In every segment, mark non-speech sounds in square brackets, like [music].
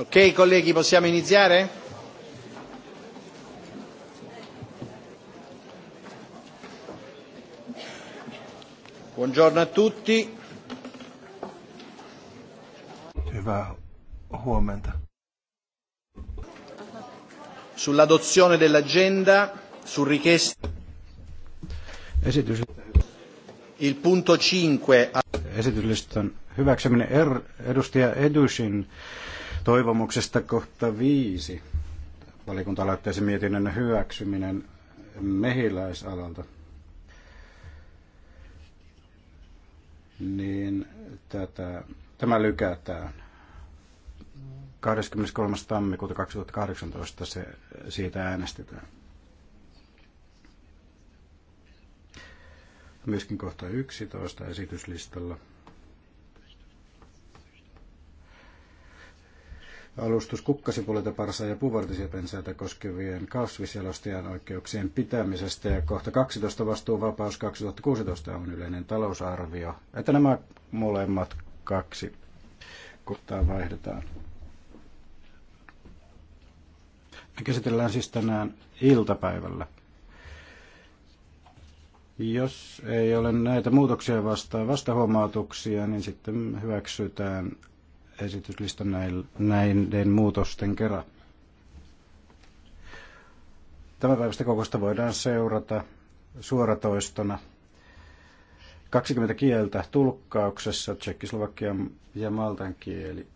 Ok, colleghi, possiamo iniziare? Buongiorno a tutti. Sull'adozione dell'agenda, su richiesta. Il punto 5. Esityslistan hyväksyminen. Er- edustaja Edusin Toivomuksesta kohta viisi. Valiokunta aloittaisi mietinnön hyväksyminen mehiläisalalta. Niin tätä, tämä lykätään. 23. tammikuuta 2018 se, siitä äänestetään. Myöskin kohta 11 esityslistalla. alustus kukkasipuolelta parsa- ja puuvartisiapensaita koskevien kasvisjalostajan oikeuksien pitämisestä ja kohta 12 vastuuvapaus 2016 on yleinen talousarvio. Että nämä molemmat kaksi kohtaa vaihdetaan. Me käsitellään siis tänään iltapäivällä. Jos ei ole näitä muutoksia vastaan vastahuomautuksia, niin sitten hyväksytään esityslista näiden muutosten kerran. Tämän päivästä kokosta voidaan seurata suoratoistona 20 kieltä tulkkauksessa, tsekkislovakian ja maltan kieli,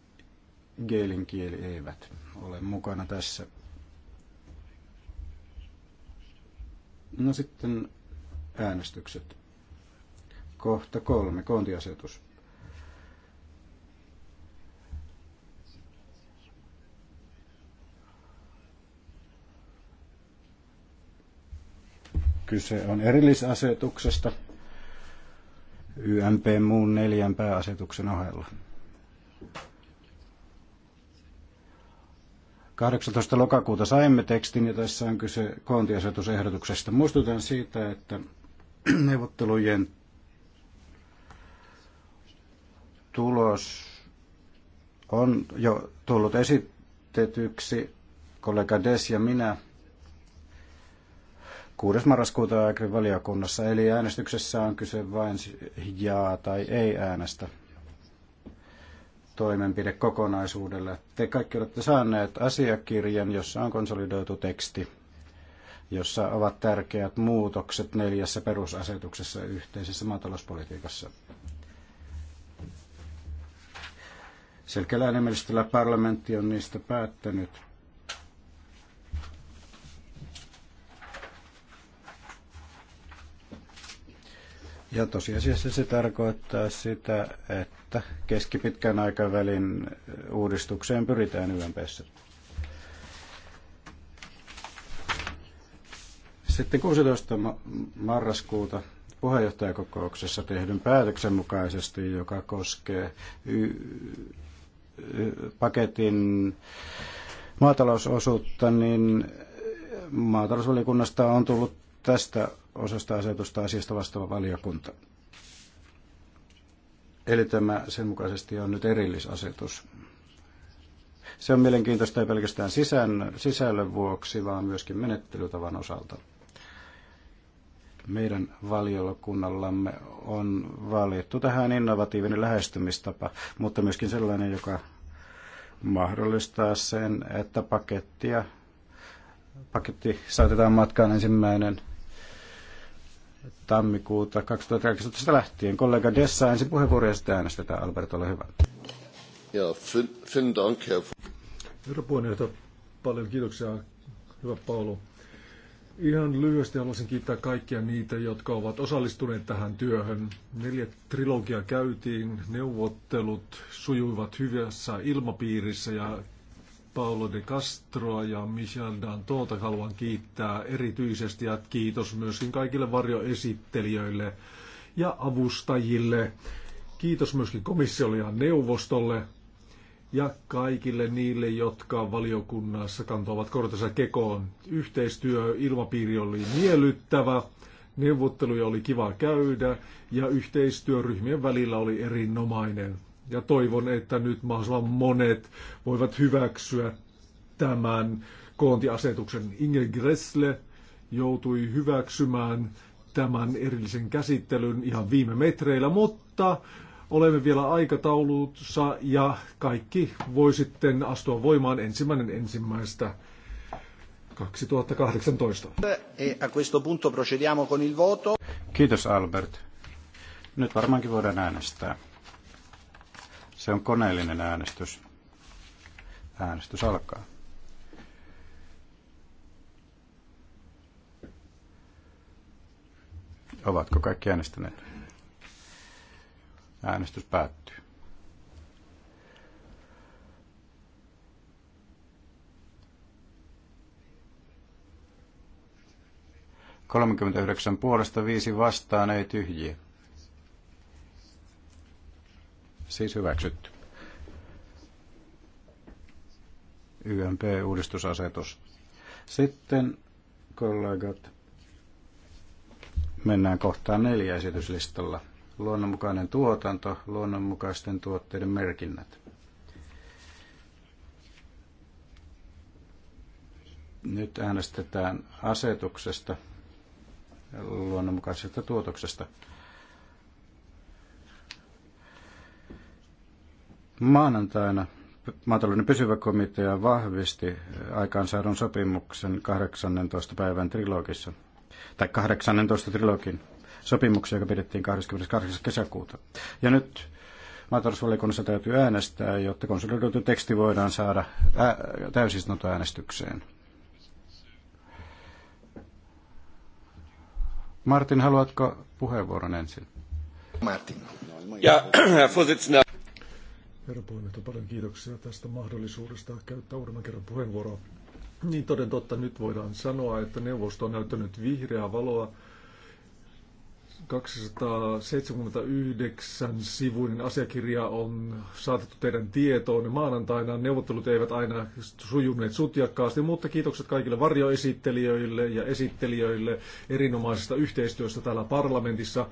geelin kieli eivät ole mukana tässä. No sitten äänestykset. Kohta kolme, kontiasetus. Kyse on erillisasetuksesta YMP muun neljän pääasetuksen ohella. 18. lokakuuta saimme tekstin ja tässä on kyse koontiasetusehdotuksesta. Muistutan siitä, että [clears throat] neuvottelujen tulos on jo tullut esitetyksi. Kollega Des ja minä 6. marraskuuta Agrin valiokunnassa, eli äänestyksessä on kyse vain jaa tai ei äänestä toimenpide kokonaisuudelle. Te kaikki olette saaneet asiakirjan, jossa on konsolidoitu teksti, jossa ovat tärkeät muutokset neljässä perusasetuksessa yhteisessä maatalouspolitiikassa. Selkeällä enemmistöllä parlamentti on niistä päättänyt Ja tosiasiassa se tarkoittaa sitä, että keskipitkän aikavälin uudistukseen pyritään YMPssä. Sitten 16. marraskuuta puheenjohtajakokouksessa tehdyn päätöksen mukaisesti, joka koskee paketin maatalousosuutta, niin maatalousvaliokunnasta on tullut tästä osasta asetusta asiasta vastaava valiokunta. Eli tämä sen mukaisesti on nyt erillisasetus. Se on mielenkiintoista ei pelkästään sisään, sisällön vuoksi, vaan myöskin menettelytavan osalta. Meidän valiokunnallamme on valittu tähän innovatiivinen lähestymistapa, mutta myöskin sellainen, joka mahdollistaa sen, että pakettia, paketti saatetaan matkaan ensimmäinen tammikuuta 2018 lähtien. Kollega Dessa ensin puheenvuoro ja sitten äänestetään. Albert, ole hyvä. Ja, fin, dank, Herra puheenjohtaja, paljon kiitoksia, hyvä Paulu. Ihan lyhyesti haluaisin kiittää kaikkia niitä, jotka ovat osallistuneet tähän työhön. Neljä trilogia käytiin, neuvottelut sujuivat hyvässä ilmapiirissä ja Paolo de Castroa ja Michel Dantota haluan kiittää erityisesti ja kiitos myöskin kaikille varjoesittelijöille ja avustajille. Kiitos myöskin komissiolle ja neuvostolle ja kaikille niille, jotka valiokunnassa kantoivat kortensa kekoon. Yhteistyö ilmapiiri oli miellyttävä, neuvotteluja oli kiva käydä ja yhteistyöryhmien välillä oli erinomainen. Ja toivon, että nyt mahdollisimman monet voivat hyväksyä tämän koontiasetuksen. Inge Gressle joutui hyväksymään tämän erillisen käsittelyn ihan viime metreillä, mutta olemme vielä aikataulussa ja kaikki voi sitten astua voimaan ensimmäinen ensimmäistä 2018. E a questo punto procediamo con il voto. Kiitos Albert. Nyt varmaankin voidaan äänestää. Se on koneellinen äänestys. Äänestys alkaa. Ovatko kaikki äänestäneet? Äänestys päättyy. Kolmekymmentäyhdeksän puolesta viisi vastaan ei tyhjiä. Siis hyväksytty. YMP-uudistusasetus. Sitten kollegat, mennään kohtaan neljä esityslistalla. Luonnonmukainen tuotanto, luonnonmukaisten tuotteiden merkinnät. Nyt äänestetään asetuksesta luonnonmukaisesta tuotoksesta. Maanantaina maatalouden pysyvä komitea vahvisti aikaansaadun sopimuksen 18. päivän trilogissa, tai 18. trilogin sopimuksia, joka pidettiin 28. kesäkuuta. Ja nyt maatalousvaliokunnassa täytyy äänestää, jotta konsolidoitu teksti voidaan saada täysistuntoäänestykseen. Martin, haluatko puheenvuoron ensin? Martin. Ja, [clears throat] Herra puheenjohtaja, paljon kiitoksia tästä mahdollisuudesta käyttää uudemman kerran puheenvuoroa. Niin toden totta nyt voidaan sanoa, että neuvosto on näyttänyt vihreää valoa 279 sivuinen asiakirja on saatettu teidän tietoon. Maanantaina neuvottelut eivät aina sujuneet sutjakkaasti, mutta kiitokset kaikille varjoesittelijöille ja esittelijöille erinomaisesta yhteistyöstä täällä parlamentissa.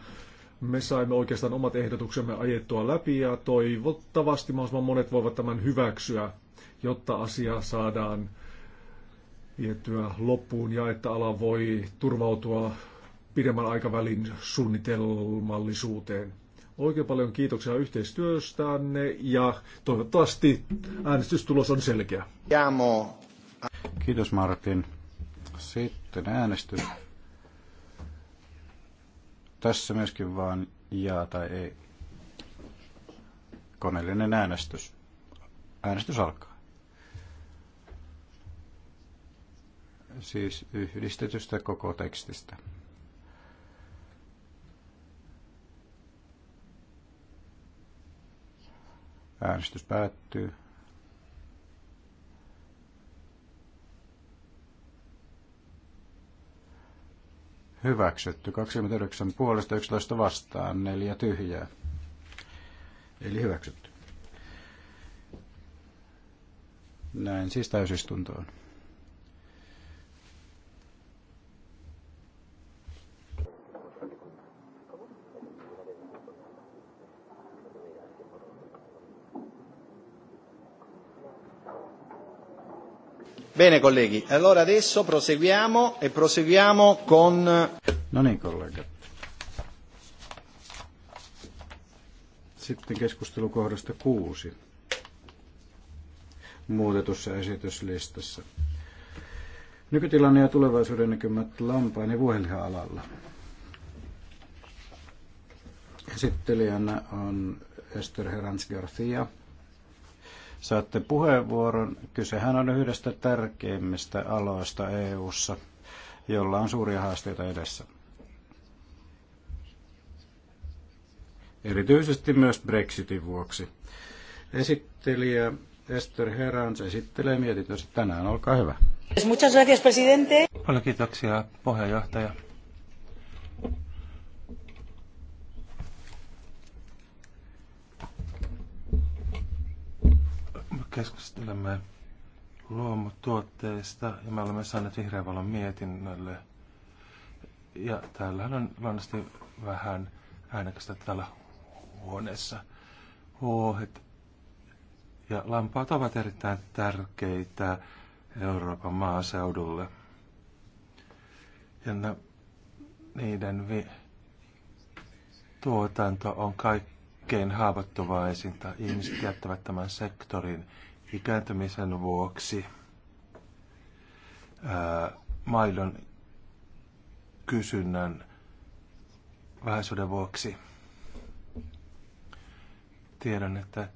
Me saimme oikeastaan omat ehdotuksemme ajettua läpi ja toivottavasti mahdollisimman monet voivat tämän hyväksyä, jotta asia saadaan vietyä loppuun ja että ala voi turvautua pidemmän aikavälin suunnitelmallisuuteen. Oikein paljon kiitoksia yhteistyöstänne ja toivottavasti äänestystulos on selkeä. Kiitos Martin. Sitten äänestys tässä myöskin vaan jaa tai ei. Koneellinen äänestys. Äänestys alkaa. Siis yhdistetystä koko tekstistä. Äänestys päättyy. hyväksytty. 29 puolesta 11 vastaan, 4 tyhjää. Eli hyväksytty. Näin siis täysistuntoon. Bene colleghi, allora adesso proseguiamo e proseguiamo con... Eh, no niin kollegat. Sitten keskustelukohdasta kuusi muutetussa esityslistassa. Nykytilanne ja tulevaisuuden näkymät lampaan ja vuohelha-alalla. Esittelijänä on Esther Herans Garcia saatte puheenvuoron. Kysehän on yhdestä tärkeimmistä aloista EU:ssa, jolla on suuria haasteita edessä. Erityisesti myös Brexitin vuoksi. Esittelijä Esther Herans esittelee mietintönsä tänään. Olkaa hyvä. Muchas gracias, presidente. Paljon kiitoksia, puheenjohtaja. keskustelemme luomutuotteista ja me olemme saaneet vihreän valon mietinnölle. Ja täällä on luonnollisesti vähän äänekästä täällä huoneessa. Huohet ja lampaat ovat erittäin tärkeitä Euroopan maaseudulle. Ja niiden vi- tuotanto on kaikki kaikkein haavoittuvaisinta. Ihmiset jättävät tämän sektorin ikääntymisen vuoksi. maidon kysynnän vähäisyyden vuoksi. Tiedän, että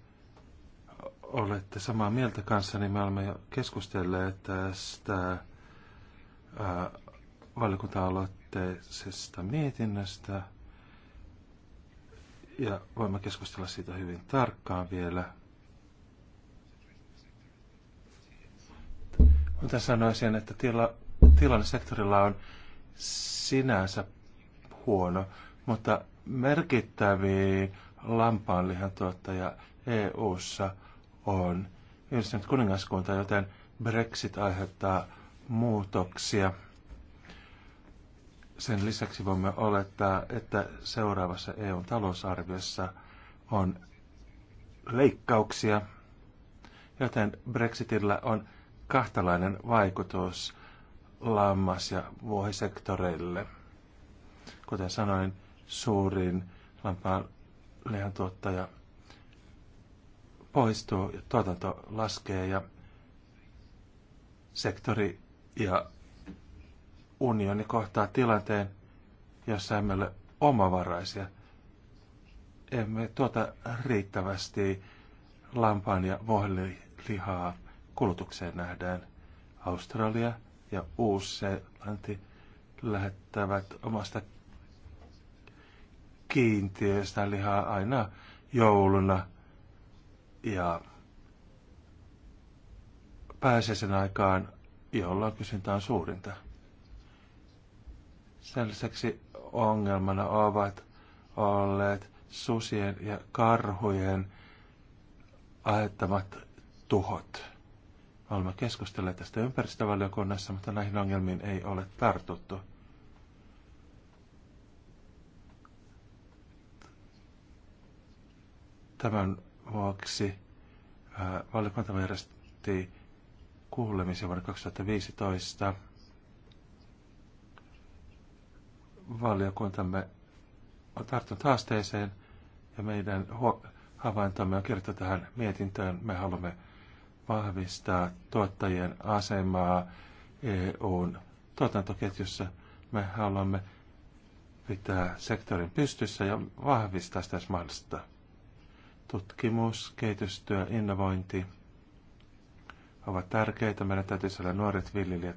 olette samaa mieltä kanssani. Me olemme jo keskustelleet tästä valiokunta-aloitteisesta mietinnöstä – ja voimme keskustella siitä hyvin tarkkaan vielä. Mutta sanoisin, että tila, tilanne sektorilla on sinänsä huono, mutta merkittäviä lampaanlihan tuottaja EU-ssa on yhdistynyt kuningaskunta, joten Brexit aiheuttaa muutoksia – sen lisäksi voimme olettaa, että seuraavassa EUn talousarviossa on leikkauksia, joten Brexitillä on kahtalainen vaikutus lammas- ja vuohisektoreille. Kuten sanoin, suurin lampaan lihantuottaja poistuu ja tuotanto laskee ja sektori ja unioni kohtaa tilanteen, jossa emme ole omavaraisia. Emme tuota riittävästi lampaan ja lihaa kulutukseen nähdään. Australia ja Uus-Seelanti lähettävät omasta kiintiöstä lihaa aina jouluna ja pääsee sen aikaan, jolloin kysyntä on suurinta. Sen lisäksi ongelmana ovat olleet susien ja karhujen aiheuttamat tuhot. Olemme keskustelleet tästä ympäristövaliokunnassa, mutta näihin ongelmiin ei ole tartuttu. Tämän vuoksi äh, valiokunta järjesti kuulemisen vuonna 2015 valiokuntamme on tarttunut haasteeseen ja meidän havaintomme on kirjoittu tähän mietintöön. Me haluamme vahvistaa tuottajien asemaa EUn tuotantoketjussa. Me haluamme pitää sektorin pystyssä ja vahvistaa sitä mahdollista. Tutkimus, kehitystyö, innovointi ovat tärkeitä. Meidän täytyy saada nuoret viljelijät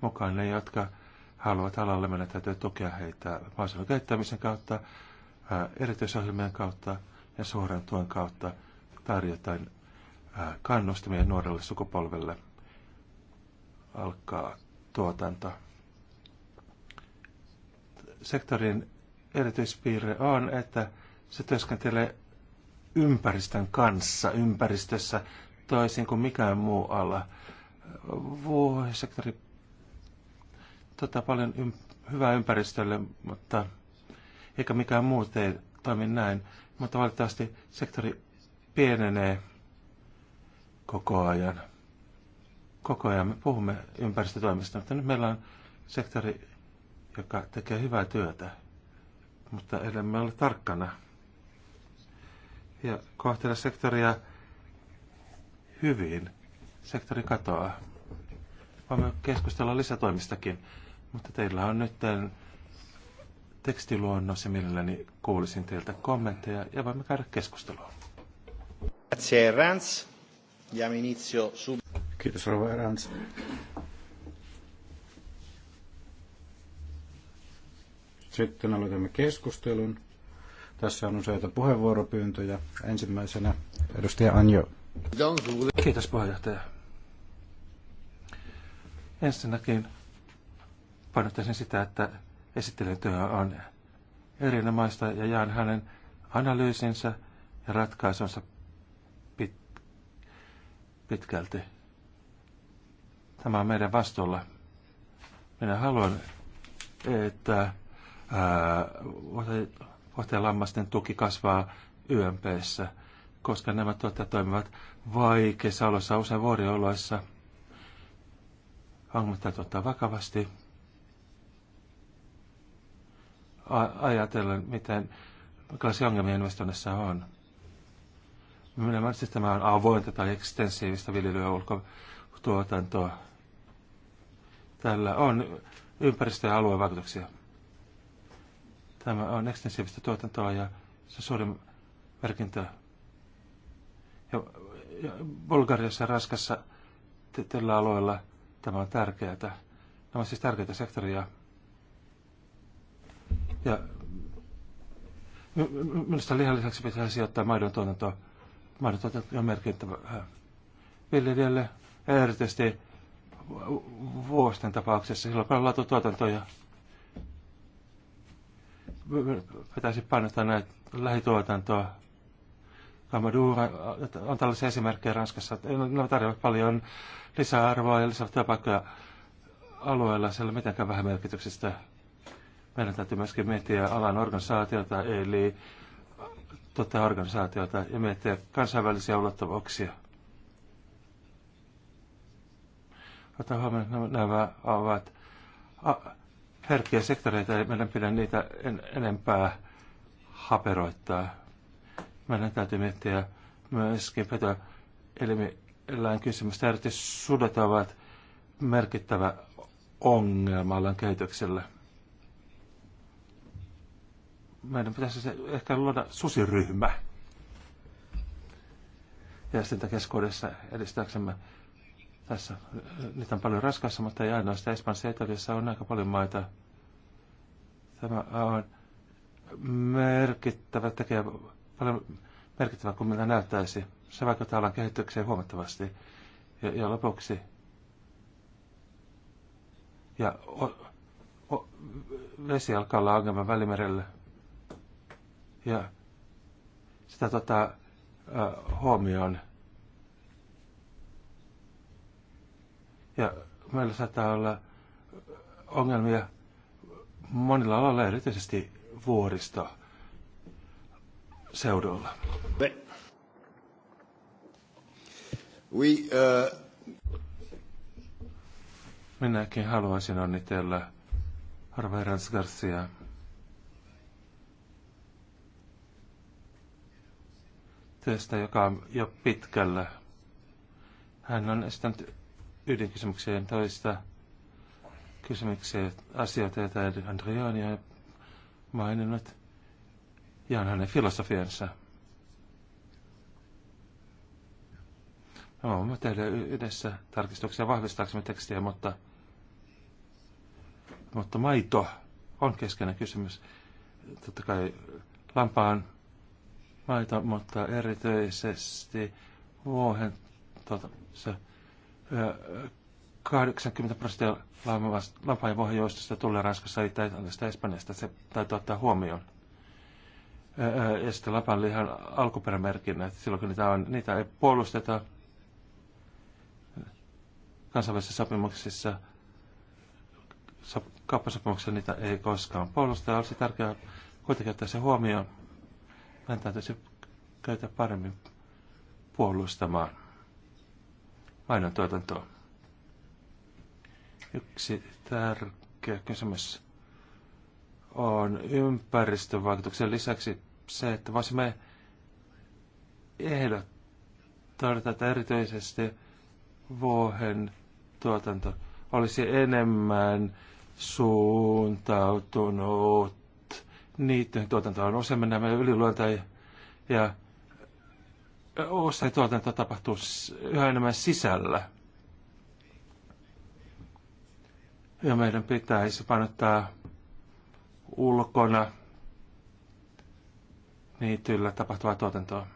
mukaan, ne jotka haluavat alalle, meidän täytyy tukea heitä maaseudun kehittämisen kautta, erityisohjelmien kautta ja suoran tuen kautta tarjotaan kannustamia nuorelle sukupolvelle alkaa tuotanto. Sektorin erityispiirre on, että se työskentelee ympäristön kanssa, ympäristössä toisin kuin mikään muu ala. Vuosisektori tota paljon ym- hyvää ympäristölle, mutta eikä mikään muu tee toimi näin. Mutta valitettavasti sektori pienenee koko ajan. Koko ajan me puhumme ympäristötoimista, mutta nyt meillä on sektori, joka tekee hyvää työtä, mutta elämme ole tarkkana. Ja kohtella sektoria hyvin. Sektori katoaa. Voimme keskustella lisätoimistakin. Mutta teillä on nyt tämän tekstiluonnos ja mielelläni kuulisin teiltä kommentteja ja voimme käydä keskustelua. Grazie Rans. Diamo inizio sub... Kiitos Rova Rans. Sitten aloitamme keskustelun. Tässä on useita puheenvuoropyyntöjä. Ensimmäisenä edustaja Anjo. Kiitos puheenjohtaja. Ensinnäkin painottaisin sitä, että esittelytyö on erinomaista ja jaan hänen analyysinsä ja ratkaisunsa pit- pitkälti. Tämä on meidän vastuulla. Minä haluan, että vuoteen lammasten tuki kasvaa YMPssä, koska nämä tuottajat toimivat vaikeissa oloissa, usein vuorioloissa. Ongelmat ottaa vakavasti. ajatellen, miten minkälaisia ongelmia investoinnissa on. Minä mä siis tämä on avointa tai ekstensiivistä viljelyä ulkotuotantoa. Tällä on ympäristö- ja aluevaikutuksia. Tämä on ekstensiivistä tuotantoa ja se on suurin merkintä. Ja, ja Bulgariassa ja Raskassa tällä alueella tämä on tärkeää. Nämä on siis tärkeitä sektoria. Ja minusta lihan lisäksi pitää sijoittaa maidon tuotantoon. Maidon tuotanto on merkittävä äh, viljelijälle, erityisesti vuosten tapauksessa. Silloin paljon tuotantoja. ja pitäisi painottaa näitä lähituotantoa. Kamadura on tällaisia esimerkkejä Ranskassa. Ne tarjoavat paljon lisäarvoa ja lisää työpaikkoja alueella. Siellä mitenkään vähän merkityksestä meidän täytyy myöskin miettiä alan organisaatiota, eli tuottaa organisaatiota ja miettiä kansainvälisiä ulottuvuuksia. Ota huomioon, että nämä ovat herkkiä sektoreita, ei meidän pidä niitä en, enempää haperoittaa. Meidän täytyy miettiä myöskin petoa eläin kysymystä. Erityisesti sudet ovat merkittävä ongelma alan kehitykselle meidän pitäisi ehkä luoda susiryhmä viestintäkeskuudessa edistääksemme tässä. Niitä on paljon raskassa, mutta ei ainoastaan Espanjassa ja Italiassa on aika paljon maita. Tämä on merkittävä tekijä, paljon merkittävä kuin millä näyttäisi. Se vaikuttaa alan kehitykseen huomattavasti. Ja, ja lopuksi ja o, o, vesi alkaa olla ongelma välimerellä ja sitä tota, huomioon. Ja meillä saattaa olla ongelmia monilla aloilla, erityisesti vuoristo seudulla. Oui, uh... Minäkin haluaisin onnitella Arve Rans työstä, joka on jo pitkällä. Hän on esittänyt ydinkysymykseen toista kysymyksiä, asioita, joita Andrioni on maininnut, ja on hänen filosofiansa. Me voimme tehdä yhdessä tarkistuksia vahvistaaksemme tekstiä, mutta, mutta maito on keskeinen kysymys. Totta kai lampaan maita, mutta erityisesti vuohen tuota, se, 80 prosenttia lampaan vuohenjuustosta tulee Ranskassa, Italiasta ja Espanjasta. Se täytyy ottaa huomioon. Ja sitten alkuperämerkinnä, että silloin kun niitä on, niitä ei puolusteta kansainvälisissä sopimuksissa, kappasopimuksessa niitä ei koskaan puolusteta, Olisi tärkeää kuitenkin ottaa se huomioon. Meidän täytyisi käytä paremmin puolustamaan mainon tuotantoa. Yksi tärkeä kysymys on ympäristövaikutuksen lisäksi se, että voisimme ehdottaa, että erityisesti vuohen tuotanto olisi enemmän suuntautunut niiden tuotanto on usein mennään yliluonta ja, ja usein tuotanto tapahtuu yhä enemmän sisällä. Ja meidän pitäisi painottaa ulkona niityllä tapahtuvaa tuotantoa.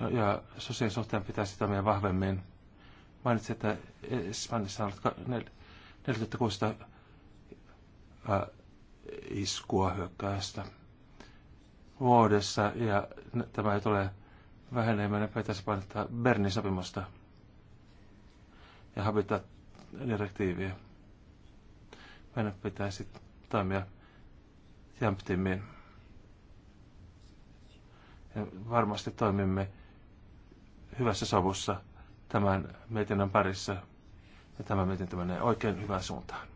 Ja, ja sosiaalisen suhteen pitäisi toimia vahvemmin. Mainitsin, että Espanjassa on 4600 iskua hyökkäystä vuodessa ja tämä ei tule vähenemään ja pitäisi painottaa Bernin sopimusta ja Habitat-direktiiviä. Meidän pitäisi toimia jämptimmin. Ja varmasti toimimme hyvässä sovussa tämän mietinnön parissa ja tämä mietintö menee oikein hyvään suuntaan.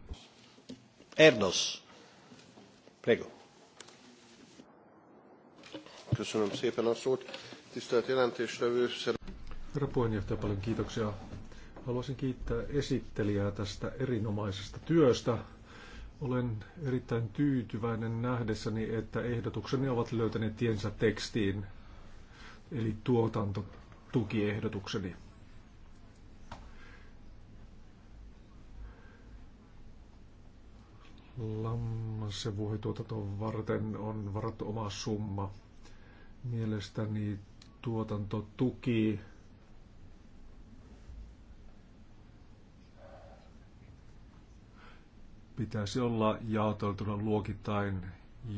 Prego. Tisztelt jelentéstevő, Herra puheenjohtaja, paljon kiitoksia. Haluaisin kiittää esittelijää tästä erinomaisesta työstä. Olen erittäin tyytyväinen nähdessäni, että ehdotukseni ovat löytäneet tiensä tekstiin, eli tuotantotukiehdotukseni. lammasvuohituotantoon varten on varattu oma summa. Mielestäni tuotantotuki pitäisi olla jaoteltuna luokittain.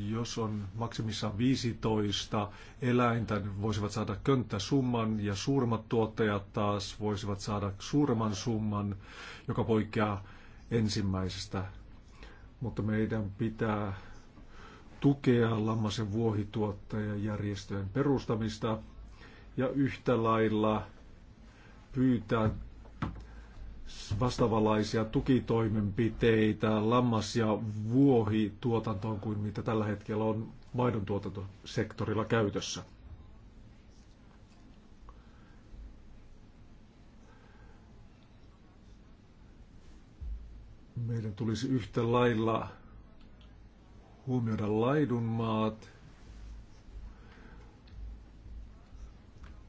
Jos on maksimissaan 15 eläintä, niin voisivat saada summan ja suurimmat tuottajat taas voisivat saada suuremman summan, joka poikkeaa ensimmäisestä mutta meidän pitää tukea lammasen vuohituottajajärjestöjen perustamista ja yhtä lailla pyytää vastavalaisia tukitoimenpiteitä lammas- ja vuohituotantoon kuin mitä tällä hetkellä on maidon tuotantosektorilla käytössä. Meidän tulisi yhtä lailla huomioida laidunmaat,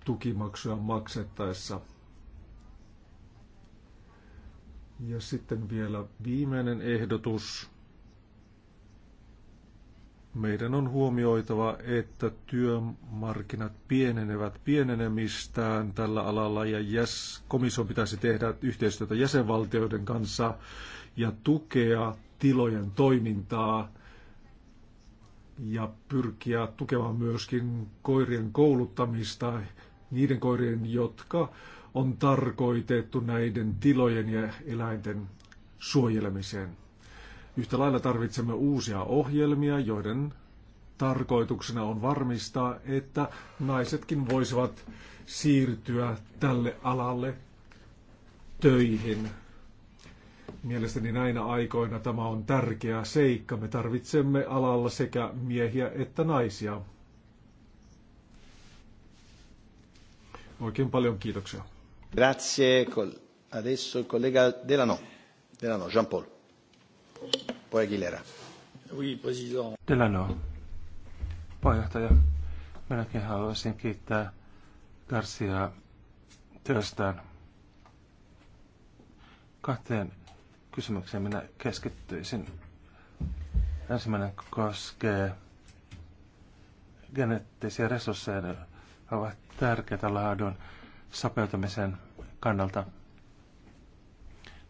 tukimaksuja maksettaessa. Ja sitten vielä viimeinen ehdotus. Meidän on huomioitava, että työmarkkinat pienenevät pienenemistään tällä alalla ja komissio komission pitäisi tehdä yhteistyötä jäsenvaltioiden kanssa ja tukea tilojen toimintaa ja pyrkiä tukemaan myöskin koirien kouluttamista, niiden koirien, jotka on tarkoitettu näiden tilojen ja eläinten suojelemiseen. Yhtä lailla tarvitsemme uusia ohjelmia, joiden tarkoituksena on varmistaa, että naisetkin voisivat siirtyä tälle alalle töihin Mielestäni näinä aikoina tämä on tärkeä seikka. Me tarvitsemme alalla sekä miehiä että naisia. Oikein paljon kiitoksia. Grazie. Adesso il collega Delano. Delano, Jean-Paul. Poi Aguilera. Oui, président. Delano. Puheenjohtaja, minäkin haluaisin kiittää Garcia työstään kahteen kysymykseen minä keskittyisin. Ensimmäinen koskee geneettisiä resursseja, jotka ovat tärkeitä laadun sopeutumisen kannalta.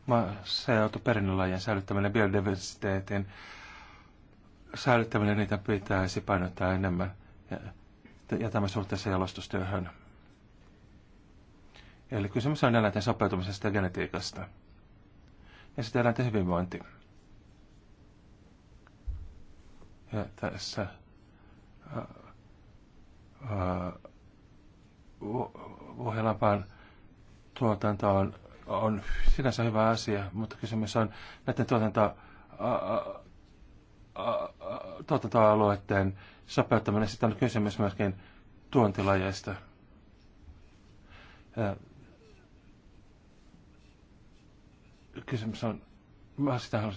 Maaseutuperinnölajien säilyttäminen, biodiversiteetin säilyttäminen, niitä pitäisi painottaa enemmän ja, ja tämä suhteessa jalostustyöhön. Eli kysymys on eläinten sopeutumisesta ja genetiikasta ja sitten eläinten hyvinvointi. Ja tässä äh, äh, vuohelampaan tuotanto on, on sinänsä hyvä asia, mutta kysymys on näiden tuotanto, äh, tuotantoalueiden sopeuttaminen. Sitten on kysymys myöskin tuontilajeista. kysymys on, on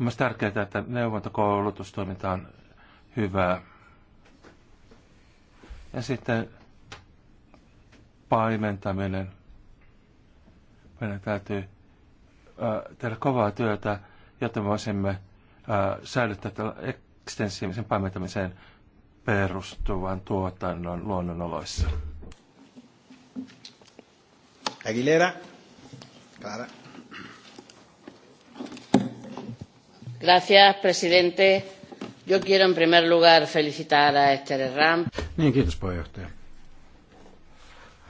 myös tärkeää, että neuvontakoulutustoiminta on hyvää. Ja sitten paimentaminen. Meidän täytyy ää, tehdä kovaa työtä, jotta me voisimme ää, säilyttää ekstensiivisen paimentamiseen perustuvan tuotannon luonnonoloissa. Aguilera, Clara. señor presidente. Yo quiero en primer lugar felicitar a Esther Herrán. Niin,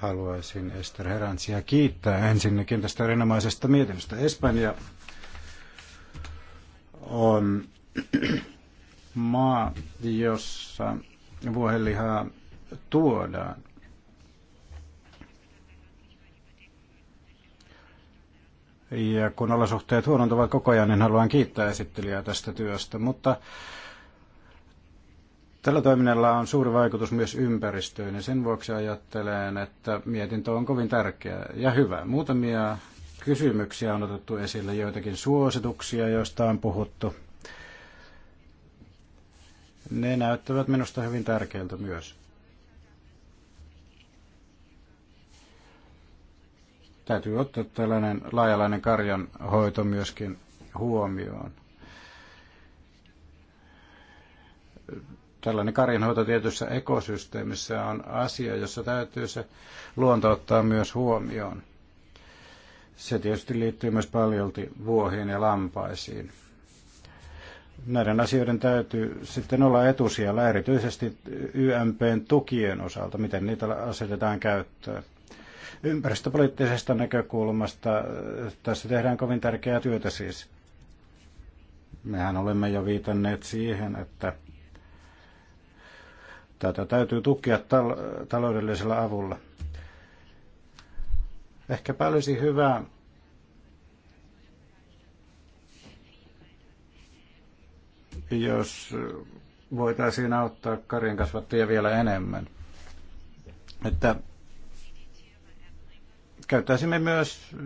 Haluaisin Esther Herransia kiittää ensinnäkin tästä erinomaisesta mietinnöstä. Espanja on [clears throat] maa, jossa vuohenlihaa tuodaan Ja kun olosuhteet huonontuvat koko ajan, niin haluan kiittää esittelijää tästä työstä. Mutta tällä toiminnalla on suuri vaikutus myös ympäristöön ja sen vuoksi ajattelen, että mietintö on kovin tärkeä ja hyvä. Muutamia kysymyksiä on otettu esille, joitakin suosituksia, joista on puhuttu. Ne näyttävät minusta hyvin tärkeiltä myös. Täytyy ottaa tällainen laajalainen karjanhoito myöskin huomioon. Tällainen karjanhoito tietyssä ekosysteemissä on asia, jossa täytyy se luonto ottaa myös huomioon. Se tietysti liittyy myös paljolti vuohiin ja lampaisiin näiden asioiden täytyy sitten olla etusijalla, erityisesti YMPn tukien osalta, miten niitä asetetaan käyttöön ympäristöpoliittisesta näkökulmasta äh, tässä tehdään kovin tärkeää työtä siis. Mehän olemme jo viitanneet siihen, että tätä täytyy tukea tal- taloudellisella avulla. Ehkä olisi hyvä jos voitaisiin auttaa karjan kasvattajia vielä enemmän. Että käyttäisimme myös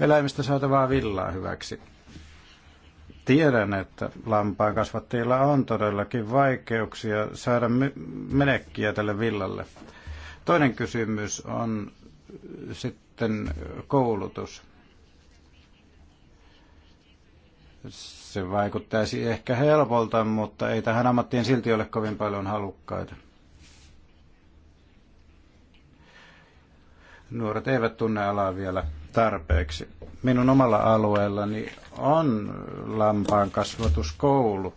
eläimistä saatavaa villaa hyväksi. Tiedän, että lampaan kasvattajilla on todellakin vaikeuksia saada menekkiä tälle villalle. Toinen kysymys on sitten koulutus. Se vaikuttaisi ehkä helpolta, mutta ei tähän ammattiin silti ole kovin paljon halukkaita. Nuoret eivät tunne alaa vielä tarpeeksi. Minun omalla alueellani on lampaan kasvatuskoulu.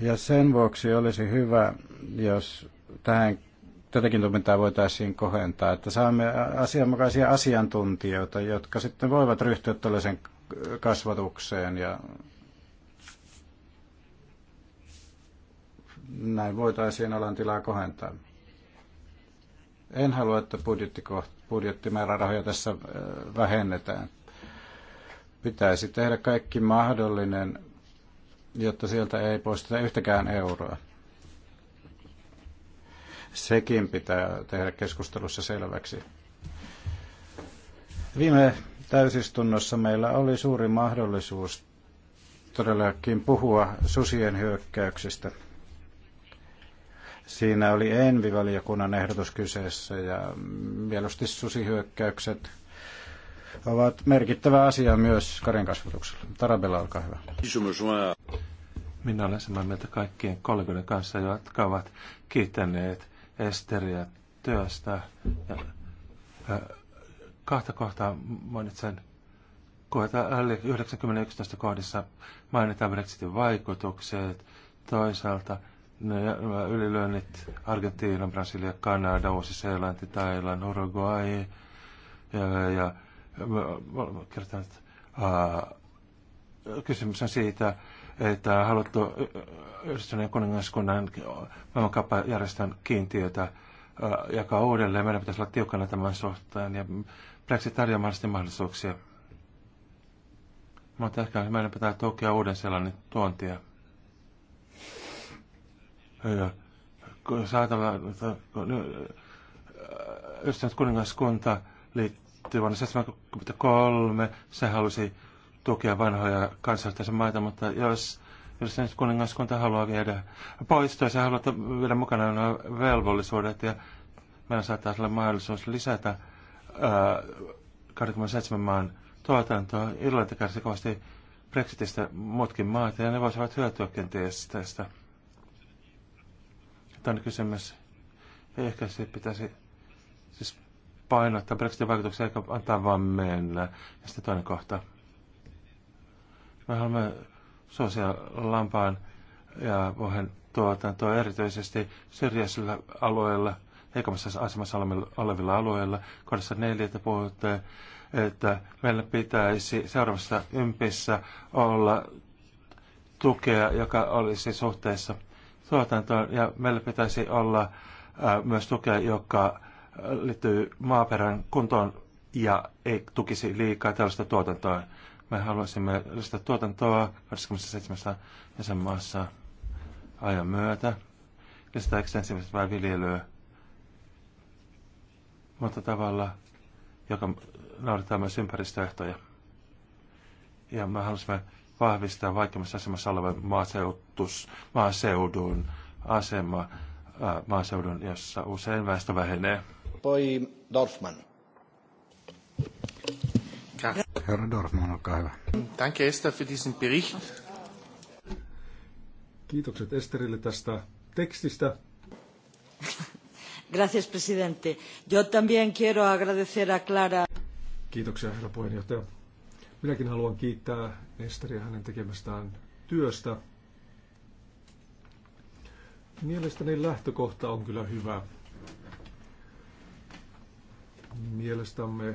Ja sen vuoksi olisi hyvä, jos tähän tätäkin toimintaa voitaisiin kohentaa, että saamme asianmukaisia asiantuntijoita, jotka sitten voivat ryhtyä tällaisen kasvatukseen ja näin voitaisiin alan tilaa kohentaa. En halua, että budjettimäärärahoja tässä vähennetään. Pitäisi tehdä kaikki mahdollinen, jotta sieltä ei poisteta yhtäkään euroa. Sekin pitää tehdä keskustelussa selväksi. Viime täysistunnossa meillä oli suuri mahdollisuus todellakin puhua susien hyökkäyksistä – Siinä oli Envi-valiokunnan ehdotus kyseessä ja mieluusti susihyökkäykset ovat merkittävä asia myös karjan kasvatuksella. Tarabella, olkaa hyvä. Minä olen samaa mieltä kaikkien kollegoiden kanssa, jotka ovat kiittäneet Esteriä työstä. Ja, äh, kahta kohtaa mainitsen. Kohta 91 kohdissa mainitaan Brexitin vaikutukset, toisaalta nämä ylilyönnit Argentiina, Brasilia, Kanada, Uusi-Seelanti, Thailand, Uruguay ja, ja kertaan, että, aa, kysymys on siitä, että haluttu yhdistyneen kuningaskunnan maailmankauppajärjestön kiintiötä ää, jakaa uudelleen. Meidän pitäisi olla tiukana tämän suhteen ja Brexit tarjoaa mahdollisesti mahdollisuuksia. Mutta ehkä meidän pitää tukea uuden sellainen tuontia. Ja kun että äh, ystävät kuningaskunta liittyy vuonna 1973, se halusi tukea vanhoja kansallisia maita, mutta jos jos nyt kuningaskunta haluaa viedä poistoa, se haluaa viedä mukana nämä velvollisuudet, ja meillä saattaa olla mahdollisuus lisätä ää, äh, 27 maan tuotantoa. Irlanti kärsi kovasti Brexitistä muutkin maat, ja ne voisivat hyötyä kenties tästä. Tämä on kysymys. Ehkä se pitäisi siis painottaa Brexitin vaikutuksia eikä antaa vaan mennä. Ja sitten toinen kohta. Me haluamme suosia lampaan ja vohen tuotantoa erityisesti syrjäisillä alueilla, heikommassa asemassa olevilla alueilla. Kohdassa neljätä puhutte, että meillä pitäisi seuraavassa ympissä olla tukea, joka olisi suhteessa – tuotantoon ja meillä pitäisi olla äh, myös tukea, joka liittyy maaperän kuntoon ja ei tukisi liikaa tällaista tuotantoa. Me haluaisimme lisätä tuotantoa 27 jäsenmaassa ajan myötä, lisätä ekstensiivistä viljelyä, mutta tavalla, joka noudattaa myös ympäristöehtoja. Ja me haluaisimme vahvistaa vaikeimmassa asemassa olevan maaseutus, maaseudun asema, äh, maaseudun, jossa usein väestö vähenee. Poi Dorfman. Herra Dorfman, olkaa hyvä. Danke Esther für diesen Bericht. Kiitokset Esterille tästä tekstistä. [laughs] Gracias, presidente. Yo también quiero agradecer a Clara. Kiitoksia, herra puheenjohtaja. Minäkin haluan kiittää Esteriä hänen tekemästään työstä. Mielestäni lähtökohta on kyllä hyvä. Mielestämme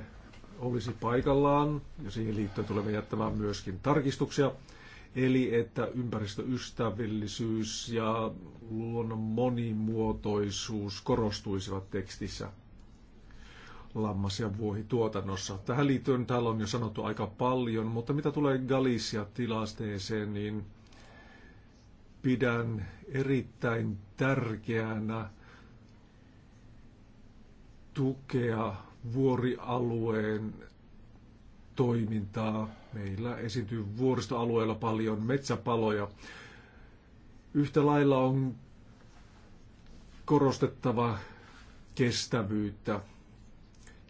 olisi paikallaan, ja siihen liittyen tulemme jättämään myöskin tarkistuksia, eli että ympäristöystävällisyys ja luonnon monimuotoisuus korostuisivat tekstissä – lammas- ja vuohituotannossa. Tähän liittyen täällä on jo sanottu aika paljon, mutta mitä tulee galicia tilasteeseen niin pidän erittäin tärkeänä tukea vuorialueen toimintaa. Meillä esiintyy vuoristoalueella paljon metsäpaloja. Yhtä lailla on korostettava kestävyyttä.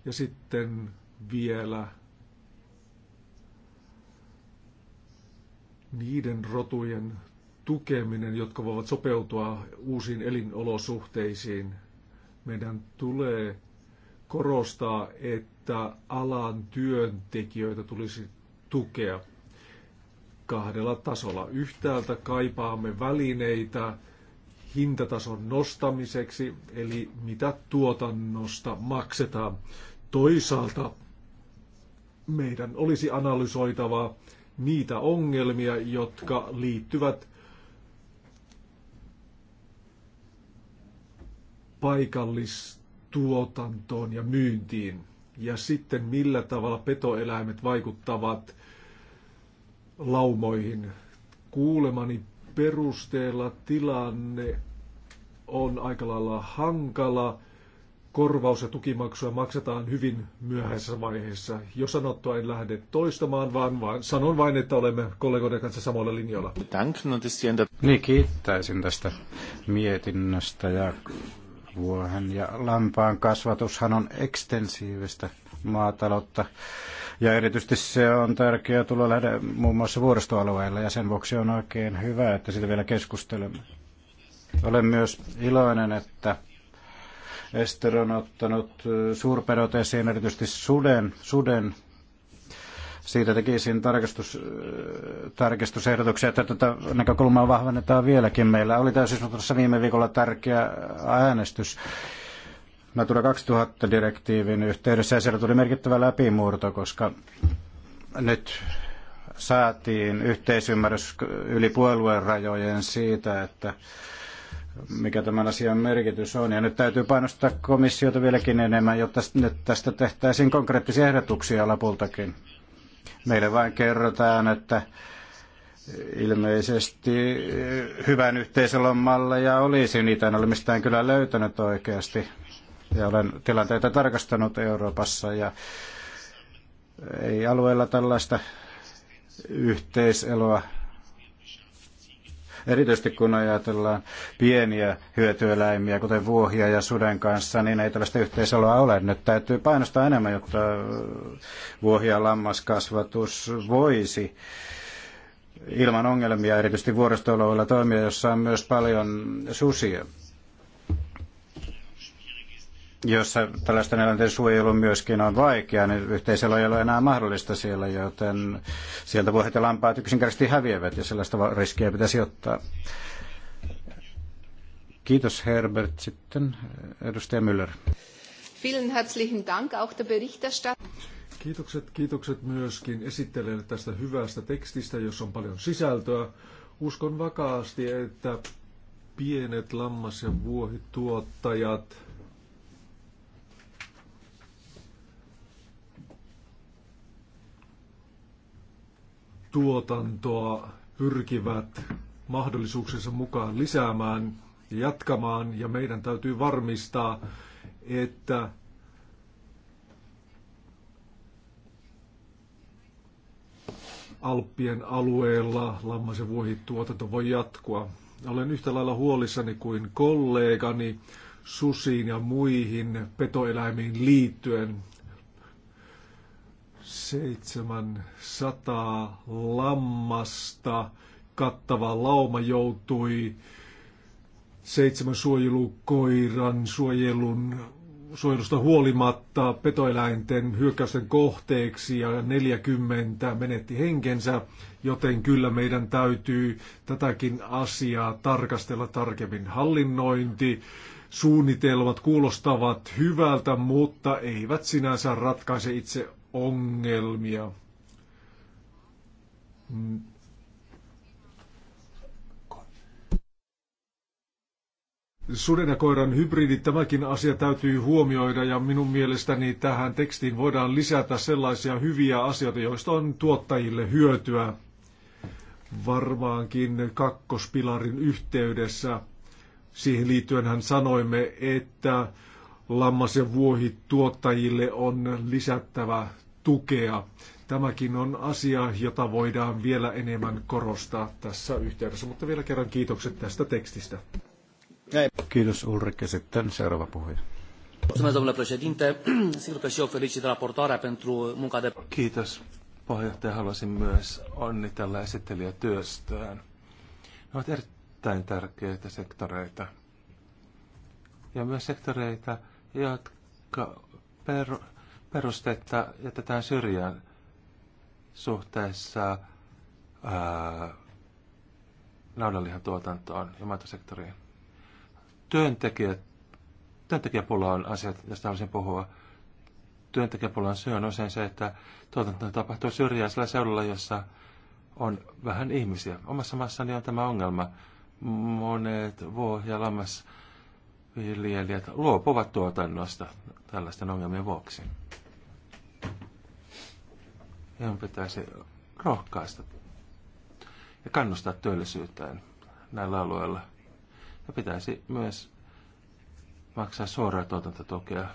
Ja sitten vielä niiden rotujen tukeminen, jotka voivat sopeutua uusiin elinolosuhteisiin. Meidän tulee korostaa, että alan työntekijöitä tulisi tukea kahdella tasolla. Yhtäältä kaipaamme välineitä hintatason nostamiseksi, eli mitä tuotannosta maksetaan. Toisaalta meidän olisi analysoitava niitä ongelmia, jotka liittyvät paikallistuotantoon ja myyntiin. Ja sitten millä tavalla petoeläimet vaikuttavat laumoihin. Kuulemani perusteella tilanne on aika lailla hankala korvaus- ja tukimaksuja maksetaan hyvin myöhäisessä vaiheessa. Jo sanottua en lähde toistamaan, vaan, vaan sanon vain, että olemme kollegoiden kanssa samalla linjalla. Niin, kiittäisin tästä mietinnöstä ja vuohen ja lampaan kasvatushan on ekstensiivistä maataloutta. Ja erityisesti se on tärkeää tulla lähde muun muassa vuoristoalueella ja sen vuoksi on oikein hyvä, että siitä vielä keskustelemme. Olen myös iloinen, että Ester on ottanut suurpedot esiin, erityisesti suden, suden siitä tekisin tarkistus, tarkistusehdotuksia, että tätä näkökulmaa vahvennetaan vieläkin. Meillä oli täysistuntossa viime viikolla tärkeä äänestys Natura 2000-direktiivin yhteydessä ja siellä tuli merkittävä läpimurto, koska nyt saatiin yhteisymmärrys yli puolueen rajojen siitä, että mikä tämän asian merkitys on. Ja nyt täytyy painostaa komissiota vieläkin enemmän, jotta nyt tästä tehtäisiin konkreettisia ehdotuksia lopultakin. Meille vain kerrotaan, että ilmeisesti eh, hyvän yhteisölon malleja olisi, niitä en ole mistään kyllä löytänyt oikeasti. Ja olen tilanteita tarkastanut Euroopassa ja ei alueella tällaista yhteiseloa Erityisesti kun ajatellaan pieniä hyötyeläimiä, kuten vuohia ja suden kanssa, niin ei tällaista yhteisaloa ole. Nyt täytyy painostaa enemmän, jotta vuohia lammaskasvatus voisi ilman ongelmia, erityisesti vuoristoalueilla toimia, jossa on myös paljon susia jossa tällaisten eläinten suojelu myöskin on vaikeaa, niin yhteisellä ei ole enää mahdollista siellä, joten sieltä vuohet ja lampaat yksinkertaisesti häviävät ja sellaista riskiä pitäisi ottaa. Kiitos Herbert. Sitten eh, edustaja Müller. Vielen herzlichen Dank auch der Berichterstatter. Kiitokset, kiitokset myöskin esittelen tästä hyvästä tekstistä, jossa on paljon sisältöä. Uskon vakaasti, että pienet lammas- ja vuohituottajat – tuotantoa pyrkivät mahdollisuuksensa mukaan lisäämään ja jatkamaan, ja meidän täytyy varmistaa, että Alppien alueella lammasen vuohituotanto voi jatkua. Olen yhtä lailla huolissani kuin kollegani susiin ja muihin petoeläimiin liittyen. 700 lammasta kattava lauma joutui seitsemän suojelukoiran suojelun suojelusta huolimatta petoeläinten hyökkäysten kohteeksi ja 40 menetti henkensä, joten kyllä meidän täytyy tätäkin asiaa tarkastella tarkemmin. Hallinnointi, suunnitelmat kuulostavat hyvältä, mutta eivät sinänsä ratkaise itse ongelmia. Suden ja koiran hybridit, tämäkin asia täytyy huomioida ja minun mielestäni tähän tekstiin voidaan lisätä sellaisia hyviä asioita, joista on tuottajille hyötyä varmaankin kakkospilarin yhteydessä. Siihen liittyen hän sanoimme, että lammas- ja vuohituottajille on lisättävä tukea. Tämäkin on asia, jota voidaan vielä enemmän korostaa tässä yhteydessä, mutta vielä kerran kiitokset tästä tekstistä. Kiitos Ulrike. Sitten seuraava puhuja. [clears throat] Kiitos. Puheenjohtaja, haluaisin myös onnitella esittelijä työstään. Ne ovat erittäin tärkeitä sektoreita. Ja myös sektoreita, jotka per, perustetta jätetään syrjään suhteessa ää, naudanlihan tuotantoon ja maitosektoriin. Työntekijät, työntekijäpulla on asia, josta haluaisin puhua. Työntekijäpulan syy on usein se, että tuotanto tapahtuu syrjäisellä seudulla, jossa on vähän ihmisiä. Omassa maassani on tämä ongelma. Monet vuohi- ja lammas viljelijät luopuvat tuotannosta tällaisten ongelmien vuoksi. Heidän pitäisi rohkaista ja kannustaa työllisyyteen näillä alueilla. Ja pitäisi myös maksaa suoraa tuotantotukea.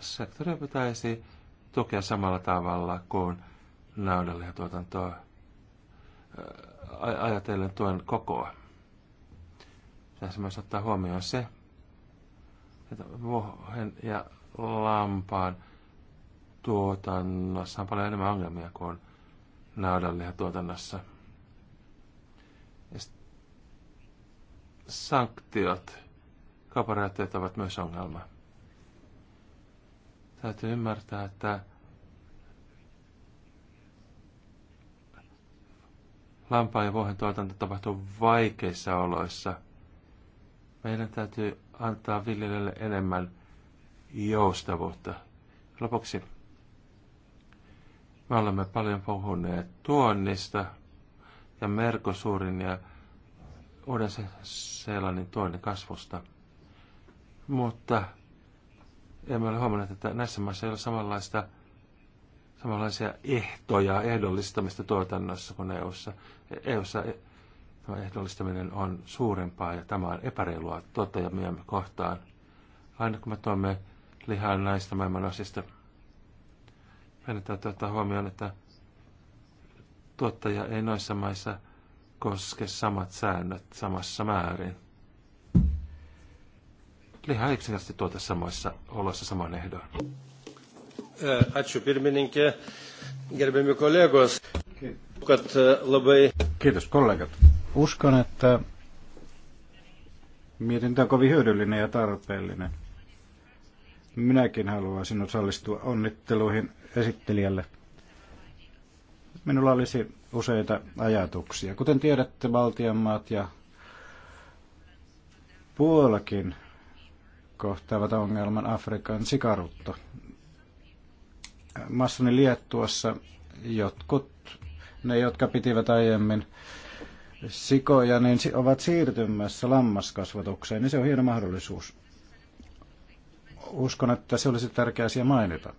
Sektoria pitäisi tukea samalla tavalla kuin tuotantoa ajatellen tuen kokoa. Pitäisi myös ottaa huomioon se, vuohen ja lampaan tuotannossa on paljon enemmän ongelmia kuin naudanlihan tuotannossa. sanktiot, kauparajoitteet ovat myös ongelma. Täytyy ymmärtää, että lampaan ja vuohen tuotanto tapahtuu vaikeissa oloissa. Meidän täytyy antaa viljelijälle enemmän joustavuutta. Lopuksi me olemme paljon puhuneet tuonnista ja Merkosuurin ja Uuden-Seelannin tuonnin kasvusta. Mutta emme ole huomanneet, että näissä maissa ei ole samanlaista, samanlaisia ehtoja ehdollistamista tuotannossa kuin EU-ssa. EU-ssa ehdollistaminen on suurempaa ja tämä on epäreilua tuottajamme kohtaan. Aina kun me tuomme lihaa näistä maailman osista, meidän täytyy ottaa huomioon, että tuottaja ei noissa maissa koske samat säännöt samassa määrin. Liha ei yksinkertaisesti tuota samoissa oloissa saman ehdon. Kiitos kollegat. Uskon, että mietintä on kovin hyödyllinen ja tarpeellinen. Minäkin haluaisin osallistua onnitteluihin esittelijälle. Minulla olisi useita ajatuksia. Kuten tiedätte, valtionmaat ja Puolakin kohtaavat ongelman Afrikan sikarutto. Massani Liettuassa jotkut, ne jotka pitivät aiemmin sikoja, niin ovat siirtymässä lammaskasvatukseen, niin se on hieno mahdollisuus. Uskon, että se olisi tärkeä asia mainita.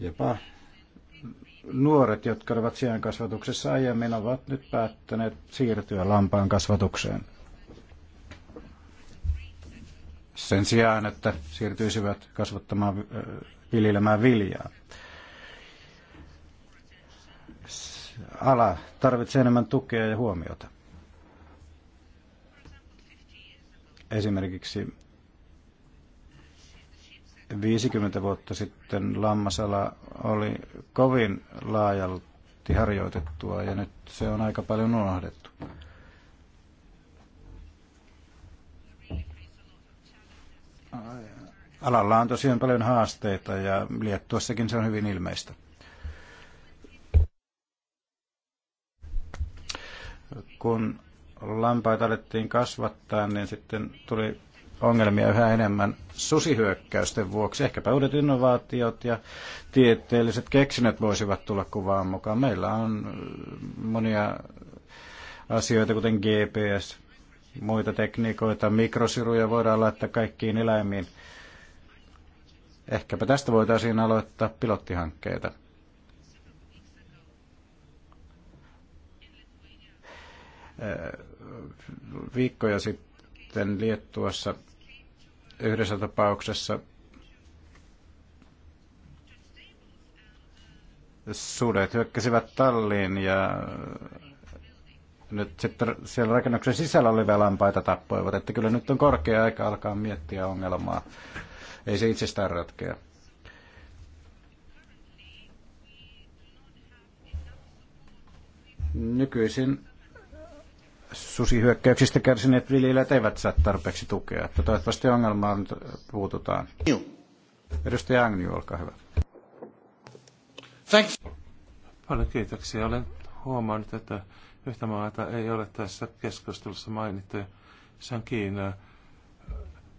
Jopa nuoret, jotka olivat sian kasvatuksessa aiemmin, ovat nyt päättäneet siirtyä lampaan kasvatukseen. Sen sijaan, että siirtyisivät kasvattamaan, viljelemään viljaa. ala tarvitsee enemmän tukea ja huomiota. Esimerkiksi 50 vuotta sitten lammasala oli kovin laajalti harjoitettua ja nyt se on aika paljon unohdettu. Alalla on tosiaan paljon haasteita ja Liettuossakin se on hyvin ilmeistä. kun lampaita alettiin kasvattaa, niin sitten tuli ongelmia yhä enemmän susihyökkäysten vuoksi. Ehkäpä uudet innovaatiot ja tieteelliset keksinnöt voisivat tulla kuvaan mukaan. Meillä on äh, monia asioita, kuten GPS, muita tekniikoita, mikrosiruja voidaan laittaa kaikkiin eläimiin. Ehkäpä tästä voitaisiin aloittaa pilottihankkeita. viikkoja sitten Liettuassa yhdessä tapauksessa sudet hyökkäsivät talliin ja nyt sitten siellä rakennuksen sisällä olevia lampaita tappoivat, että kyllä nyt on korkea aika alkaa miettiä ongelmaa. Ei se itsestään ratkea. Nykyisin susihyökkäyksistä kärsineet viljelijät eivät saa tarpeeksi tukea. Että toivottavasti ongelmaan puututaan. Edustaja Agnew, olkaa hyvä. Thanks. Paljon kiitoksia. Olen huomannut, että yhtä maata ei ole tässä keskustelussa mainittu. Se on Kiina.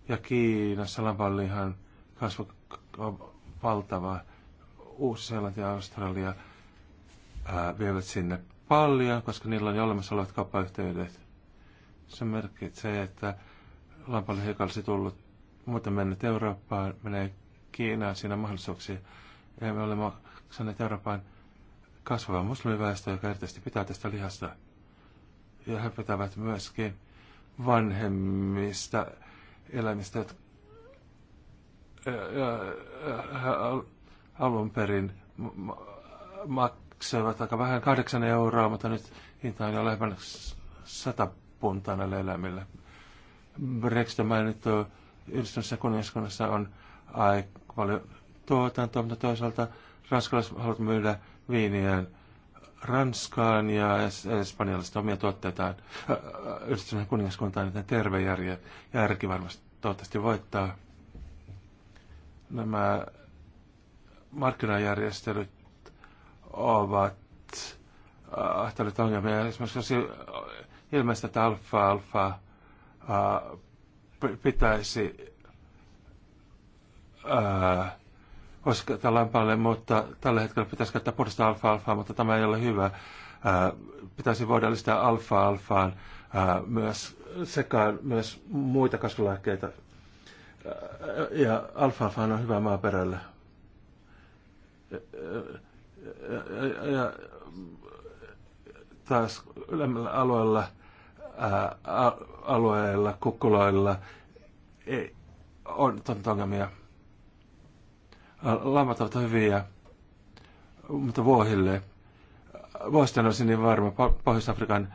Ja Kiinassa lavallihan kasvu on valtava. Uusi-Seelanti ja Australia ää, vievät sinne paljon, koska niillä on jo olemassa olevat kauppayhteydet. Se merkitsee, että lampalihiekka olisi tullut muuten mennyt Eurooppaan, menee Kiinaan siinä mahdollisuuksia. Ja me olemme maksaneet Euroopan kasvava muslimiväestö, joka erityisesti pitää tästä lihasta. Ja he pitävät myöskin vanhemmista elämistä, jotka alun perin ma- ma- maksavat aika vähän, kahdeksan euroa, mutta nyt hinta on jo lähemmän sata puntaa näille eläimille. Brexit mainittu yhdistyneessä kuningaskunnassa on aika paljon tuotantoa, mutta toisaalta ranskalaiset haluavat myydä viiniään Ranskaan ja espanjalaiset omia tuotteitaan äh, yhdistyneen kuningaskuntaan, niin terve järje, järki varmasti toivottavasti voittaa. Nämä markkinajärjestelyt ovat ahtaneet äh, ongelmia. Esimerkiksi ilmeistä, että alfa-alfa äh, pitäisi äh, oskata lampaalle, mutta tällä hetkellä pitäisi käyttää puhdasta alfa-alfaa, mutta tämä ei ole hyvä. Äh, pitäisi voida lisätä alfa-alfaan myös sekaan myös muita kasvulääkkeitä. ja alfa-alfa on hyvä maaperällä ja, ja taas ylemmällä alueella, ää, alueella, kukkuloilla ei, on ongelmia. Lammat ovat hyviä, mutta vuohille. Vuosten olisin niin varma, Pohjois-Afrikan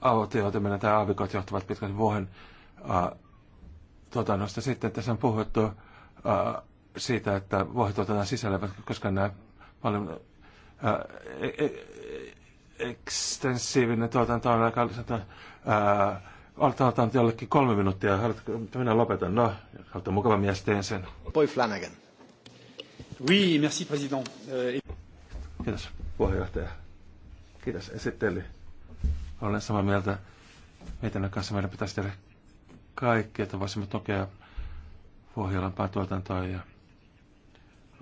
autioituminen tai aavikot johtavat pitkälti vuohen tuotannosta. Sitten tässä on puhuttu ää, siitä, että vuohituotannon sisällä koska koskaan nämä paljon ää, e, e, ekstensiivinen tuotanto on aika ää, jollekin kolme minuuttia. Haluatko, minä lopetan. No, haluatko mukava mies, teen sen. Poi Flanagan. Oui, merci, président. Euh, Kiitos, puheenjohtaja. Kiitos, esitteli. Olen samaa mieltä mietinnön kanssa. Meidän pitäisi tehdä kaikki, että voisimme tukea Pohjolan päätuotantoa ja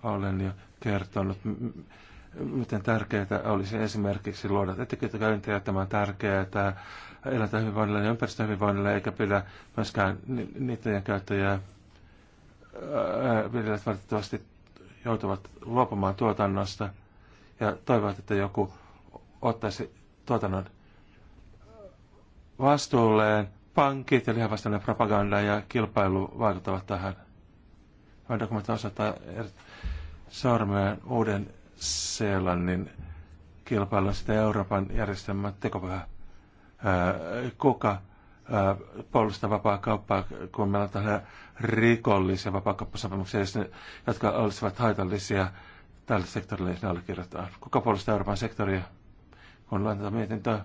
olen jo kertonut, miten tärkeää olisi esimerkiksi luoda että tämä on tärkeää eläinten hyvinvoinnille ja ympäristön hyvinvoinnille, eikä pidä myöskään niiden käyttäjiä viljelijät valitettavasti joutuvat luopumaan tuotannosta ja toivovat, että joku ottaisi tuotannon vastuulleen. Pankit ja lihavastainen propaganda ja kilpailu vaikuttavat tähän. Dokumentti osoittaa sormea uuden Seelannin kilpailun sitä Euroopan järjestelmää tekopyhä Kuka puolustaa vapaa kauppaa, kun meillä on tällaisia rikollisia vapaakauppasopimuksia, jotka olisivat haitallisia tälle sektorille, jos ne allekirjoittaa. Kuka puolustaa Euroopan sektoria, kun luen tätä mietintöä?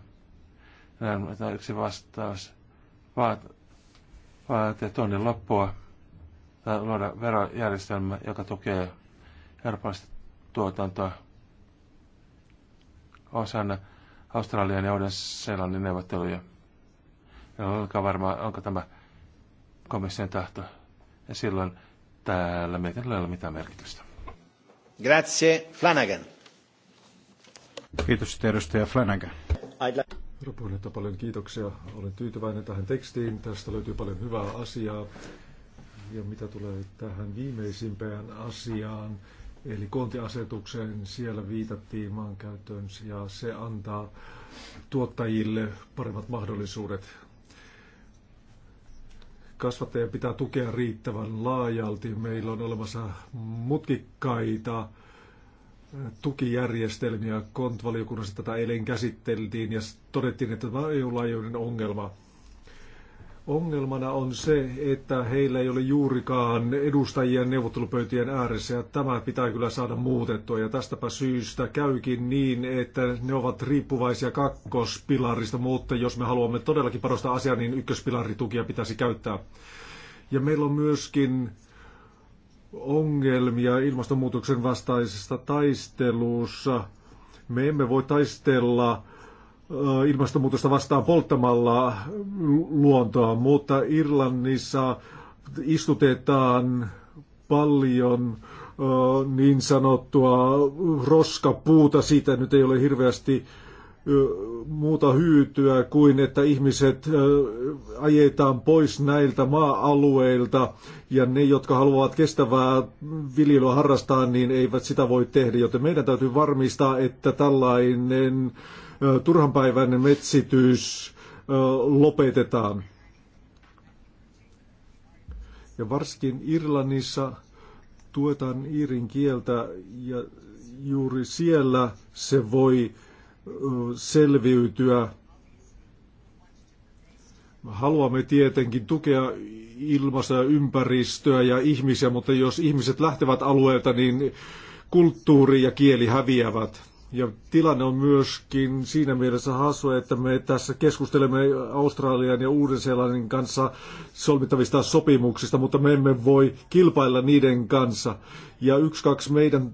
Tämä yksi vastaus. Vaat, vaatii tuonne loppua tai luoda verojärjestelmä, joka tukee eurooppalaista tuotantoa osana Australian ja Uuden-Seelannin neuvotteluja. En ole ollenkaan varma, onko tämä komission tahto. Ja silloin täällä mietinnöllä ei ole mitään merkitystä. Grazie, Flanagan. Kiitos, edustaja Flanagan. Herra puheenjohtaja, paljon kiitoksia. Olen tyytyväinen tähän tekstiin. Tästä löytyy paljon hyvää asiaa. Ja mitä tulee tähän viimeisimpään asiaan, Eli kontiasetukseen siellä viitattiin maankäyttöön ja se antaa tuottajille paremmat mahdollisuudet. Kasvattajia pitää tukea riittävän laajalti. Meillä on olemassa mutkikkaita tukijärjestelmiä. Kontvaliokunnassa tätä eilen käsiteltiin ja todettiin, että tämä on EU-laajuinen ongelma. Ongelmana on se, että heillä ei ole juurikaan edustajia neuvottelupöytien ääressä ja tämä pitää kyllä saada muutettua. Ja tästäpä syystä käykin niin, että ne ovat riippuvaisia kakkospilarista, mutta jos me haluamme todellakin parostaa asiaa, niin ykköspilaritukia pitäisi käyttää. Ja meillä on myöskin ongelmia ilmastonmuutoksen vastaisessa taistelussa. Me emme voi taistella ilmastonmuutosta vastaan polttamalla luontoa, mutta Irlannissa istutetaan paljon niin sanottua roskapuuta. Siitä nyt ei ole hirveästi muuta hyytyä kuin, että ihmiset ajetaan pois näiltä maa-alueilta ja ne, jotka haluavat kestävää viljelyä harrastaa, niin eivät sitä voi tehdä, joten meidän täytyy varmistaa, että tällainen turhanpäiväinen metsitys lopetetaan. Ja varsinkin Irlannissa tuetaan iirin kieltä ja juuri siellä se voi selviytyä. Haluamme tietenkin tukea ilmasta ympäristöä ja ihmisiä, mutta jos ihmiset lähtevät alueelta, niin kulttuuri ja kieli häviävät. Ja tilanne on myöskin siinä mielessä hassu, että me tässä keskustelemme Australian ja Uuden-Seelannin kanssa solmittavista sopimuksista, mutta me emme voi kilpailla niiden kanssa. Ja yksi, kaksi meidän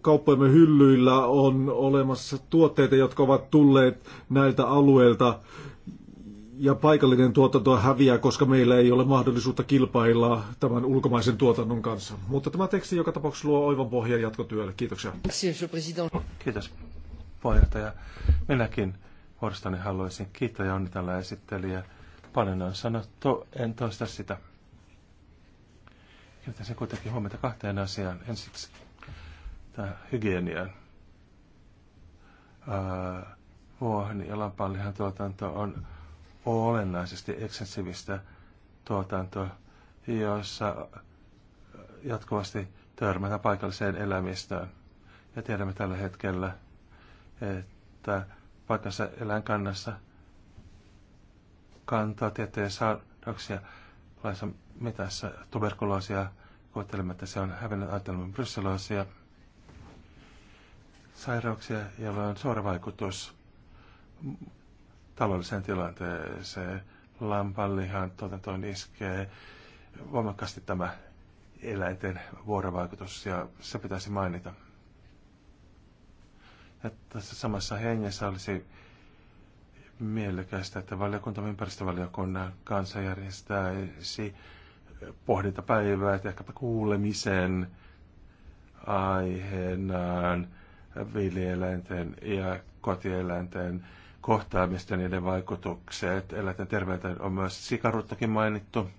kauppojemme hyllyillä on olemassa tuotteita, jotka ovat tulleet näiltä alueilta ja paikallinen tuotanto häviää, koska meillä ei ole mahdollisuutta kilpailla tämän ulkomaisen tuotannon kanssa. Mutta tämä teksti joka tapauksessa luo oivan pohjan jatkotyölle. Kiitoksia. Kiitos puheenjohtaja. Minäkin vuorostani haluaisin kiittää ja onnitella esittelijä. Paljon on sanottu, en toista sitä. Kiinnittäisin kuitenkin huomiota kahteen asiaan. Ensiksi tämä hygienian Öö, vuohon ja lampaanlihan tuotanto on olennaisesti eksensiivistä tuotantoa, jossa jatkuvasti törmätä paikalliseen elämistöön. Ja tiedämme tällä hetkellä, että paikassa eläinkannassa kantaa tiettyjä sairauksia laissa metässä, tuberkuloosia, kuvittelemme, että se on hävinnyt ajatelman brysseloosia, sairauksia, joilla on suora vaikutus taloudelliseen tilanteeseen. Lampanlihan tuotantoon iskee voimakkaasti tämä eläinten vuorovaikutus ja se pitäisi mainita. Ja tässä samassa hengessä olisi mielekästä, että valiokunta ympäristövaliokunnan kanssa järjestäisi pohdintapäivää, että ehkäpä kuulemisen aiheenaan viljeläinten ja kotieläinten kohtaamista niiden vaikutukset. Eläinten terveyteen on myös sikaruttakin mainittu.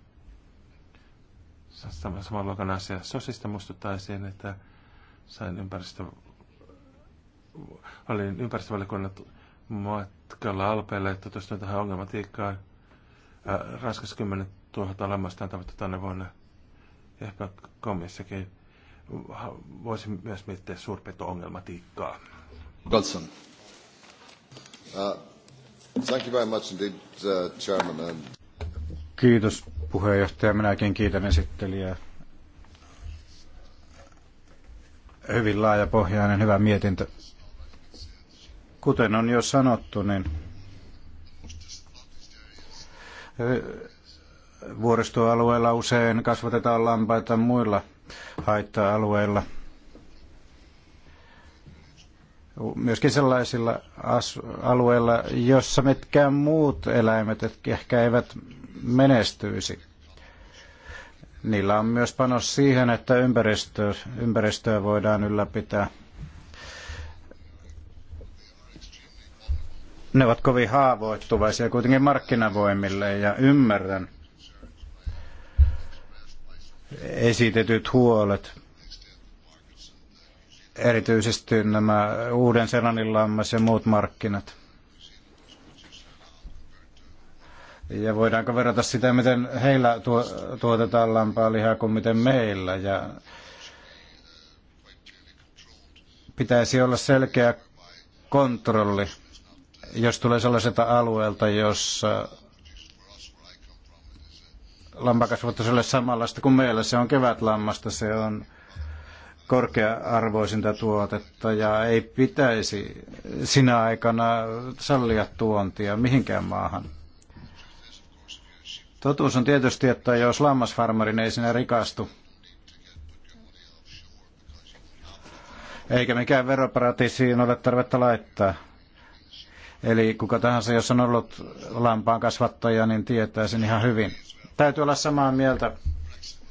Sama, saman luokan asia. Sosista muistuttaisiin, että sain ympäristö, olin ympäristövaliokunnan matkalla Alpeille, että tutustuin tähän ongelmatiikkaan. Raskas 10 000 lammasta on tavattu tänne vuonna. ehkä komissakin voisi myös miettiä suurpeto-ongelmatiikkaa. Godson. Uh, uh, Kiitos puheenjohtaja. Minäkin kiitän esittelijää. Hyvin laajapohjainen, hyvä mietintö. Kuten on jo sanottu, niin eh, vuoristoalueilla usein kasvatetaan lampaita muilla haitta-alueilla – myöskin sellaisilla alueilla, jossa mitkään muut eläimet ehkä eivät menestyisi. Niillä on myös panos siihen, että ympäristö, ympäristöä voidaan ylläpitää. Ne ovat kovin haavoittuvaisia kuitenkin markkinavoimille ja ymmärrän esitetyt huolet erityisesti nämä uuden Selannin lammas ja muut markkinat. Ja voidaanko verrata sitä, miten heillä tuo, tuotetaan lampaa lihaa kuin miten meillä. Ja pitäisi olla selkeä kontrolli, jos tulee sellaiselta alueelta, jossa lampakasvatus ei ole samanlaista kuin meillä. Se on kevätlammasta, se on korkea-arvoisinta tuotetta ja ei pitäisi sinä aikana sallia tuontia mihinkään maahan. Totuus on tietysti, että jos lammasfarmarin ei sinä rikastu, eikä mikään veroparatiisiin ole tarvetta laittaa. Eli kuka tahansa, jos on ollut lampaan kasvattaja, niin tietää sen ihan hyvin. Täytyy olla samaa mieltä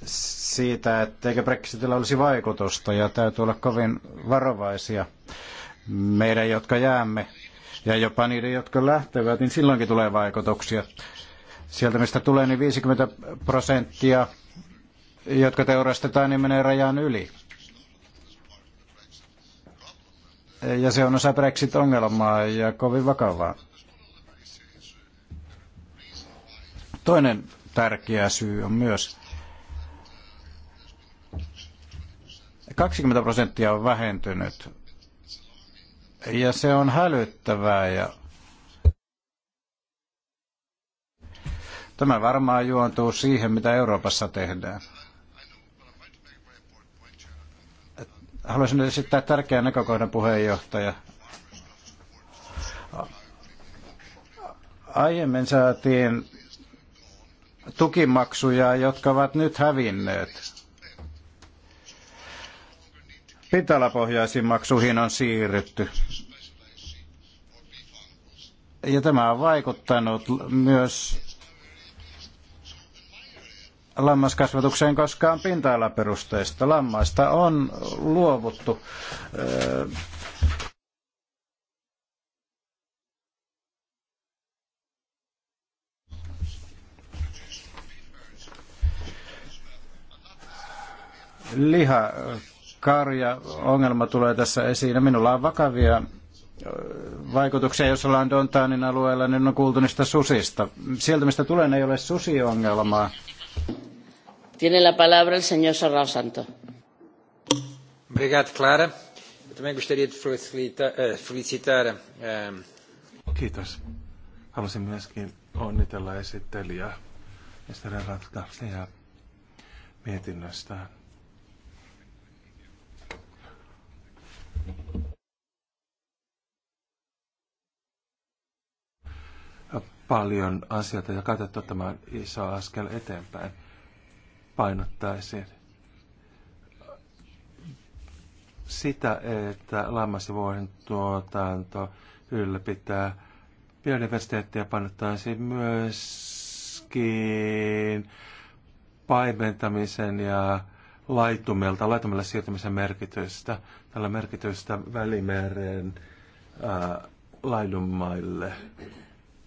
siitä, etteikö Brexitillä olisi vaikutusta ja täytyy olla kovin varovaisia meidän, jotka jäämme ja jopa niiden, jotka lähtevät, niin silloinkin tulee vaikutuksia. Sieltä, mistä tulee, niin 50 prosenttia, jotka teurastetaan, niin menee rajan yli. Ja se on osa Brexit-ongelmaa ja kovin vakavaa. Toinen tärkeä syy on myös, 20 prosenttia on vähentynyt. Ja se on hälyttävää ja Tämä varmaan juontuu siihen, mitä Euroopassa tehdään. Haluaisin esittää tärkeän näkökohdan puheenjohtaja. Aiemmin saatiin tukimaksuja, jotka ovat nyt hävinneet pitalapohjaisiin maksuihin on siirrytty. Ja tämä on vaikuttanut myös lammaskasvatukseen, koska on pinta-alaperusteista. Lammaista on luovuttu. liha karja ongelma tulee tässä esiin. Ja minulla on vakavia vaikutuksia, jos ollaan Dontaanin alueella, niin on kuultu niistä susista. Sieltä, mistä tulen, ei ole susiongelmaa. Tiene la palabra el señor Sorrao Santo. Obrigado, Clara. Eu também felicitar, eh, eh, Kiitos. Haluaisin myöskin onnitella esittelijää, Mr. ja mietinnöstään. Paljon asioita ja katsottu ottamaan iso askel eteenpäin. Painottaisin sitä, että lammasvuoden tuotanto ylläpitää biodiversiteettiä painottaisiin myöskin paimentamisen ja laitumelta, laitumelle siirtymisen merkitystä, tällä merkitystä Välimeren ää, äh, laidunmaille,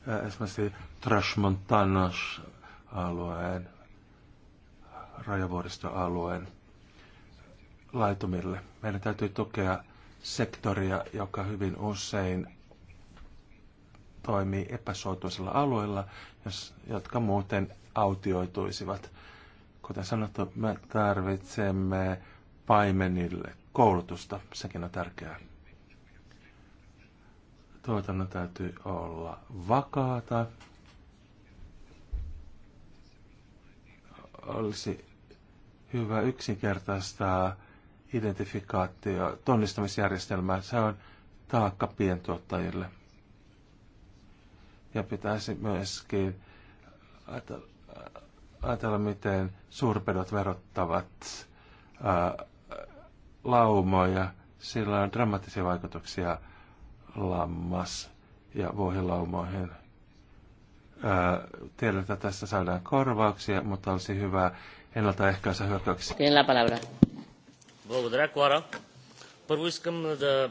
ää, äh, esimerkiksi trashmontanas alueen rajavuoristoalueen laitumille. Meidän täytyy tukea sektoria, joka hyvin usein toimii epäsuotuisilla alueilla, jos, jotka muuten autioituisivat Kuten sanottu, me tarvitsemme paimenille koulutusta, sekin on tärkeää. Tuotannon täytyy olla vakaata. Olisi hyvä yksinkertaistaa identifikaatio, tunnistamisjärjestelmää. Se on taakka pientuottajille. Ja pitäisi myöskin ajatella, miten suurpedot verottavat ää, laumoja. Sillä on dramaattisia vaikutuksia lammas- ja vuohilaumoihin. Tiedän, että tässä saadaan korvauksia, mutta olisi hyvä ennaltaehkäisä hyökkäyksiä. Tiedän la palabra. Благодаря, Клара. Първо искам да...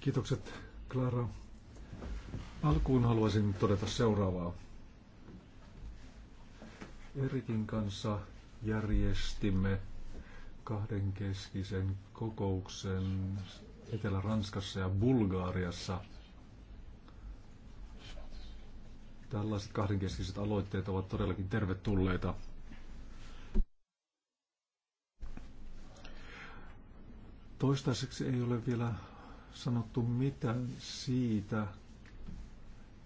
Kiitokset, Klara. Alkuun haluaisin todeta seuraavaa. Erikin kanssa järjestimme kahdenkeskisen kokouksen Etelä-Ranskassa ja Bulgaariassa. Tällaiset kahdenkeskiset aloitteet ovat todellakin tervetulleita. Toistaiseksi ei ole vielä sanottu mitään siitä,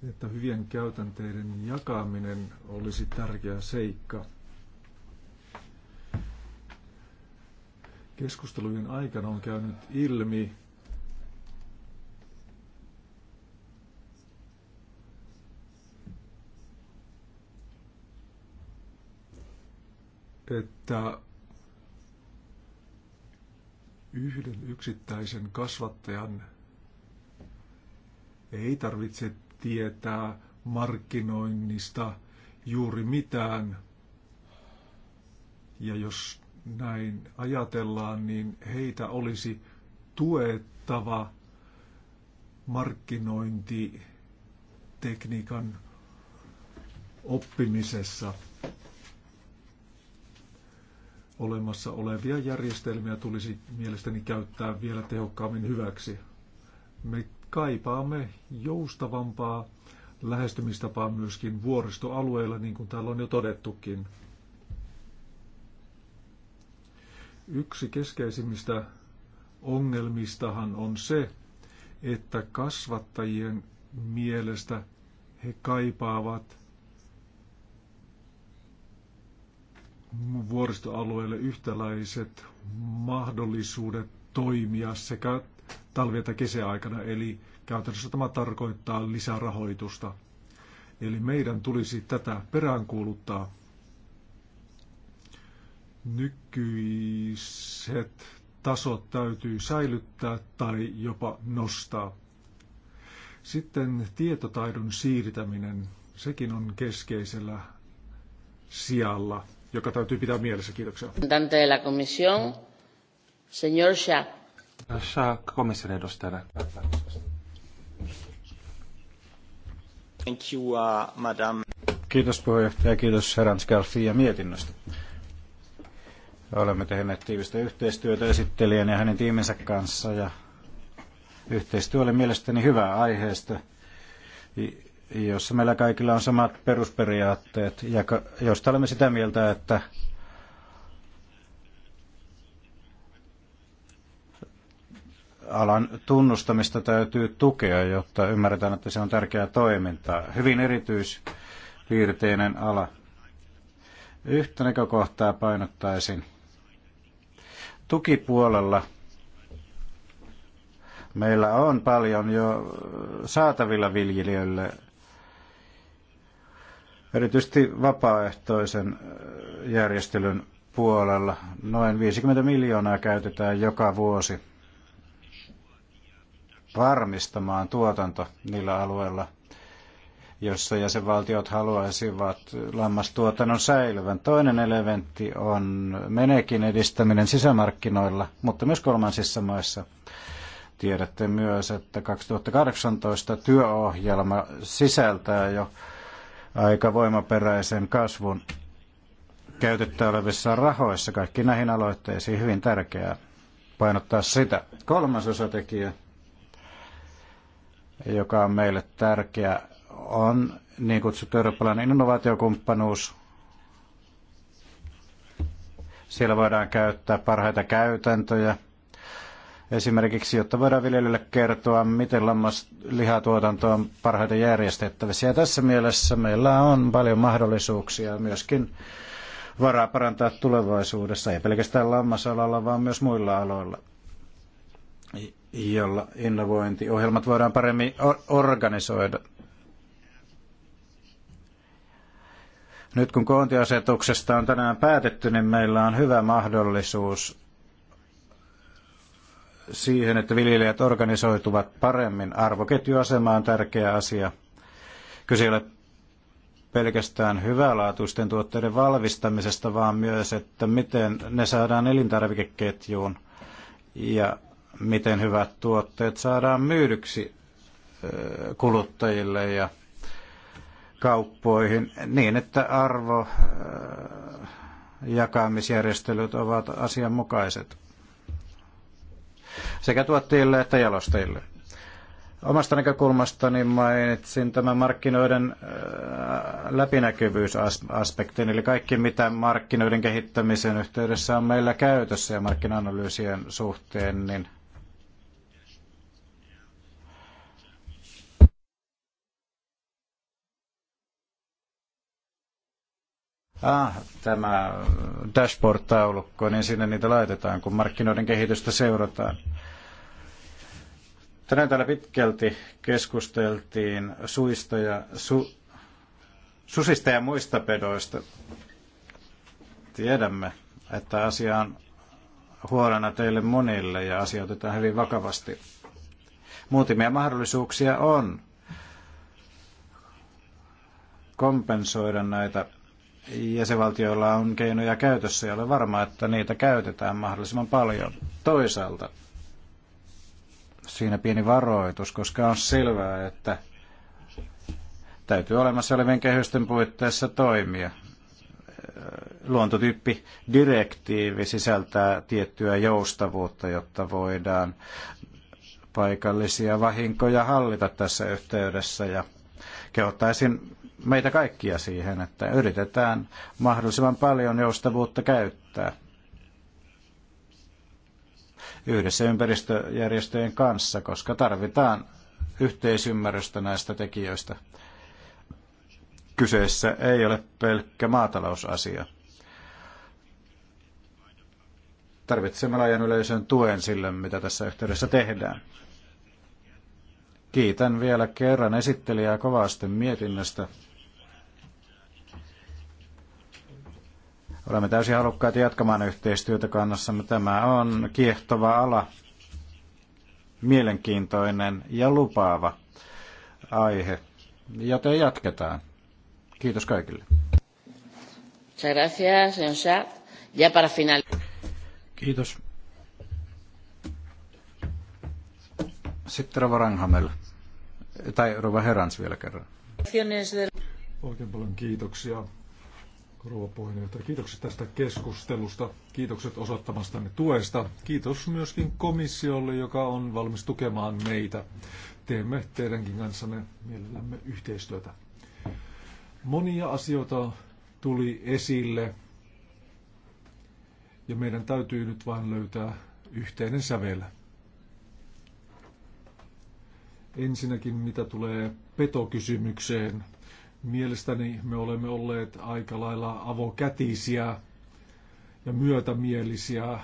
että hyvien käytänteiden jakaminen olisi tärkeä seikka. Keskustelujen aikana on käynyt ilmi, että yhden yksittäisen kasvattajan ei tarvitse tietää markkinoinnista juuri mitään. Ja jos näin ajatellaan, niin heitä olisi tuettava markkinointitekniikan oppimisessa olemassa olevia järjestelmiä tulisi mielestäni käyttää vielä tehokkaammin hyväksi. Me kaipaamme joustavampaa lähestymistapaa myöskin vuoristoalueilla, niin kuin täällä on jo todettukin. Yksi keskeisimmistä ongelmistahan on se, että kasvattajien mielestä he kaipaavat vuoristoalueelle yhtäläiset mahdollisuudet toimia sekä talvi- tai kesäaikana, eli käytännössä tämä tarkoittaa lisärahoitusta. Eli meidän tulisi tätä peräänkuuluttaa. Nykyiset tasot täytyy säilyttää tai jopa nostaa. Sitten tietotaidon siirtäminen, sekin on keskeisellä sijalla, joka täytyy pitää mielessä. Kiitoksia. Señor Schack. Saa komission edustajana. Thank you, uh, madam. Kiitos puheenjohtaja, kiitos Herans Garcia mietinnöstä. Olemme tehneet tiivistä yhteistyötä esittelijän ja hänen tiiminsä kanssa ja yhteistyö oli mielestäni hyvä aiheesta, jossa meillä kaikilla on samat perusperiaatteet ja josta olemme sitä mieltä, että alan tunnustamista täytyy tukea, jotta ymmärretään, että se on tärkeää toimintaa. Hyvin erityispiirteinen ala. Yhtä näkökohtaa painottaisin. Tukipuolella meillä on paljon jo saatavilla viljelijöille, erityisesti vapaaehtoisen järjestelyn puolella. Noin 50 miljoonaa käytetään joka vuosi varmistamaan tuotanto niillä alueilla, jossa jäsenvaltiot haluaisivat lammastuotannon säilyvän. Toinen elementti on menekin edistäminen sisämarkkinoilla, mutta myös kolmansissa maissa. Tiedätte myös, että 2018 työohjelma sisältää jo aika voimaperäisen kasvun käytettä olevissa rahoissa kaikki näihin aloitteisiin hyvin tärkeää painottaa sitä. Kolmas osatekijä joka on meille tärkeä, on niin kutsuttu eurooppalainen innovaatiokumppanuus. Siellä voidaan käyttää parhaita käytäntöjä, esimerkiksi, jotta voidaan viljelijöille kertoa, miten lammaslihatuotanto on parhaiten järjestettävissä. Ja tässä mielessä meillä on paljon mahdollisuuksia myöskin varaa parantaa tulevaisuudessa, ei pelkästään lammasalalla, vaan myös muilla aloilla jolla innovointiohjelmat voidaan paremmin organisoida. Nyt kun koontiasetuksesta on tänään päätetty, niin meillä on hyvä mahdollisuus siihen, että viljelijät organisoituvat paremmin. Arvoketjuasema on tärkeä asia. Kyse ei ole pelkästään hyvälaatuisten tuotteiden valmistamisesta, vaan myös, että miten ne saadaan elintarvikeketjuun ja miten hyvät tuotteet saadaan myydyksi kuluttajille ja kauppoihin niin, että arvo jakamisjärjestelyt ovat asianmukaiset sekä tuottajille että jalostajille. Omasta näkökulmastani mainitsin tämän markkinoiden läpinäkyvyysaspektin, eli kaikki mitä markkinoiden kehittämisen yhteydessä on meillä käytössä ja markkinanalyysien suhteen, niin – ah, tämä dashboard-taulukko, niin sinne niitä laitetaan, kun markkinoiden kehitystä seurataan. Tänään täällä pitkälti keskusteltiin suista ja su, susista ja muista pedoista. Tiedämme, että asia on huolena teille monille ja asia otetaan hyvin vakavasti. Muutimia mahdollisuuksia on kompensoida näitä jäsenvaltioilla on keinoja käytössä ja olen varma, että niitä käytetään mahdollisimman paljon. Toisaalta siinä pieni varoitus, koska on selvää, että täytyy olemassa olevien kehysten puitteissa toimia. Luontotyyppi direktiivi sisältää tiettyä joustavuutta, jotta voidaan paikallisia vahinkoja hallita tässä yhteydessä ja kehottaisin meitä kaikkia siihen, että yritetään mahdollisimman paljon joustavuutta käyttää yhdessä ympäristöjärjestöjen kanssa, koska tarvitaan yhteisymmärrystä näistä tekijöistä. Kyseessä ei ole pelkkä maatalousasia. Tarvitsemme laajan yleisön tuen sille, mitä tässä yhteydessä tehdään. Kiitän vielä kerran esittelijää kovasti mietinnöstä. Olemme täysin halukkaita jatkamaan yhteistyötä kannassamme. Tämä on kiehtova ala, mielenkiintoinen ja lupaava aihe, joten jatketaan. Kiitos kaikille. Kiitos. Sitten Rova Ranghamel, tai Rova Herans vielä kerran. Oikein paljon kiitoksia rouva puheenjohtaja. Kiitokset tästä keskustelusta. Kiitokset osoittamastanne tuesta. Kiitos myöskin komissiolle, joka on valmis tukemaan meitä. Teemme teidänkin kanssanne mielellämme yhteistyötä. Monia asioita tuli esille ja meidän täytyy nyt vain löytää yhteinen sävel. Ensinnäkin mitä tulee petokysymykseen – Mielestäni me olemme olleet aika lailla avokätisiä ja myötämielisiä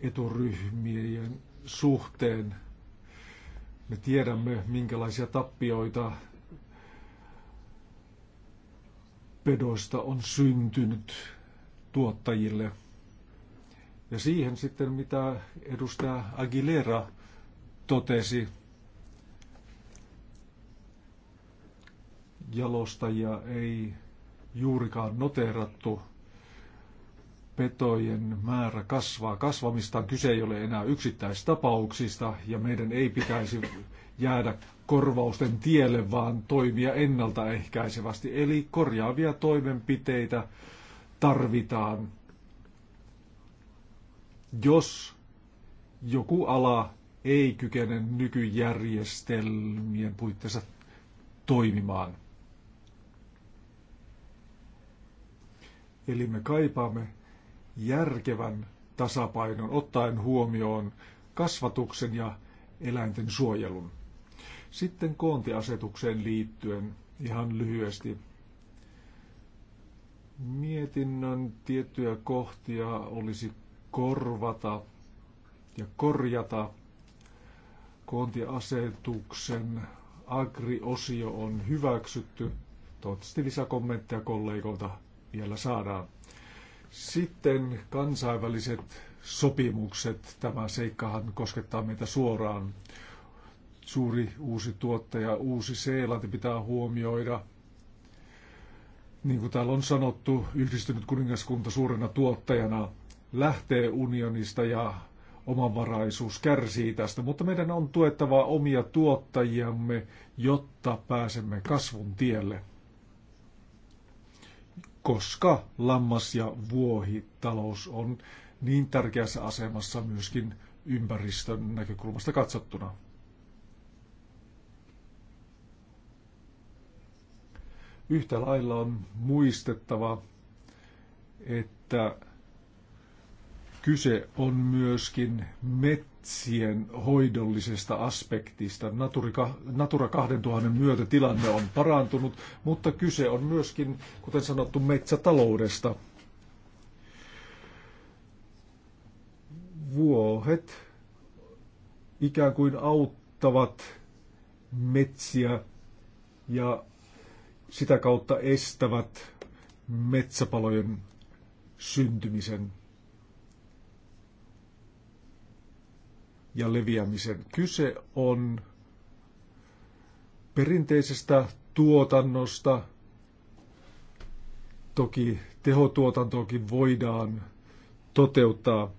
eturyhmien suhteen. Me tiedämme, minkälaisia tappioita pedoista on syntynyt tuottajille. Ja siihen sitten, mitä edustaja Aguilera totesi, jalostajia ei juurikaan noterattu. Petojen määrä kasvaa kasvamista Kyse ei ole enää yksittäistapauksista ja meidän ei pitäisi jäädä korvausten tielle, vaan toimia ennaltaehkäisevästi. Eli korjaavia toimenpiteitä tarvitaan. Jos joku ala ei kykene nykyjärjestelmien puitteissa toimimaan. Eli me kaipaamme järkevän tasapainon ottaen huomioon kasvatuksen ja eläinten suojelun. Sitten koontiasetukseen liittyen ihan lyhyesti. Mietinnön tiettyjä kohtia olisi korvata ja korjata. Koontiasetuksen agriosio on hyväksytty. Toivottavasti lisäkommentteja kollegoilta vielä saadaan. Sitten kansainväliset sopimukset. Tämä seikkahan koskettaa meitä suoraan. Suuri uusi tuottaja, uusi Seelanti pitää huomioida. Niin kuin täällä on sanottu, yhdistynyt kuningaskunta suurena tuottajana lähtee unionista ja omavaraisuus kärsii tästä, mutta meidän on tuettava omia tuottajiamme, jotta pääsemme kasvun tielle koska lammas- ja vuohitalous on niin tärkeässä asemassa myöskin ympäristön näkökulmasta katsottuna. Yhtä lailla on muistettava, että kyse on myöskin met metsien hoidollisesta aspektista. Natura 2000 myötä tilanne on parantunut, mutta kyse on myöskin, kuten sanottu, metsätaloudesta. Vuohet ikään kuin auttavat metsiä ja sitä kautta estävät metsäpalojen syntymisen. ja leviämisen. Kyse on perinteisestä tuotannosta. Toki tehotuotantoakin voidaan toteuttaa,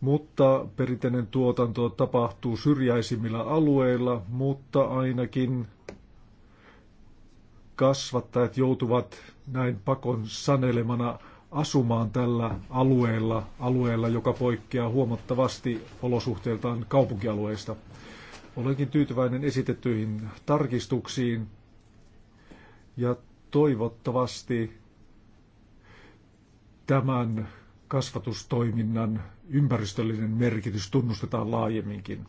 mutta perinteinen tuotanto tapahtuu syrjäisimmillä alueilla, mutta ainakin kasvattajat joutuvat näin pakon sanelemana asumaan tällä alueella, alueella, joka poikkeaa huomattavasti olosuhteiltaan kaupunkialueista. Olenkin tyytyväinen esitettyihin tarkistuksiin ja toivottavasti tämän kasvatustoiminnan ympäristöllinen merkitys tunnustetaan laajemminkin.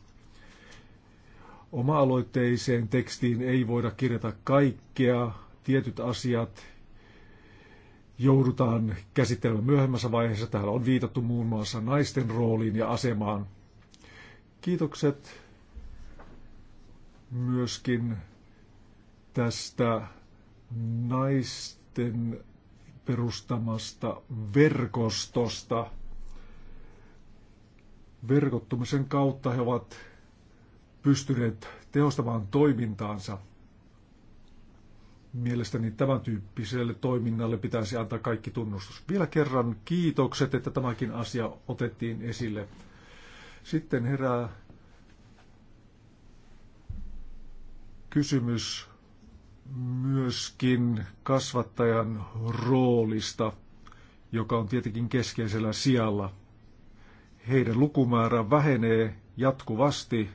Oma-aloitteiseen tekstiin ei voida kirjata kaikkea. Tietyt asiat joudutaan käsittelemään myöhemmässä vaiheessa. Täällä on viitattu muun muassa naisten rooliin ja asemaan. Kiitokset myöskin tästä naisten perustamasta verkostosta. Verkottumisen kautta he ovat pystyneet tehostamaan toimintaansa – Mielestäni tämän tyyppiselle toiminnalle pitäisi antaa kaikki tunnustus. Vielä kerran kiitokset, että tämäkin asia otettiin esille. Sitten herää kysymys myöskin kasvattajan roolista, joka on tietenkin keskeisellä sijalla. Heidän lukumäärä vähenee jatkuvasti,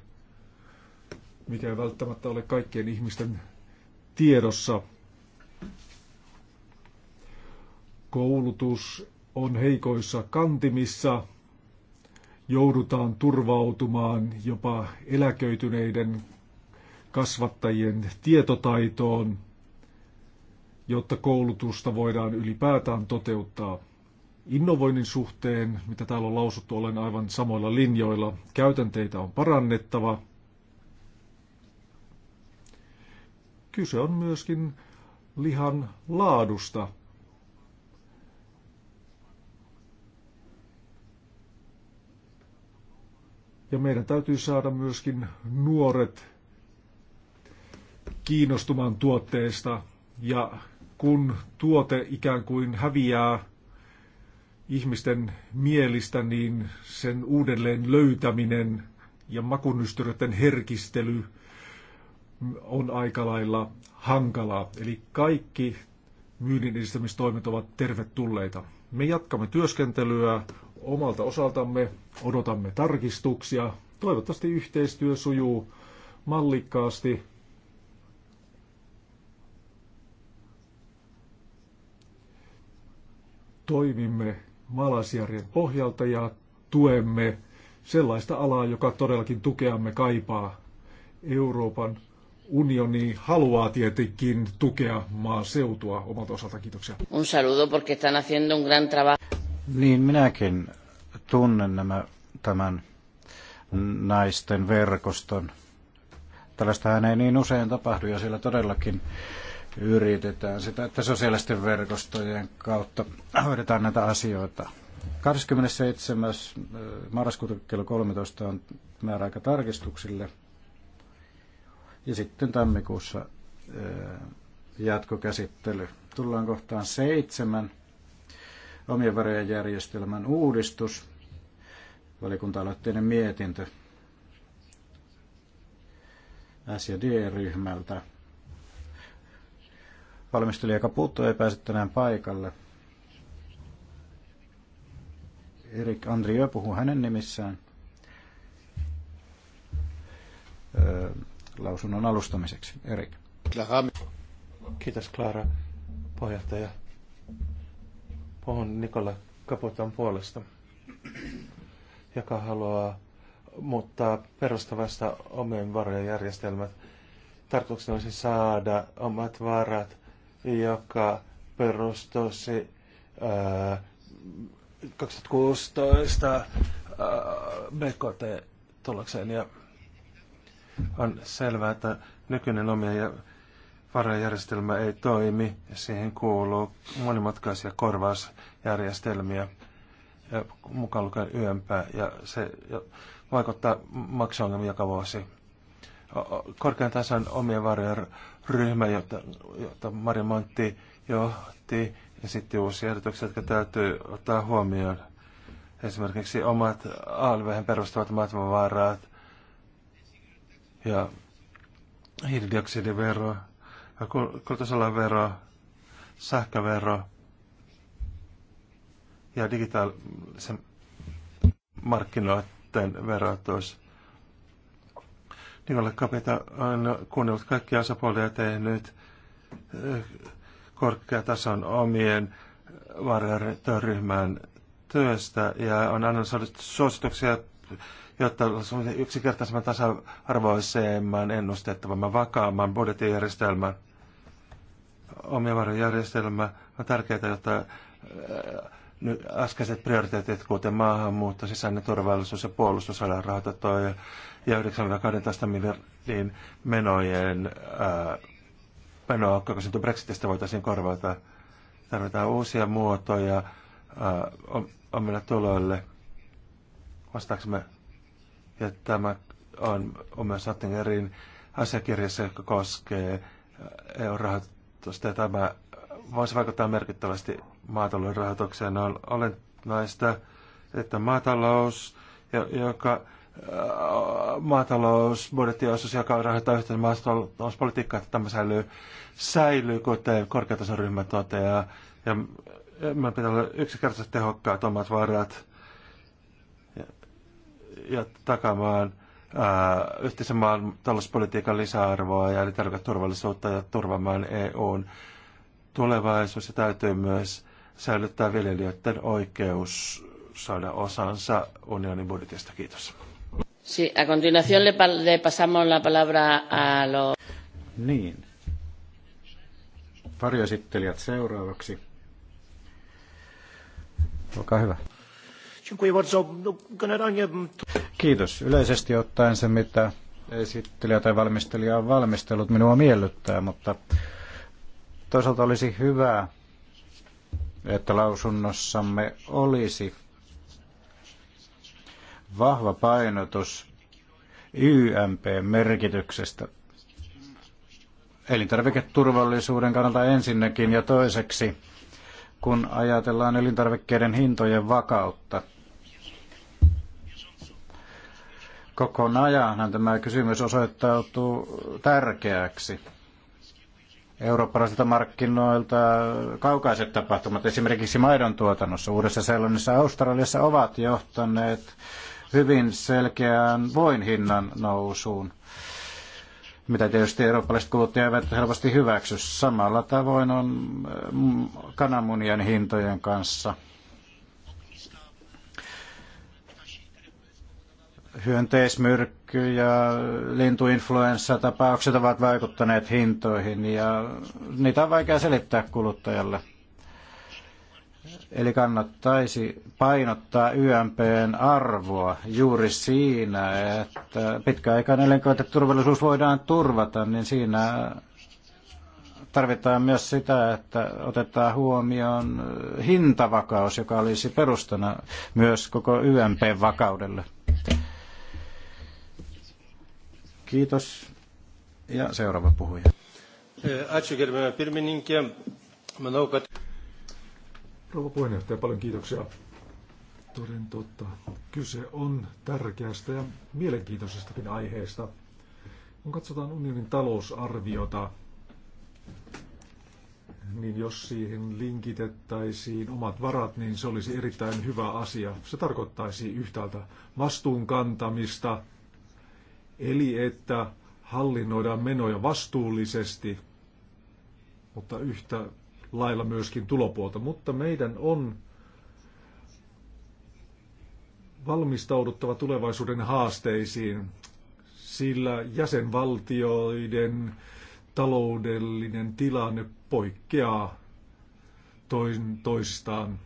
mikä ei välttämättä ole kaikkien ihmisten tiedossa. Koulutus on heikoissa kantimissa, joudutaan turvautumaan jopa eläköityneiden kasvattajien tietotaitoon, jotta koulutusta voidaan ylipäätään toteuttaa. Innovoinnin suhteen, mitä täällä on lausuttu, olen aivan samoilla linjoilla. Käytänteitä on parannettava – Kyse on myöskin lihan laadusta. Ja meidän täytyy saada myöskin nuoret kiinnostumaan tuotteesta. Ja kun tuote ikään kuin häviää ihmisten mielistä, niin sen uudelleen löytäminen ja makunystyröiden herkistely – on aika lailla hankalaa. Eli kaikki myynnin edistämistoimet ovat tervetulleita. Me jatkamme työskentelyä omalta osaltamme, odotamme tarkistuksia. Toivottavasti yhteistyö sujuu mallikkaasti. Toimimme maalaisjärjen pohjalta ja tuemme sellaista alaa, joka todellakin tukeamme kaipaa. Euroopan unioni haluaa tietenkin tukea maaseutua omalta osalta. Kiitoksia. Un saludo porque están haciendo un gran trabajo. Niin minäkin tunnen nämä, tämän naisten verkoston. Tällaistähän ei niin usein tapahdu ja siellä todellakin yritetään sitä, että sosiaalisten verkostojen kautta hoidetaan näitä asioita. 27. Eh, marraskuuta kello 13 on määräaika tarkistuksille. Ja sitten tammikuussa eh, jatkokäsittely. Tullaan kohtaan seitsemän. Omien varojen järjestelmän uudistus. Valikunta-aloitteinen mietintö. S- ja D-ryhmältä. Valmistelija puuttuu ei pääse tänään paikalle. Erik Andriö puhuu hänen nimissään. Öö, lausunnon alustamiseksi. Erik. Kiitos Klara, puheenjohtaja. Puhun Nikola Kaputan puolesta, joka haluaa muuttaa perustavasta omien varojen järjestelmät. Tarkoituksena olisi saada omat varat, joka perustuisi ää, 2016 BKT-tulokseen ja on selvää, että nykyinen omia ja varajärjestelmä ei toimi. Siihen kuuluu monimutkaisia korvausjärjestelmiä, ja mukaan lukien yömpää, ja se vaikuttaa maksuongelmia joka vuosi. Korkean tasan omien varojen ryhmä, jota, jota Mari Montti johti, sitten uusia ehdotuksia, jotka täytyy ottaa huomioon. Esimerkiksi omat alvehen perustuvat matmavarat, ja hiilidioksidivero, ja kulutusalan vero, sähkövero ja digitaalisen markkinoiden verotus. Nikola Kapita on kuunnellut kaikkia osapuolia ja tehnyt eh, korkeatason omien varjoryhmän työstä ja on annanut suosituksia jotta yksinkertaisemman tasa-arvoisemman, ennustettavamman, vakaamman budjettijärjestelmän. Omivarojärjestelmä on tärkeää, jotta äh, nyt äskeiset prioriteetit, kuten maahanmuutto, sisäinen turvallisuus ja puolustus saadaan rahoitettua ja, ja 9-12 miljardin menojen ää, äh, menoa, joka syntyy Brexitistä, voitaisiin korvata. Tarvitaan uusia muotoja ää, äh, omille tuloille vastaaksemme ja tämä on, on myös Attingerin asiakirjassa, joka koskee EU-rahoitusta. Ja tämä voisi vaikuttaa merkittävästi maatalouden rahoitukseen. On no, näistä, että maatalous, joka maatalousbudjettiosuus, joka rahoittaa yhteen maatalouspolitiikkaa, että tämä säilyy, säilyy kuten korkeatason ryhmä toteaa. Ja meidän pitää olla yksinkertaisesti tehokkaat omat varat ja takaamaan ää, yhteisen maan talouspolitiikan lisäarvoa ja turvallisuutta ja turvamaan EUn tulevaisuus. Ja täytyy myös säilyttää viljelijöiden oikeus saada osansa unionin budjetista. Kiitos. Sí, a continuación le, le pasamos la palabra a los... Niin. Varjoesittelijät seuraavaksi. Olkaa hyvä. Dziękuję bardzo. No, generalnie... Kiitos. Yleisesti ottaen se, mitä esittelijä tai valmistelija on valmistellut, minua miellyttää, mutta toisaalta olisi hyvä, että lausunnossamme olisi vahva painotus YMP-merkityksestä elintarviketurvallisuuden kannalta ensinnäkin ja toiseksi, kun ajatellaan elintarvikkeiden hintojen vakautta – ajanhan tämä kysymys osoittautuu tärkeäksi. Eurooppalaisilta markkinoilta kaukaiset tapahtumat, esimerkiksi maidon tuotannossa Uudessa Seelannissa ja Australiassa, ovat johtaneet hyvin selkeään voin hinnan nousuun mitä tietysti eurooppalaiset kuluttajat eivät helposti hyväksy. Samalla tavoin on mm, kananmunien hintojen kanssa. hyönteismyrkky ja lintuinfluenssatapaukset ovat vaikuttaneet hintoihin ja niitä on vaikea selittää kuluttajalle. Eli kannattaisi painottaa YMPn arvoa juuri siinä, että pitkäaikainen turvallisuus voidaan turvata, niin siinä tarvitaan myös sitä, että otetaan huomioon hintavakaus, joka olisi perustana myös koko YMPn vakaudelle. Kiitos. Ja seuraava puhuja. Eh, Rouva puheenjohtaja, paljon kiitoksia. Toden totta. Kyse on tärkeästä ja mielenkiintoisestakin aiheesta. Kun katsotaan unionin talousarviota, niin jos siihen linkitettäisiin omat varat, niin se olisi erittäin hyvä asia. Se tarkoittaisi yhtäältä vastuun kantamista, Eli että hallinnoidaan menoja vastuullisesti, mutta yhtä lailla myöskin tulopuolta. Mutta meidän on valmistauduttava tulevaisuuden haasteisiin, sillä jäsenvaltioiden taloudellinen tilanne poikkeaa toistaan.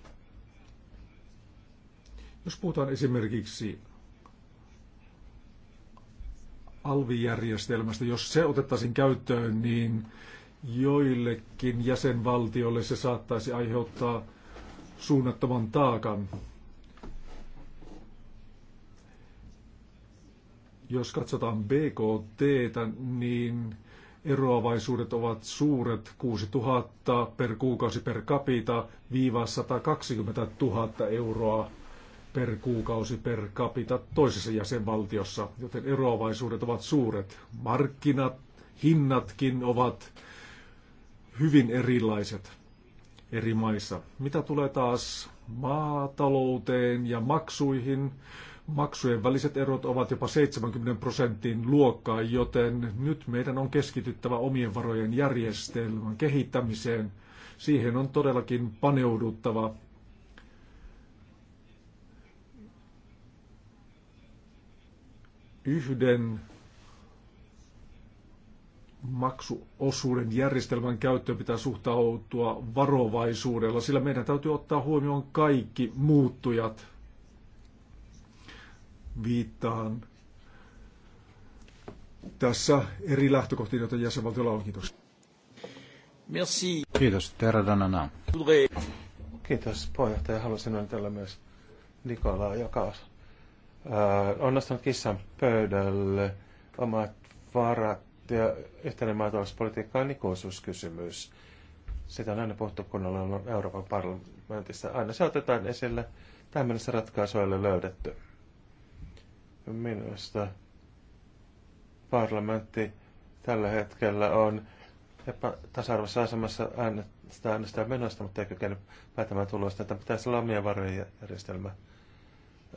Jos puhutaan esimerkiksi alvijärjestelmästä. Jos se otettaisiin käyttöön, niin joillekin jäsenvaltioille se saattaisi aiheuttaa suunnattoman taakan. Jos katsotaan BKT, niin eroavaisuudet ovat suuret 000 per kuukausi per capita viiva 120 000 euroa per kuukausi per capita toisessa jäsenvaltiossa, joten eroavaisuudet ovat suuret. Markkinat, hinnatkin ovat hyvin erilaiset eri maissa. Mitä tulee taas maatalouteen ja maksuihin, maksujen väliset erot ovat jopa 70 prosentin luokkaa, joten nyt meidän on keskityttävä omien varojen järjestelmän kehittämiseen. Siihen on todellakin paneuduttava yhden maksuosuuden järjestelmän käyttöön pitää suhtautua varovaisuudella, sillä meidän täytyy ottaa huomioon kaikki muuttujat. Viittaan tässä eri lähtökohtiin, joita jäsenvaltiolla on. Kiitos. Merci. Kiitos. Terra Kiitos puheenjohtaja. Haluaisin onnitella myös Nikolaa, joka Äh, on nostanut kissan pöydälle omat varat ja yhtenä maatalouspolitiikka on ikuisuuskysymys. Sitä on aina puhuttu, kun ollaan Euroopan parlamentissa. Aina se otetaan esille. Tähän mennessä ratkaisu ei ole löydetty. Minusta parlamentti tällä hetkellä on tasa arvoisessa asemassa äänestää, äänestää menosta, mutta ei kykene päätämään tulosta. Tämä pitäisi olla omien varojen järjestelmä.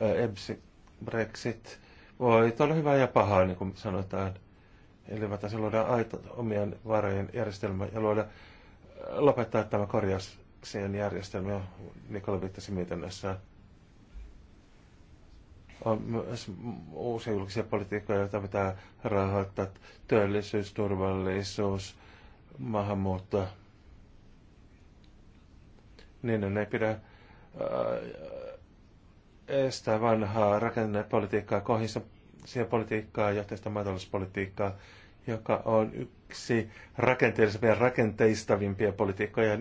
Äh, EBSin Brexit voi olla hyvä ja pahaa, niin kuin sanotaan. Eli vaikka se luodaan aito omien varojen järjestelmä ja luoda lopettaa tämä korjauksien järjestelmä, Nikola viittasi mietinnössään. On myös uusia julkisia politiikkoja, joita pitää rahoittaa. Työllisyys, turvallisuus, maahanmuutto. Niin ei pidä äh, estää vanhaa rakennepolitiikkaa, siihen politiikkaa, johtajista maatalouspolitiikkaa, joka on yksi rakenteellisempia ja rakenteistavimpia politiikkoja.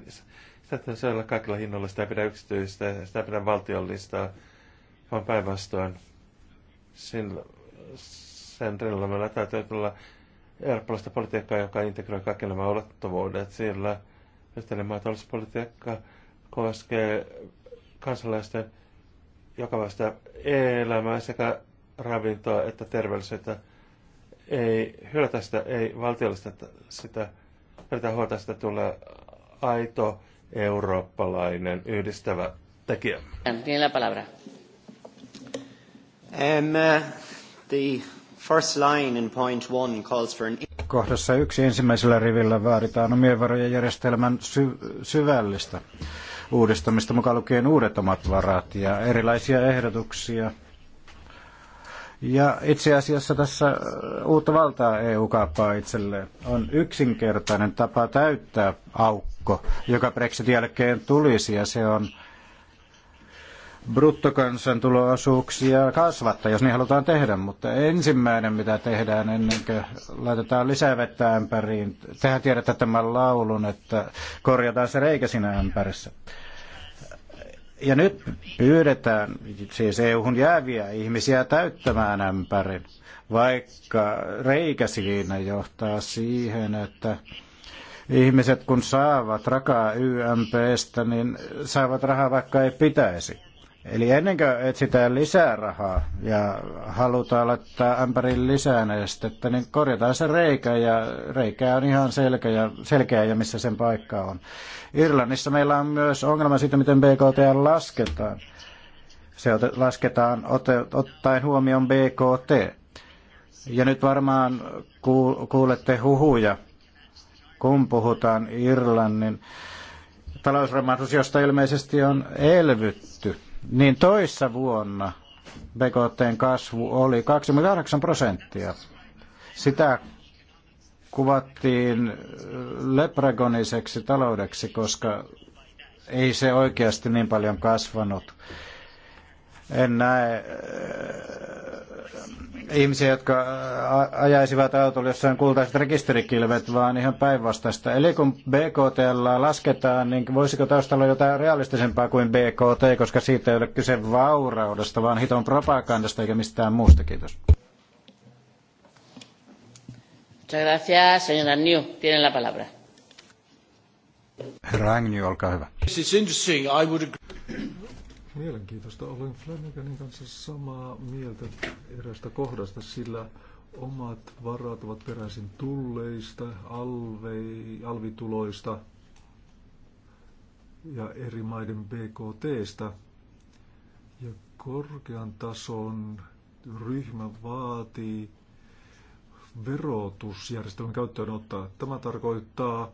Sitä täytyy olla kaikilla hinnoilla, sitä ei pidä yksityistä, sitä ei pidä valtiollista, vaan päinvastoin. Sen, sen rinnalla meillä täytyy tulla eurooppalaista politiikkaa, joka integroi kaikki nämä ulottuvuudet, sillä yhteinen maatalouspolitiikka koskee kansalaisten joka elämää sekä ravintoa että terveellisyyttä. Ei hylätä sitä, ei valtiollista sitä, hylätä huolta sitä tulee aito eurooppalainen yhdistävä tekijä. Tiene la palabra. Um, uh, the first line in point one calls for an... Kohdassa yksi ensimmäisellä rivillä vaaditaan omien varojen järjestelmän sy- syvällistä uudistamista, mukaan lukien uudet omat varat ja erilaisia ehdotuksia. Ja itse asiassa tässä äh, uutta valtaa EU kaappaa itselleen. On yksinkertainen tapa täyttää aukko, joka Brexitin jälkeen tulisi, ja se on bruttokansantulo kasvattaa, jos niin halutaan tehdä, mutta ensimmäinen, mitä tehdään ennen kuin laitetaan lisää vettä ämpäriin, tehän tiedätte tämän laulun, että korjataan se reikä siinä ämpärissä. Ja nyt pyydetään siis EU-hun jääviä ihmisiä täyttämään ämpärin, vaikka reikä siinä johtaa siihen, että ihmiset kun saavat rakaa YMPstä, niin saavat rahaa vaikka ei pitäisi. Eli ennen kuin etsitään lisää rahaa ja halutaan laittaa ämpärin lisää nestettä, niin korjataan se reikä ja reikä on ihan selkeä, ja, selkeä ja missä sen paikka on. Irlannissa meillä on myös ongelma siitä, miten BKT lasketaan. Se lasketaan ottaen huomioon BKT. Ja nyt varmaan kuulette huhuja, kun puhutaan Irlannin talousromahdus, josta ilmeisesti on elvytty niin toissa vuonna BKTn kasvu oli 28 prosenttia. Sitä kuvattiin lepregoniseksi taloudeksi, koska ei se oikeasti niin paljon kasvanut. En näe äh, ihmisiä, jotka äh, ajaisivat autolla jossain kultaiset rekisterikilvet, vaan ihan päinvastaista. Eli kun BKT lasketaan, niin voisiko taustalla jotain realistisempaa kuin BKT, koska siitä ei ole kyse vauraudesta, vaan hiton propagandasta eikä mistään muusta. Kiitos. Muchas gracias, señora New. Tiene la palabra. Herra Agnew, olkaa hyvä. Mielenkiintoista. Olen Flanaganin kanssa samaa mieltä erästä kohdasta, sillä omat varat ovat peräisin tulleista, alvei, alvituloista ja eri maiden BKTstä. Ja korkean tason ryhmä vaatii verotusjärjestelmän ottaa. Tämä tarkoittaa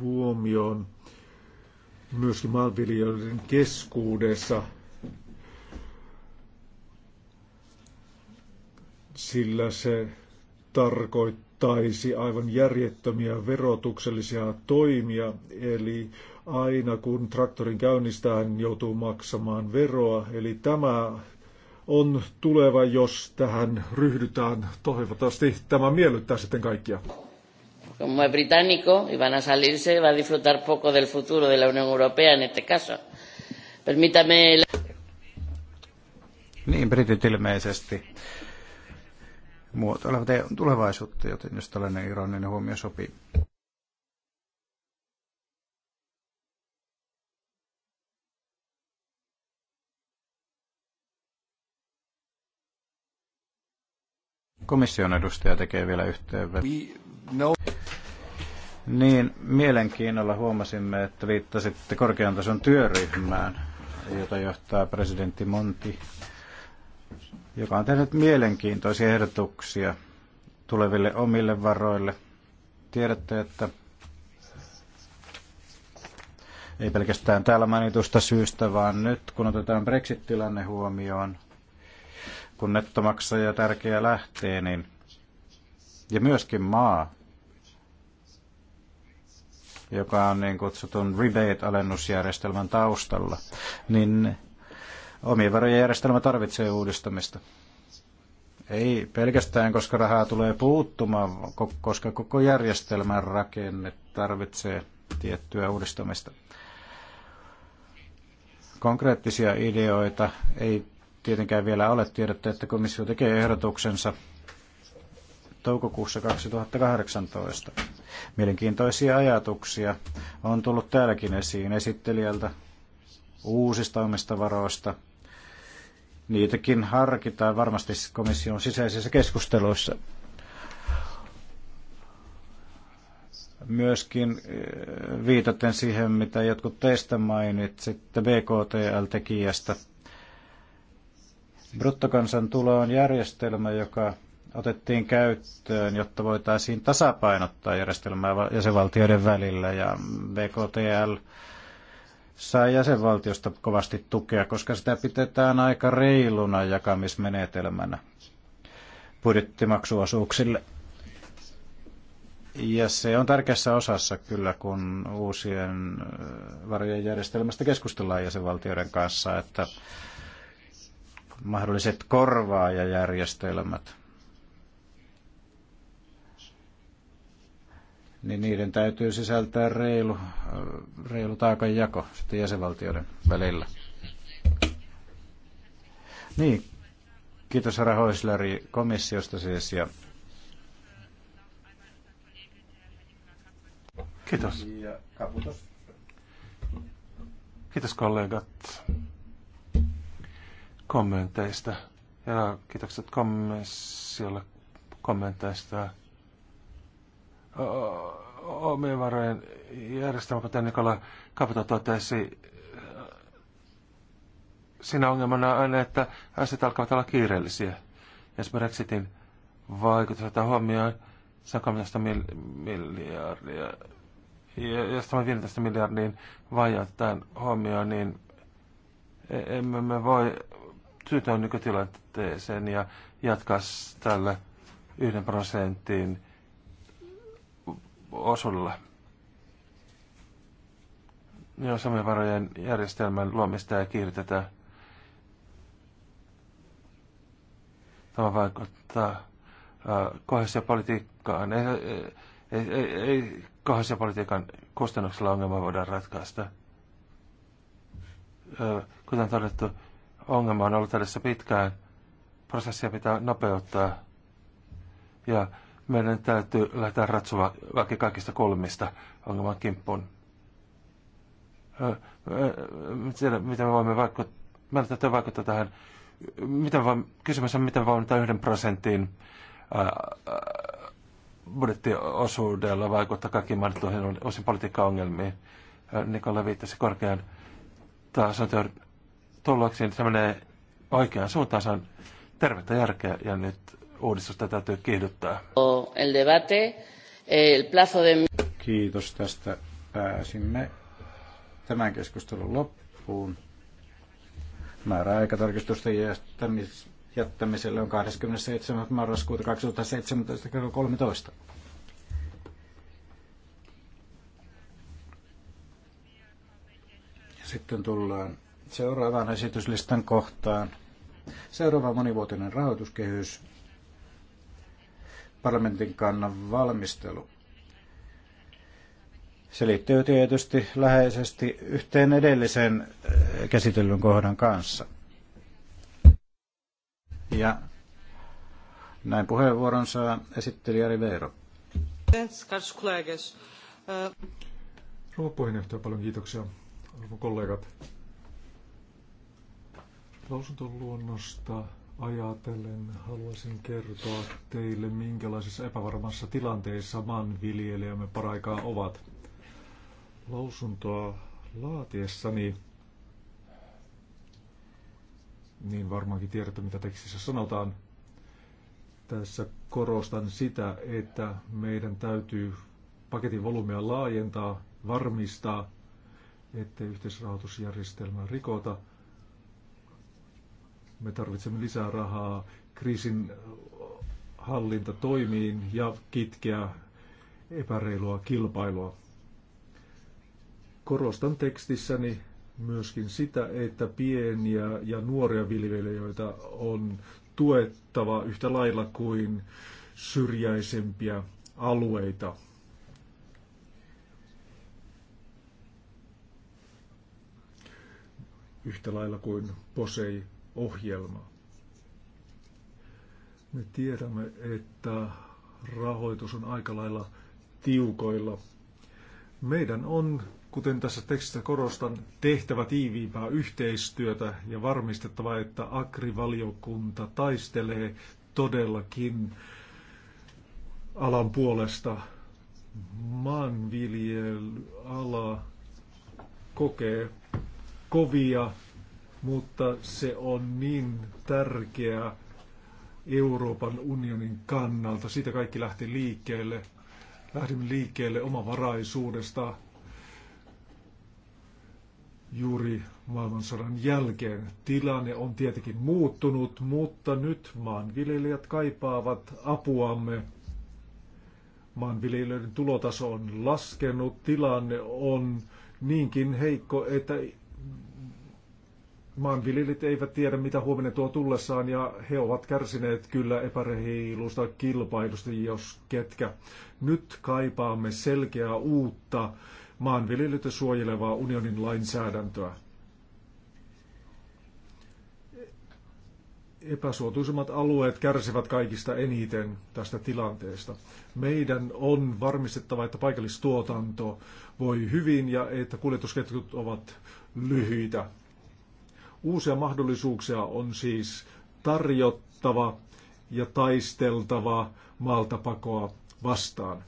huomioon myöskin maanviljelijöiden keskuudessa, sillä se tarkoittaisi aivan järjettömiä verotuksellisia toimia, eli aina kun traktorin käynnistää, hän joutuu maksamaan veroa. Eli tämä on tuleva, jos tähän ryhdytään. Toivottavasti tämä miellyttää sitten kaikkia como es británico y van a salirse, va a disfrutar poco del futuro de la Unión Europea en este caso. Permítame. El... Niin, britit ilmeisesti muotoilevat tulevaisuutta, joten jos tällainen ironinen huomio sopii. Komission edustaja tekee vielä yhteenvetoa. Niin, mielenkiinnolla huomasimme, että viittasitte korkean tason työryhmään, jota johtaa presidentti Monti, joka on tehnyt mielenkiintoisia ehdotuksia tuleville omille varoille. Tiedätte, että ei pelkästään täällä mainitusta syystä, vaan nyt kun otetaan Brexit-tilanne huomioon, kun nettomaksaja tärkeä lähtee, niin ja myöskin maa, joka on niin kutsutun rebate-alennusjärjestelmän taustalla, niin omien varojen järjestelmä tarvitsee uudistamista. Ei pelkästään, koska rahaa tulee puuttumaan, koska koko järjestelmän rakenne tarvitsee tiettyä uudistamista. Konkreettisia ideoita ei tietenkään vielä ole. Tiedätte, että komissio tekee ehdotuksensa toukokuussa 2018. Mielenkiintoisia ajatuksia on tullut täälläkin esiin esittelijältä uusista omista varoista. Niitäkin harkitaan varmasti komission sisäisissä keskusteluissa. Myöskin eh, viitaten siihen, mitä jotkut teistä mainitsitte BKTL-tekijästä. Bruttokansantulo on järjestelmä, joka otettiin käyttöön, jotta voitaisiin tasapainottaa järjestelmää jäsenvaltioiden välillä ja BKTL sai jäsenvaltiosta kovasti tukea, koska sitä pidetään aika reiluna jakamismenetelmänä budjettimaksuosuuksille. Ja se on tärkeässä osassa kyllä, kun uusien äh, varojen järjestelmästä keskustellaan jäsenvaltioiden kanssa, että mahdolliset korvaajajärjestelmät niin niiden täytyy sisältää reilu, reilu taakanjako sitten jäsenvaltioiden välillä. Niin, kiitos Sara Hoisleri komissiosta siis ja Kiitos. Kiitos kollegat kommenteista ja kiitokset komissiolle kommenteista omien varojen järjestelmä, kuten Nikola Kapito totesi, siinä ongelmana on aina, että asiat alkavat olla kiireellisiä. Jos Brexitin vaikutus ottaa huomioon 13 mil- miljardia, ja jos tämä 15 miljardin vajataan huomioon, niin e-, emme me voi tyytyä nykytilanteeseen ja jatkaa tällä yhden prosentin osulla. Jos varojen järjestelmän luomista ja kiirtetä, tämä vaikuttaa kohdallisuuspolitiikkaan. Ei, ei, ei, ei kohdallisuuspolitiikan kustannuksella ongelma voidaan ratkaista. Kuten todettu, ongelma on ollut edessä pitkään. Prosessia pitää nopeuttaa. Ja meidän täytyy lähteä ratsova väki kaikista kolmista ongelman kimppuun. Siellä, miten me voimme vaikuttaa, meidän täytyy vaikuttaa tähän, miten vaan, kysymys on, miten voimme tämän yhden prosentin budjettiosuudella vaikuttaa kaikkiin mainittuihin osin politiikkaongelmiin. Nikola viittasi korkean tason tuloksiin, se menee oikeaan suuntaan, se on tervettä järkeä ja nyt uudistusta täytyy kiihdyttää. El debate, el plazo de... Kiitos tästä. Pääsimme tämän keskustelun loppuun. Määräaikatarkistusten jättämis, jättämiselle on 27. marraskuuta 2017 kello 13. Ja sitten tullaan seuraavaan esityslistan kohtaan. Seuraava monivuotinen rahoituskehys parlamentin kannan valmistelu. Se liittyy tietysti läheisesti yhteen edellisen eh, käsitellyn kohdan kanssa. Ja näin puheenvuoron saa esittelijä Rivero. Eh. Rouva puheenjohtaja, paljon kiitoksia. Arvon kollegat. Lausuntoluonnosta ajatellen haluaisin kertoa teille, minkälaisessa epävarmassa tilanteessa maanviljelijämme paraikaa ovat. Lausuntoa laatiessani, niin varmaankin tiedätte, mitä tekstissä sanotaan. Tässä korostan sitä, että meidän täytyy paketin volyymia laajentaa, varmistaa, ettei yhteisrahoitusjärjestelmää rikota – me tarvitsemme lisää rahaa kriisin hallinta toimiin ja kitkeä epäreilua kilpailua. Korostan tekstissäni myöskin sitä, että pieniä ja nuoria viljelijöitä on tuettava yhtä lailla kuin syrjäisempiä alueita. Yhtä lailla kuin POSEI ohjelma. Me tiedämme, että rahoitus on aika lailla tiukoilla. Meidän on, kuten tässä tekstissä korostan, tehtävä tiiviimpää yhteistyötä ja varmistettava, että agrivaliokunta taistelee todellakin alan puolesta. Maanviljelyala kokee kovia mutta se on niin tärkeä Euroopan unionin kannalta. Siitä kaikki lähti liikkeelle. Lähdimme liikkeelle omavaraisuudesta juuri maailmansodan jälkeen. Tilanne on tietenkin muuttunut, mutta nyt maanviljelijät kaipaavat apuamme. Maanviljelijöiden tulotaso on laskenut, tilanne on niinkin heikko, että maanviljelijät eivät tiedä, mitä huomenna tuo tullessaan, ja he ovat kärsineet kyllä epäreiluista kilpailusta, jos ketkä. Nyt kaipaamme selkeää uutta maanviljelijöitä suojelevaa unionin lainsäädäntöä. Epäsuotuisimmat alueet kärsivät kaikista eniten tästä tilanteesta. Meidän on varmistettava, että paikallistuotanto voi hyvin ja että kuljetusketjut ovat lyhyitä Uusia mahdollisuuksia on siis tarjottava ja taisteltava maaltapakoa vastaan.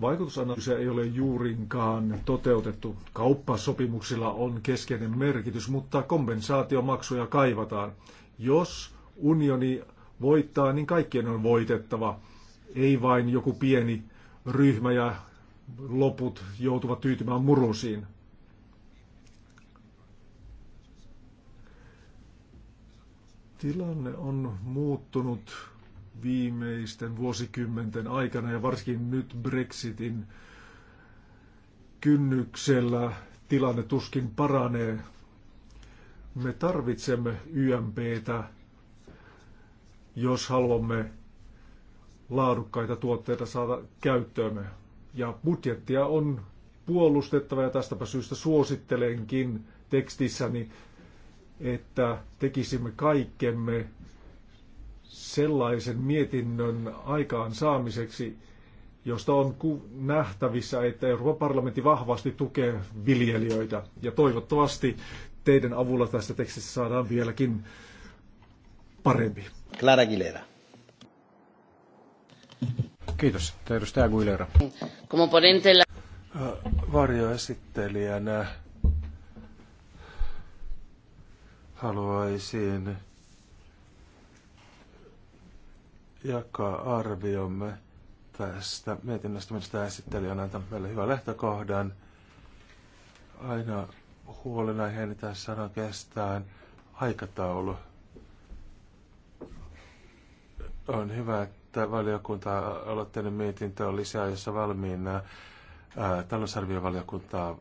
Vaikutusanalyysiä ei ole juurinkaan toteutettu. Kauppasopimuksilla on keskeinen merkitys, mutta kompensaatiomaksuja kaivataan. Jos unioni voittaa, niin kaikkien on voitettava. Ei vain joku pieni ryhmä ja loput joutuvat tyytymään murusiin. Tilanne on muuttunut viimeisten vuosikymmenten aikana ja varsinkin nyt Brexitin kynnyksellä tilanne tuskin paranee. Me tarvitsemme YMPtä, jos haluamme laadukkaita tuotteita saada käyttöömme. Ja budjettia on puolustettava ja tästäpä syystä suosittelenkin tekstissäni että tekisimme kaikkemme sellaisen mietinnön aikaan saamiseksi, josta on nähtävissä, että Euroopan parlamentti vahvasti tukee viljelijöitä. Ja toivottavasti teidän avulla tästä tekstistä saadaan vieläkin parempi. Clara Aguilera. Kiitos. Edustaja Aguilera. Varjoesittelijänä haluaisin jakaa arviomme tästä mietinnöstä, mistä esittelijä on antanut meille hyvän lähtökohdan. Aina huolenaiheeni tässä on oikeastaan aikataulu. On hyvä, että valiokunta-aloitteinen mietintö on lisää, jossa valmiina talousarviovaliokuntaa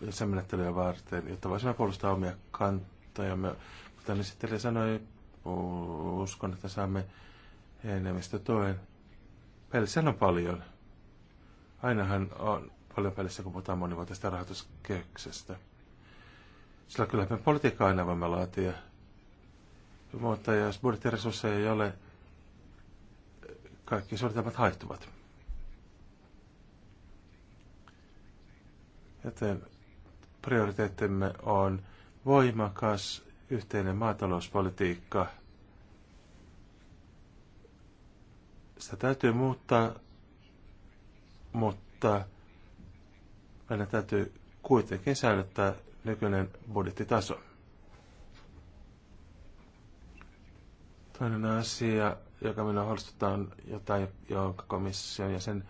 ja sen menettelyä varten, jotta voisimme puolustaa omia kantoja kantojamme. Kuten sitten sanoi, uskon, että saamme enemmistö toen. Pelissä on paljon. Ainahan on paljon pelissä, kun puhutaan monivuotisesta rahoituskehyksestä. Sillä kyllä me politiikkaa aina voimme laatia. Mutta jos budjettiresursseja ei ole, kaikki suunnitelmat haittuvat. Joten prioriteettimme on voimakas yhteinen maatalouspolitiikka. Sitä täytyy muuttaa, mutta meidän täytyy kuitenkin säilyttää nykyinen budjettitaso. Toinen asia, joka minua huolestuttaa, on jotain, jonka komission ja sen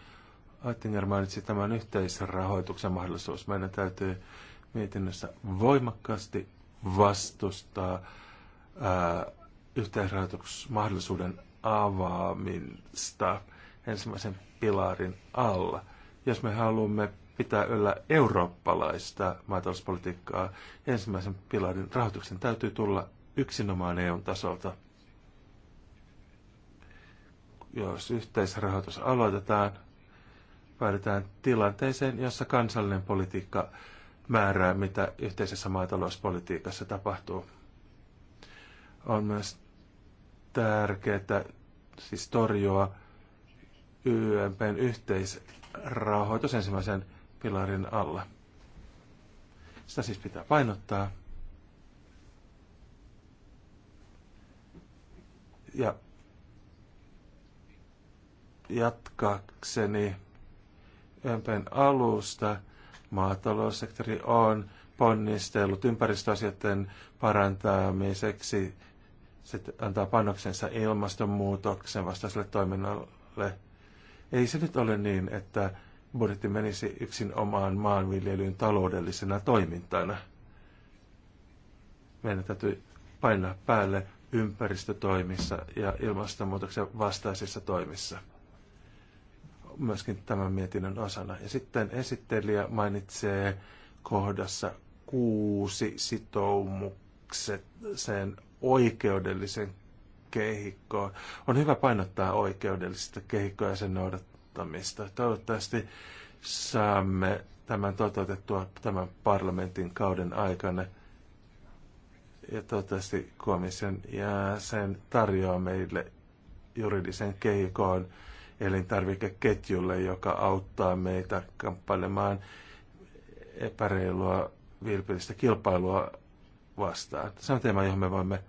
Oettinger mainitsi tämän yhteisrahoituksen mahdollisuus. Meidän täytyy mietinnössä voimakkaasti vastustaa yhteisrahoitusmahdollisuuden avaamista ensimmäisen pilarin alla. Jos me haluamme pitää yllä eurooppalaista maatalouspolitiikkaa, ensimmäisen pilarin rahoituksen täytyy tulla yksinomaan EUn tasolta. Jos yhteisrahoitus aloitetaan, päädytään tilanteeseen, jossa kansallinen politiikka määrää, mitä yhteisessä maatalouspolitiikassa tapahtuu. On myös tärkeää siis torjua YMPn yhteisrahoitus ensimmäisen pilarin alla. Sitä siis pitää painottaa. Ja jatkakseni YMPn alusta – Maataloussektori on ponnistellut ympäristöasioiden parantamiseksi. Se antaa panoksensa ilmastonmuutoksen vastaiselle toiminnalle. Ei se nyt ole niin, että budjetti menisi yksin omaan maanviljelyyn taloudellisena toimintana. Meidän täytyy painaa päälle ympäristötoimissa ja ilmastonmuutoksen vastaisissa toimissa myöskin tämän mietinnön osana. Ja sitten esittelijä mainitsee kohdassa kuusi sitoumukset sen oikeudellisen kehikkoon. On hyvä painottaa oikeudellista kehikkoa ja sen noudattamista. Toivottavasti saamme tämän toteutettua tämän parlamentin kauden aikana. Ja toivottavasti komission sen tarjoaa meille juridisen kehikon, elintarvikeketjulle, joka auttaa meitä kamppailemaan epäreilua vilpillistä kilpailua vastaan. Se on teema, johon me voimme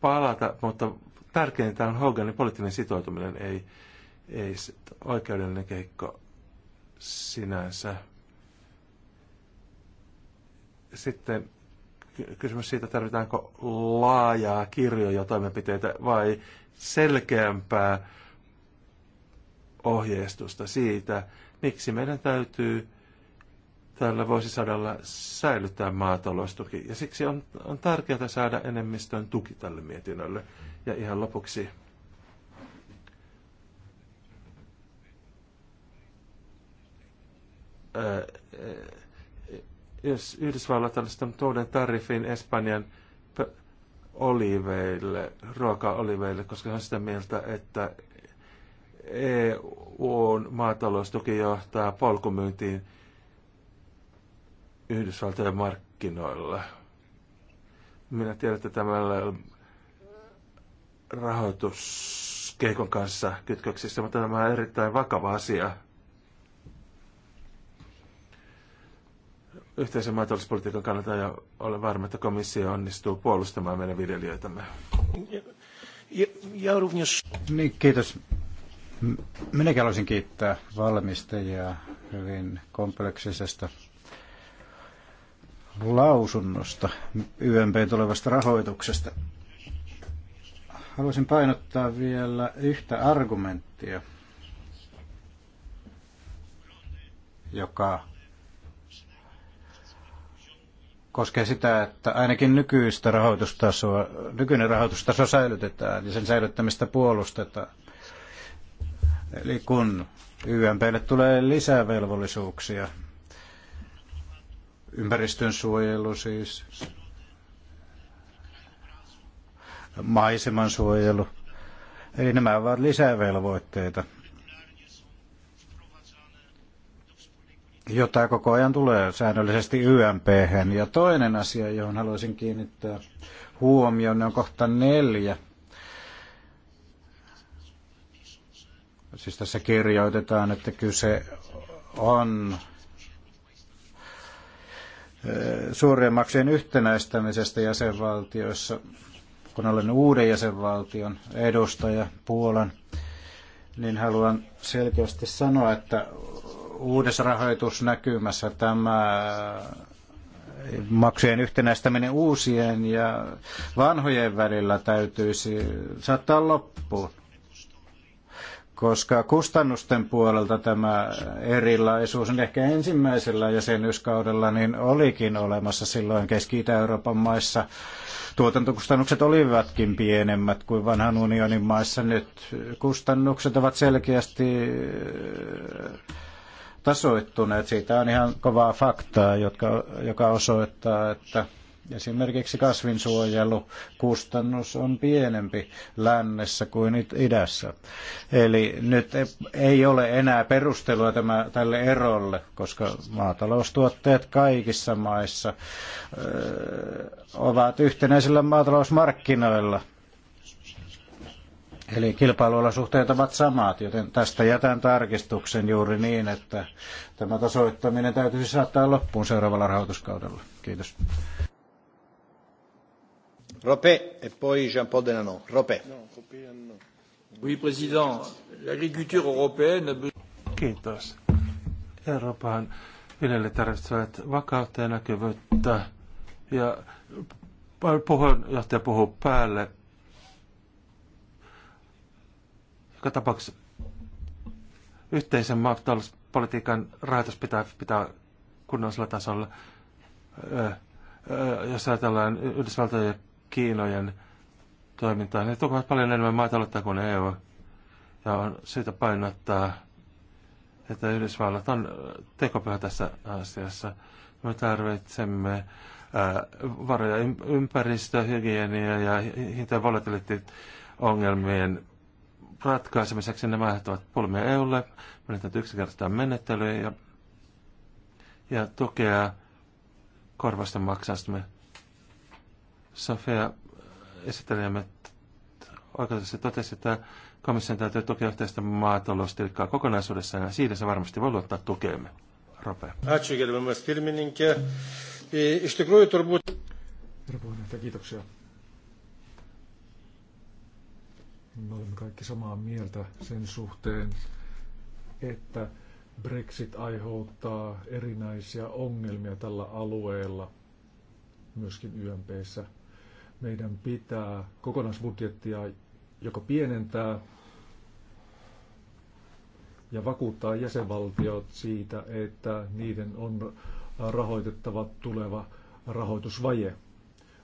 palata, mutta tärkeintä on Hoganin poliittinen sitoutuminen, ei, ei oikeudellinen kehikko sinänsä. Sitten kysymys siitä, tarvitaanko laajaa kirjoja toimenpiteitä vai selkeämpää ohjeistusta siitä, miksi meidän täytyy tällä vuosisadalla säilyttää maataloustuki. Ja siksi on, on tärkeää saada enemmistön tuki tälle mietinnölle. Ja ihan lopuksi Ää, äh, äh, jos Yhdysvallat olisi tämän tarifin Espanjan oliveille, ruoka-oliveille, koska hän on sitä mieltä, että EUn maataloustuki johtaa polkumyyntiin Yhdysvaltojen markkinoilla. Minä tiedän, että tämä rahoituskeikon kanssa kytköksissä, mutta tämä on erittäin vakava asia. yhteisen maatalouspolitiikan kannalta ja olen varma, että komissio onnistuu puolustamaan meidän viljelijöitämme. Ja, ja Niin, kiitos. Minäkin haluaisin kiittää valmistajia hyvin kompleksisesta lausunnosta YMP tulevasta rahoituksesta. Haluaisin painottaa vielä yhtä argumenttia, joka koskee sitä, että ainakin nykyistä rahoitustasoa, nykyinen rahoitustaso säilytetään ja sen säilyttämistä puolustetaan. Eli kun YMPlle tulee lisää velvollisuuksia, ympäristön suojelu siis, maiseman suojelu, eli nämä ovat velvoitteita jota koko ajan tulee säännöllisesti YMP. Ja toinen asia, johon haluaisin kiinnittää huomioon, on kohta neljä. Siis tässä kirjoitetaan, että kyse on suorien maksujen yhtenäistämisestä jäsenvaltioissa, kun olen uuden jäsenvaltion edustaja Puolan, niin haluan selkeästi sanoa, että uudessa rahoitusnäkymässä tämä maksujen yhtenäistäminen uusien ja vanhojen välillä täytyisi saattaa loppuun, koska kustannusten puolelta tämä erilaisuus on ehkä ensimmäisellä jäsenyyskaudella niin olikin olemassa silloin Keski-Itä-Euroopan maissa. Tuotantokustannukset olivatkin pienemmät kuin vanhan unionin maissa nyt. Kustannukset ovat selkeästi tasoittuneet. Siitä on ihan kovaa faktaa, jotka, joka osoittaa, että esimerkiksi kasvinsuojelukustannus on pienempi lännessä kuin idässä. Eli nyt ei ole enää perustelua tämä, tälle erolle, koska maataloustuotteet kaikissa maissa ö, ovat yhtenäisillä maatalousmarkkinoilla – Eli kilpailuolosuhteet ovat samat, joten tästä jätän tarkistuksen juuri niin, että tämä tasoittaminen täytyisi saattaa loppuun seuraavalla rahoituskaudella. Kiitos. Rope e poi Jean-Paul Denano. Rope. Oui, président. L'agriculture européenne Kiitos. Euroopan viljelijät tarvitsevat vakautta ja näkyvyyttä. Ja puheenjohtaja puhuu päälle Joka tapauksessa yhteisen maatalouspolitiikan rahoitus pitää pitää kunnollisella tasolla. Öö, öö, jos ajatellaan Yhdysvaltojen ja Kiinojen toimintaa, ne tukevat paljon enemmän maataloutta kuin EU. Ja on syytä painottaa, että Yhdysvallat on tekopyhä tässä asiassa. Me tarvitsemme varoja ympäristö, hygienia ja hinta- ja volatiliteettiongelmien ratkaisemiseksi nämä aiheuttavat pulmia EUlle. Meidän täytyy yksinkertaistaa menettelyä ja, ja tukea korvausten maksaa. Sofia esittelijämme oikeudessa totesi, että komission täytyy tukea yhteistä maataloustilkkaa kokonaisuudessaan ja siitä se varmasti voi luottaa tukeemme. Rope. Ačiū, gerbiamas pirmininkė. Iš tikrųjų turbūt... kiitoksia. Me olemme kaikki samaa mieltä sen suhteen, että Brexit aiheuttaa erinäisiä ongelmia tällä alueella, myöskin YMPssä. Meidän pitää kokonaisbudjettia, joko pienentää ja vakuuttaa jäsenvaltiot siitä, että niiden on rahoitettava tuleva rahoitusvaje.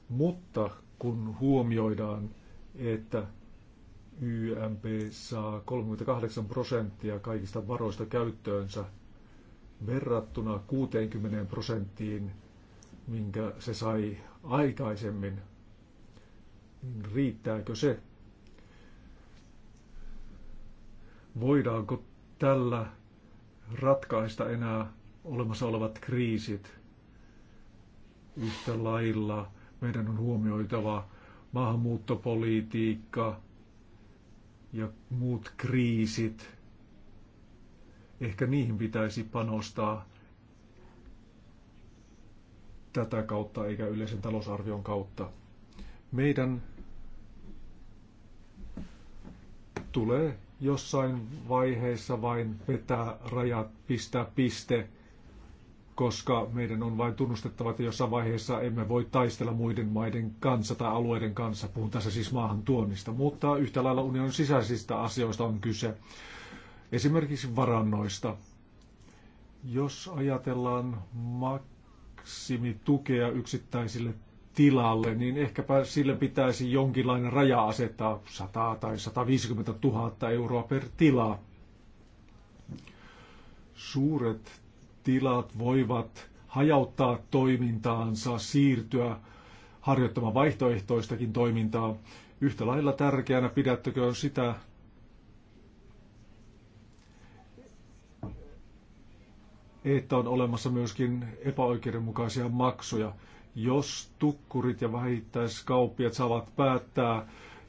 Mutta kun huomioidaan, että YMP saa 38 prosenttia kaikista varoista käyttöönsä verrattuna 60 prosenttiin, minkä se sai aikaisemmin. Riittääkö se? Voidaanko tällä ratkaista enää olemassa olevat kriisit yhtä lailla? Meidän on huomioitava maahanmuuttopolitiikka, ja muut kriisit. Ehkä niihin pitäisi panostaa tätä kautta eikä yleisen talousarvion kautta. Meidän tulee jossain vaiheessa vain vetää rajat, pistää piste koska meidän on vain tunnustettava, että jossain vaiheessa emme voi taistella muiden maiden kanssa tai alueiden kanssa, puhun tässä siis maahan tuonnista, mutta yhtä lailla unionin sisäisistä asioista on kyse, esimerkiksi varannoista. Jos ajatellaan maksimitukea yksittäisille tilalle, niin ehkäpä sille pitäisi jonkinlainen raja asettaa 100 tai 150 000 euroa per tila. Suuret tilat voivat hajauttaa toimintaansa, siirtyä harjoittamaan vaihtoehtoistakin toimintaa. Yhtä lailla tärkeänä pidättekö sitä, että on olemassa myöskin epäoikeudenmukaisia maksuja. Jos tukkurit ja vähittäiskauppiat saavat päättää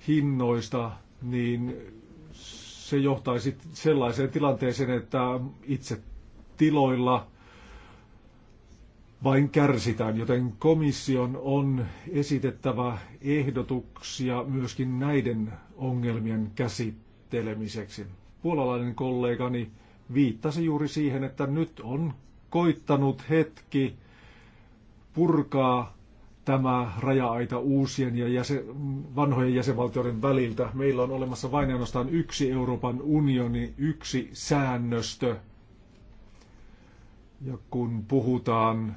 hinnoista, niin se johtaisi sellaiseen tilanteeseen, että itse tiloilla vain kärsitään, joten komission on esitettävä ehdotuksia myöskin näiden ongelmien käsittelemiseksi. Puolalainen kollegani viittasi juuri siihen, että nyt on koittanut hetki purkaa tämä raja-aita uusien ja jäsen, vanhojen jäsenvaltioiden väliltä. Meillä on olemassa vain ainoastaan yksi Euroopan unioni, yksi säännöstö, ja kun puhutaan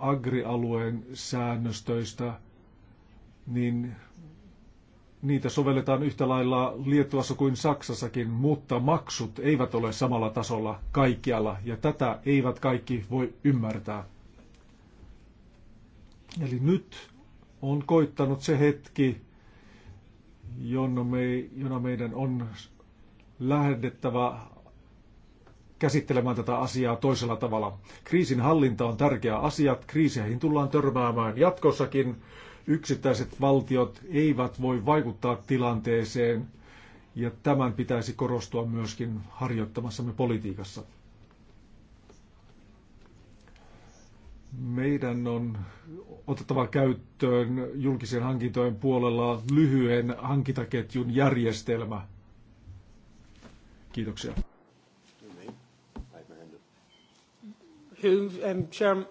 agrialueen säännöstöistä, niin niitä sovelletaan yhtä lailla Liettuassa kuin Saksassakin, mutta maksut eivät ole samalla tasolla kaikkialla, ja tätä eivät kaikki voi ymmärtää. Eli nyt on koittanut se hetki, jona, me, jona meidän on lähdettävä käsittelemään tätä asiaa toisella tavalla. Kriisin hallinta on tärkeä asia. Kriiseihin tullaan törmäämään jatkossakin. Yksittäiset valtiot eivät voi vaikuttaa tilanteeseen ja tämän pitäisi korostua myöskin harjoittamassamme politiikassa. Meidän on otettava käyttöön julkisen hankintojen puolella lyhyen hankintaketjun järjestelmä. Kiitoksia. Um,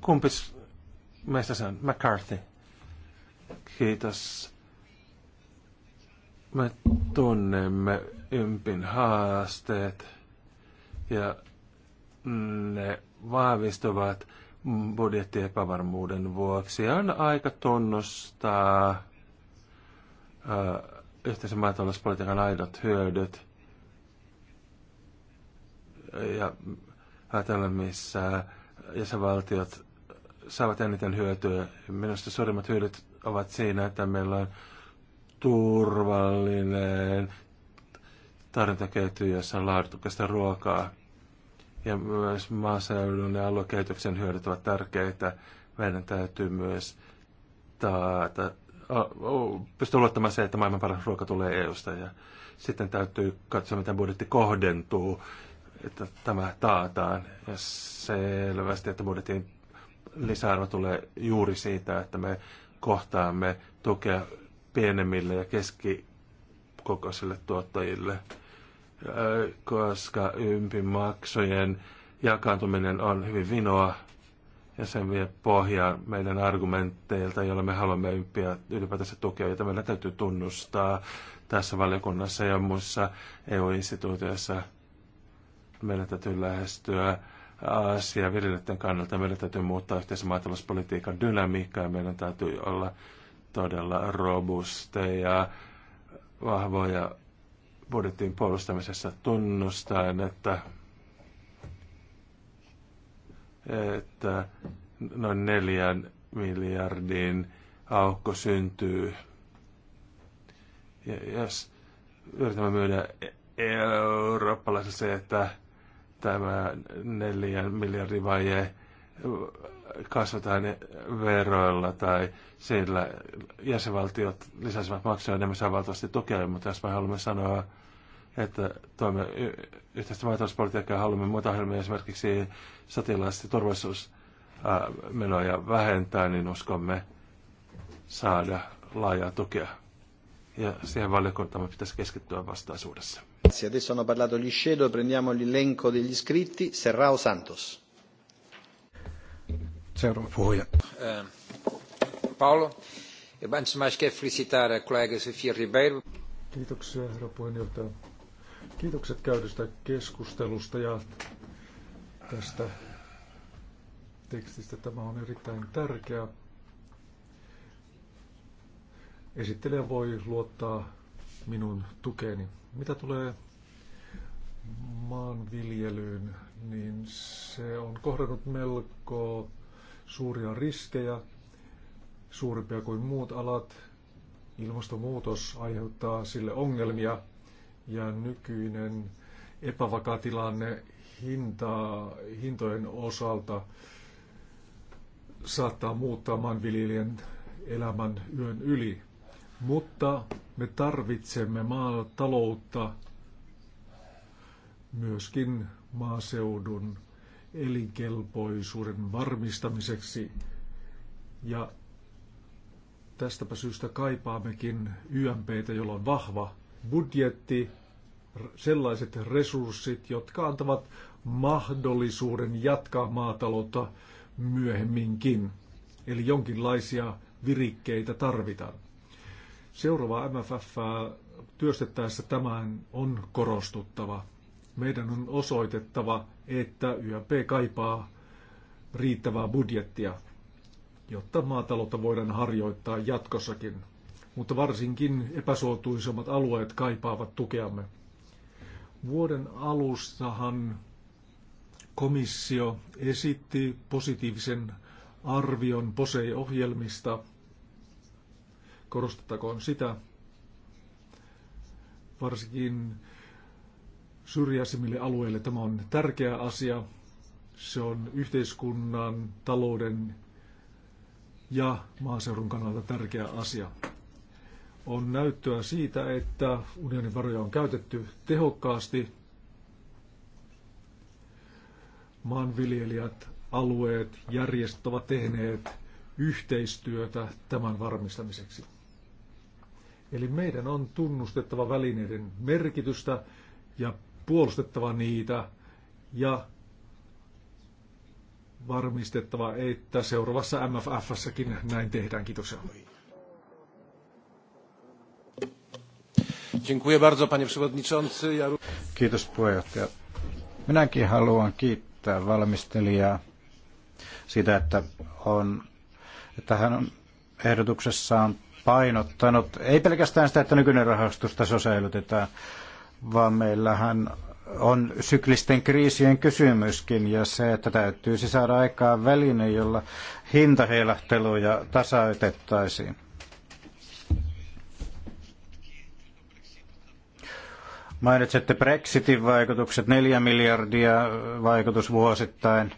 Kumpis meistä se on? McCarthy. Kiitos. Me tunnemme ympin haasteet ja ne vahvistuvat budjettiepävarmuuden vuoksi. Ja on aika tunnustaa yhteisen maatalouspolitiikan aidot hyödyt ja ajatella, missä jäsenvaltiot saavat eniten hyötyä. Minusta suurimmat hyödyt ovat siinä, että meillä on turvallinen tarjontaketju, jossa on laadukasta ruokaa. Ja myös maaseudun ja aluekehityksen hyödyt ovat tärkeitä. Meidän täytyy myös taata, pystyy luottamaan se, että maailman paras ruoka tulee EUsta. Ja sitten täytyy katsoa, miten budjetti kohdentuu että tämä taataan. Ja selvästi, että budjetin lisäarvo tulee juuri siitä, että me kohtaamme tukea pienemmille ja keskikokoisille tuottajille, koska ympimaksojen jakaantuminen on hyvin vinoa ja sen vie pohjaa meidän argumentteilta, joilla me haluamme ympiä ylipäätänsä tukea, jota meillä täytyy tunnustaa tässä valiokunnassa ja muissa EU-instituutioissa – meidän täytyy lähestyä asiaa viljelijöiden kannalta. Meidän täytyy muuttaa yhteisen maatalouspolitiikan dynamiikkaa. Meidän täytyy olla todella robusteja, vahvoja budjettiin puolustamisessa tunnustaen, että, että noin neljän miljardin aukko syntyy. Ja jos yritämme myydä e- Eurooppalaisessa se, että tämä neljän miljardin vaje kasvataan veroilla tai sillä jäsenvaltiot lisäisivät maksuja, enemmän niin saa valtavasti tukea, mutta jos me haluamme sanoa, että toimme yhteistä maatalouspolitiikkaa ja haluamme muita ohjelmia, esimerkiksi sotilas- ja turvallisuusmenoja vähentää, niin uskomme saada laajaa tukea ja siihen valiokuntaan pitäisi keskittyä vastaisuudessa. Adesso hanno parlato gli shadow, prendiamo l'elenco degli iscritti. Serrao Santos. Seuraava puhuja. Eh, Paolo, e Sofia Ribeiro. Kiitoksia, herra puheenjohtaja. Kiitokset käydystä keskustelusta ja tästä tekstistä. Tämä on erittäin tärkeä Esittelijä voi luottaa minun tukeeni. Mitä tulee maanviljelyyn, niin se on kohdannut melko suuria riskejä, suurempia kuin muut alat. Ilmastonmuutos aiheuttaa sille ongelmia ja nykyinen epävakaa tilanne hinta, hintojen osalta saattaa muuttaa maanviljelijän elämän yön yli. Mutta me tarvitsemme maataloutta myöskin maaseudun elinkelpoisuuden varmistamiseksi. Ja tästäpä syystä kaipaammekin YMPtä, jolla on vahva budjetti, sellaiset resurssit, jotka antavat mahdollisuuden jatkaa maataloutta myöhemminkin. Eli jonkinlaisia virikkeitä tarvitaan. Seuraavaa MFF työstettäessä tämän on korostuttava. Meidän on osoitettava, että YMP kaipaa riittävää budjettia, jotta maataloutta voidaan harjoittaa jatkossakin. Mutta varsinkin epäsuotuisemmat alueet kaipaavat tukeamme. Vuoden alussahan komissio esitti positiivisen arvion POSEI-ohjelmista – Korostettakoon sitä, varsinkin syrjäisimmille alueille tämä on tärkeä asia. Se on yhteiskunnan, talouden ja maaseudun kannalta tärkeä asia. On näyttöä siitä, että unionin varoja on käytetty tehokkaasti. Maanviljelijät, alueet, järjestöt ovat tehneet yhteistyötä tämän varmistamiseksi. Eli meidän on tunnustettava välineiden merkitystä ja puolustettava niitä ja varmistettava, että seuraavassa MFFssäkin näin tehdään. Kiitoksia. Kiitos puheenjohtaja. Minäkin haluan kiittää valmistelijaa siitä, että, on, että hän on ehdotuksessaan painottanut ei pelkästään sitä, että nykyinen rahastustaso säilytetään, vaan meillähän on syklisten kriisien kysymyskin ja se, että täytyisi saada aikaan väline, jolla hintaheilahteluja tasaitettaisiin. Mainitsette Brexitin vaikutukset, neljä miljardia vaikutus vuosittain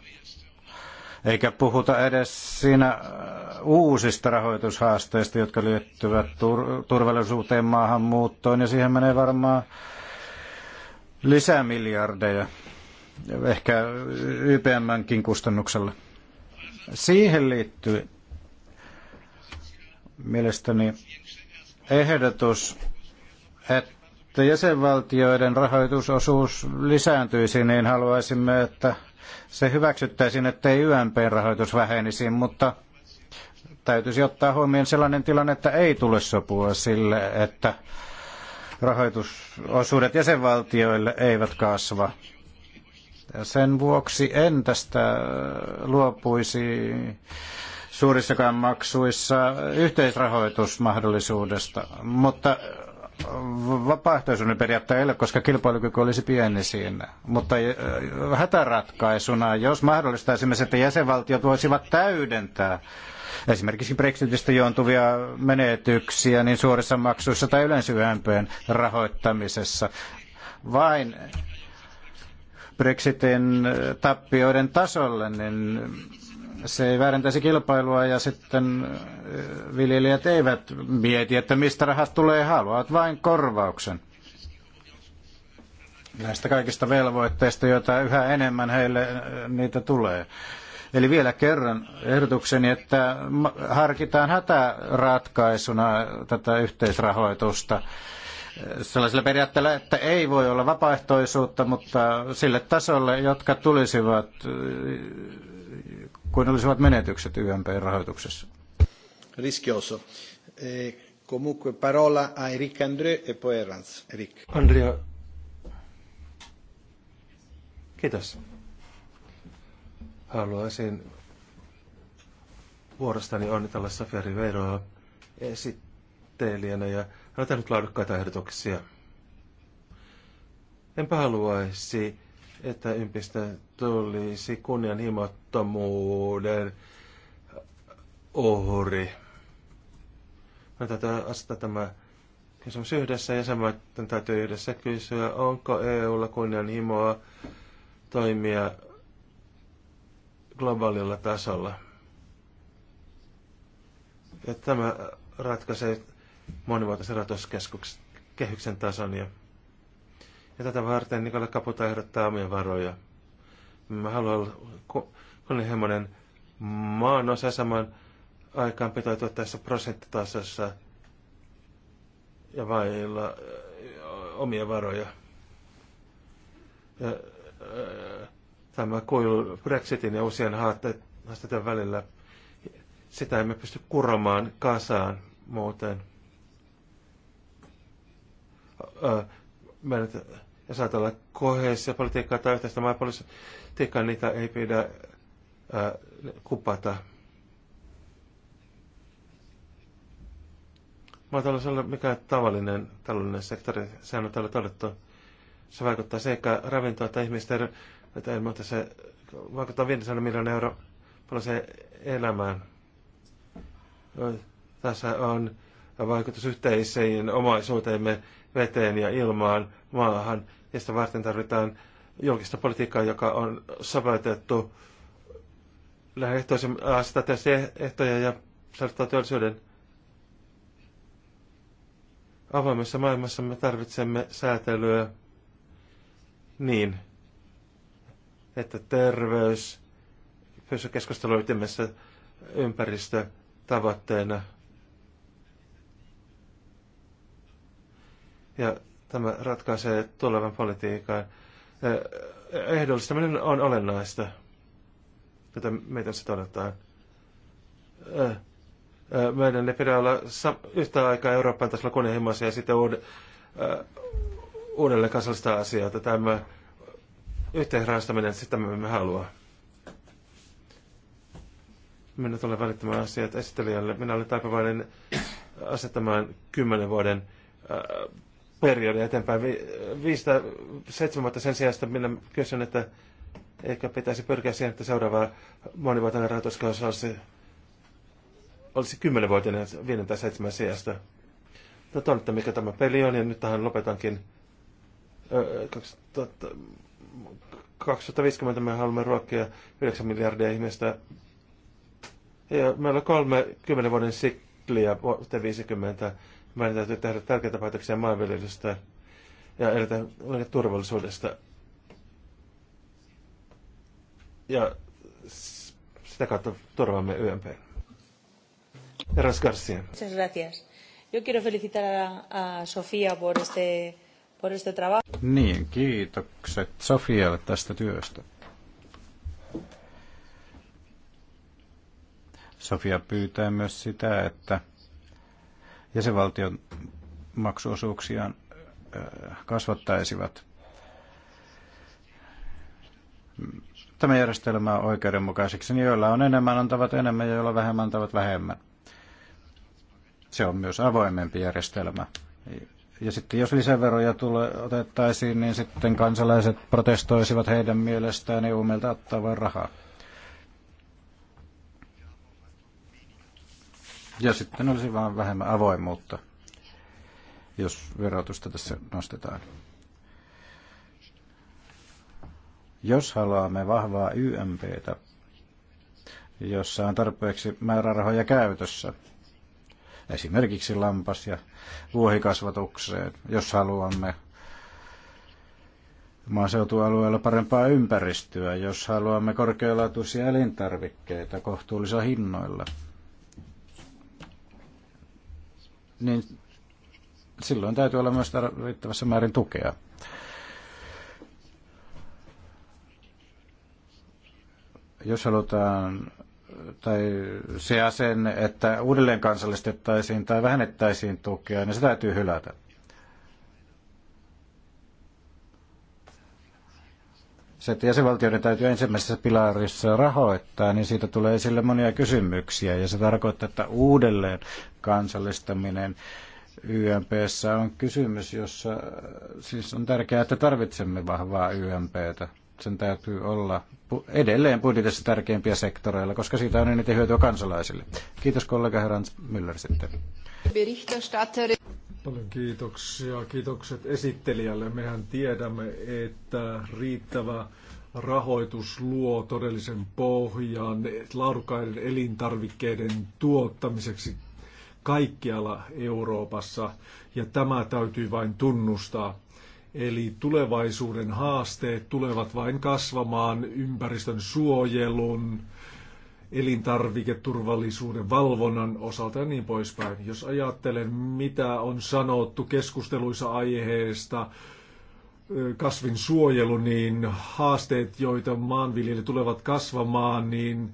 eikä puhuta edes siinä äh, uusista rahoitushaasteista, jotka liittyvät tur- turvallisuuteen, maahanmuuttoon, ja siihen menee varmaan lisää miljardeja, ehkä YPMnkin kustannuksella. Siihen liittyy mielestäni ehdotus, että jäsenvaltioiden rahoitusosuus lisääntyisi, niin haluaisimme, että se hyväksyttäisiin, ei ymp rahoitus vähenisi, mutta täytyisi ottaa huomioon sellainen tilanne, että ei tule sopua sille, että rahoitusosuudet jäsenvaltioille eivät kasva. Sen vuoksi en tästä luopuisi suurissakaan maksuissa yhteisrahoitusmahdollisuudesta, mutta vapaaehtoisuuden periaatteella ei ole, koska kilpailukyky olisi pieni siinä. Mutta eh, hätäratkaisuna, jos mahdollistaisimme, että jäsenvaltiot voisivat täydentää esimerkiksi Brexitistä joontuvia menetyksiä niin suorissa maksuissa tai yleensä YMPn rahoittamisessa, vain Brexitin tappioiden tasolle, niin se ei väärentäisi kilpailua ja sitten äh, viljelijät eivät mieti, että mistä rahat tulee, haluavat vain korvauksen näistä kaikista velvoitteista, joita yhä enemmän heille äh, niitä tulee. Eli vielä kerran ehdotukseni, että harkitaan hätäratkaisuna tätä yhteisrahoitusta äh, sellaisella periaatteella, että ei voi olla vapaaehtoisuutta, mutta sille tasolle, jotka tulisivat kuin olisivat menetykset YMP-rahoituksessa. Riskioso. E, comunque parola a Eric André e poi Erans. Eric. Andrea. Kiitos. Haluaisin vuorostani onnitella Safari Veroa esittelijänä ja hän on tehnyt laadukkaita ehdotuksia. Enpä haluaisi että ympistä tulisi kunnianhimottomuuden uhri. Me täytyy asettaa tämä kysymys yhdessä ja samaten täytyy yhdessä kysyä, onko EUlla kunnianhimoa toimia globaalilla tasolla. Ja tämä ratkaisee monivuotisen rahoituskehyksen tason ja ja tätä varten Nikola Kaputa ehdottaa omia varoja. Mä haluan olla kunnianhimoinen osa saman aikaan pitoitua tässä prosenttitasossa ja vailla omia varoja. Ja, tämä kuilu Brexitin ja uusien haasteiden välillä, sitä emme pysty kuromaan kasaan muuten. Äh, jos ajatellaan koheisia politiikkaa tai yhteistä maapolitiikkaa, niitä ei pidä ää, kupata. Maatalous ei mikä mikään tavallinen taloudellinen sektori, sehän on täällä todettu. Se vaikuttaa sekä ravintoa tai ihmisten ei mutta se vaikuttaa 500 miljoonaa euroa paljon se elämään. Tässä on vaikutus yhteiseen omaisuuteemme, veteen ja ilmaan, maahan ja sitä varten tarvitaan julkista politiikkaa, joka on sovaitettu lähtöisin asettaa ehtoja ja saavuttaa työllisyyden avoimessa maailmassa me tarvitsemme säätelyä niin, että terveys pysyy keskustelun ytimessä ympäristötavoitteena. Ja Tämä ratkaisee tulevan politiikan. Ehdollistaminen on olennaista, jota meitä se todetaan. Meidän ne pitää olla yhtä aikaa Euroopan tasolla kunnianhimoisia ja sitten uud- uudelleen kansallista asiaa. Tämä yhteenraastaminen, sitä me emme halua. Minä tulen välittämään asiat esittelijälle. Minä olen taipuvainen asettamaan kymmenen vuoden periodia eteenpäin. Vi, viistä seitsemän vuotta sen sijaan, minä kysyn, että ehkä pitäisi pyrkiä siihen, että seuraava monivuotinen rahoituskausi olisi, olisi kymmenenvuotinen viiden tai seitsemän sijasta. No tuon, että mikä tämä peli on, ja nyt tähän lopetankin. Ö, 2000, 2050 me haluamme ruokkia 9 miljardia ihmistä. Ja meillä on kolme kymmenen vuoden sikliä vuoteen 50 meidän täytyy tehdä tärkeitä päätöksiä maanviljelystä ja erittäin turvallisuudesta. Ja sitä kautta turvaamme YMP. Eras Garcia. Muchas gracias. Yo quiero felicitar a, a Sofía por este, por este trabajo. Niin, kiitokset Sofialle tästä työstä. Sofia pyytää myös sitä, että jäsenvaltion maksuosuuksiaan äh, kasvattaisivat. Tämä järjestelmä on oikeudenmukaiseksi, niin joilla on enemmän antavat enemmän ja joilla vähemmän antavat vähemmän. Se on myös avoimempi järjestelmä. Ja sitten jos lisäveroja tule, otettaisiin, niin sitten kansalaiset protestoisivat heidän mielestään EU-meiltä ottaa vain rahaa. Ja sitten olisi vaan vähemmän avoimuutta, jos verotusta tässä nostetaan. Jos haluamme vahvaa YMPtä, jossa on tarpeeksi määrärahoja käytössä, esimerkiksi lampas- ja vuohikasvatukseen, jos haluamme maaseutualueella parempaa ympäristöä, jos haluamme korkealaatuisia elintarvikkeita kohtuullisilla hinnoilla – niin silloin täytyy olla myös riittävässä määrin tukea. Jos halutaan, tai se asenne, että uudelleen kansallistettaisiin tai vähennettäisiin tukea, niin se täytyy hylätä. se, että jäsenvaltioiden täytyy ensimmäisessä pilarissa rahoittaa, niin siitä tulee esille monia kysymyksiä. Ja se tarkoittaa, että uudelleen kansallistaminen YMPssä on kysymys, jossa siis on tärkeää, että tarvitsemme vahvaa YMPtä. Sen täytyy olla edelleen budjetissa tärkeimpiä sektoreilla, koska siitä on eniten hyötyä kansalaisille. Kiitos kollega Herrans Müller sitten. Paljon kiitoksia. Kiitokset esittelijälle. Mehän tiedämme, että riittävä rahoitus luo todellisen pohjan laadukkaiden elintarvikkeiden tuottamiseksi kaikkialla Euroopassa, ja tämä täytyy vain tunnustaa. Eli tulevaisuuden haasteet tulevat vain kasvamaan ympäristön suojelun, elintarviketurvallisuuden valvonnan osalta ja niin poispäin. Jos ajattelen, mitä on sanottu keskusteluissa aiheesta, kasvin suojelu, niin haasteet, joita maanviljelijät tulevat kasvamaan, niin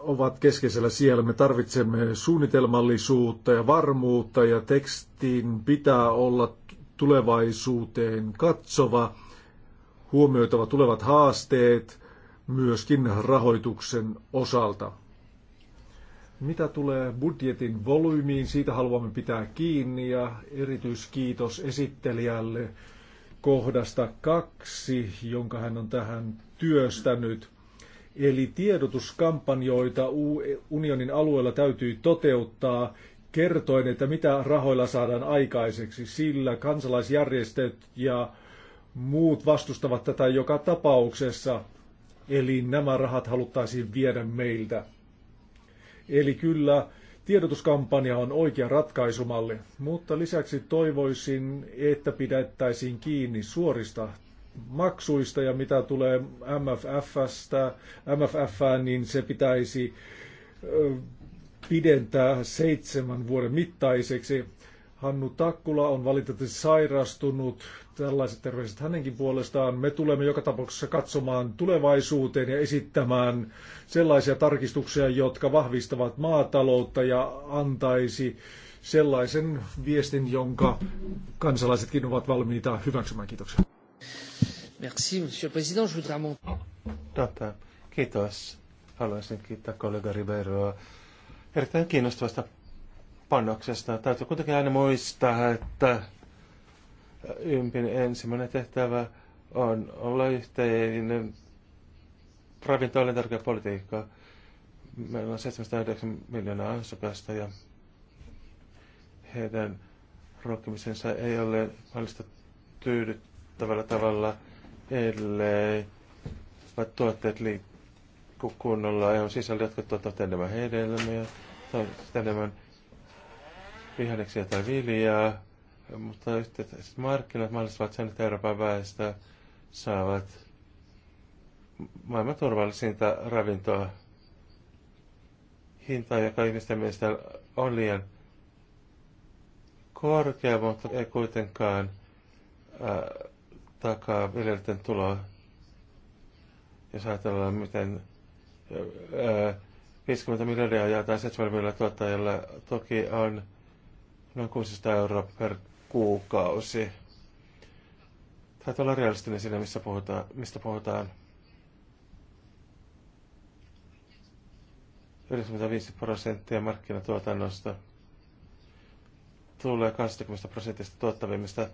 ovat keskeisellä siellä. Me tarvitsemme suunnitelmallisuutta ja varmuutta ja tekstin pitää olla tulevaisuuteen katsova huomioitava tulevat haasteet myöskin rahoituksen osalta. Mitä tulee budjetin volyymiin, siitä haluamme pitää kiinni ja erityiskiitos esittelijälle kohdasta kaksi, jonka hän on tähän työstänyt. Eli tiedotuskampanjoita unionin alueella täytyy toteuttaa kertoen, että mitä rahoilla saadaan aikaiseksi, sillä kansalaisjärjestöt ja Muut vastustavat tätä joka tapauksessa, eli nämä rahat haluttaisiin viedä meiltä. Eli kyllä tiedotuskampanja on oikea ratkaisumalli, mutta lisäksi toivoisin, että pidettäisiin kiinni suorista maksuista ja mitä tulee MFFstä, MFFään, niin se pitäisi pidentää seitsemän vuoden mittaiseksi. Hannu Takkula on valitettavasti sairastunut tällaiset terveiset hänenkin puolestaan. Me tulemme joka tapauksessa katsomaan tulevaisuuteen ja esittämään sellaisia tarkistuksia, jotka vahvistavat maataloutta ja antaisi sellaisen viestin, jonka kansalaisetkin ovat valmiita hyväksymään. Kiitoksia. Merci, monsieur le président. Je voudrais mon... Tata, kiitos. Haluaisin kiittää kollega Riveroa erittäin kiinnostavasta panoksesta. Täytyy kuitenkin aina muistaa, että Ympin ensimmäinen tehtävä on olla yhteinen ravinto on tärkeä politiikka. Meillä on 709 miljoonaa asukasta ja heidän ruokkimisensa ei ole mahdollista tyydyttävällä tavalla, ellei vaikka tuotteet liikku kunnolla ja on sisällä, jotka tuottavat enemmän hedelmiä tai enemmän vihanneksia tai viljaa mutta yhteiset markkinat mahdollistavat sen, että Euroopan väestö saavat maailman turvallisinta ravintoa hintaa, joka ihmisten mielestä on liian korkea, mutta ei kuitenkaan ää, takaa viljelijöiden tuloa. Jos ajatellaan, miten ää, 50 miljardia jaetaan 7 miljoonaa tuottajalle, toki on noin 600 euroa per kuukausi. Täytyy olla realistinen siinä, missä puhutaan, mistä puhutaan. 95 prosenttia markkinatuotannosta tulee 20 prosentista tuottavimmista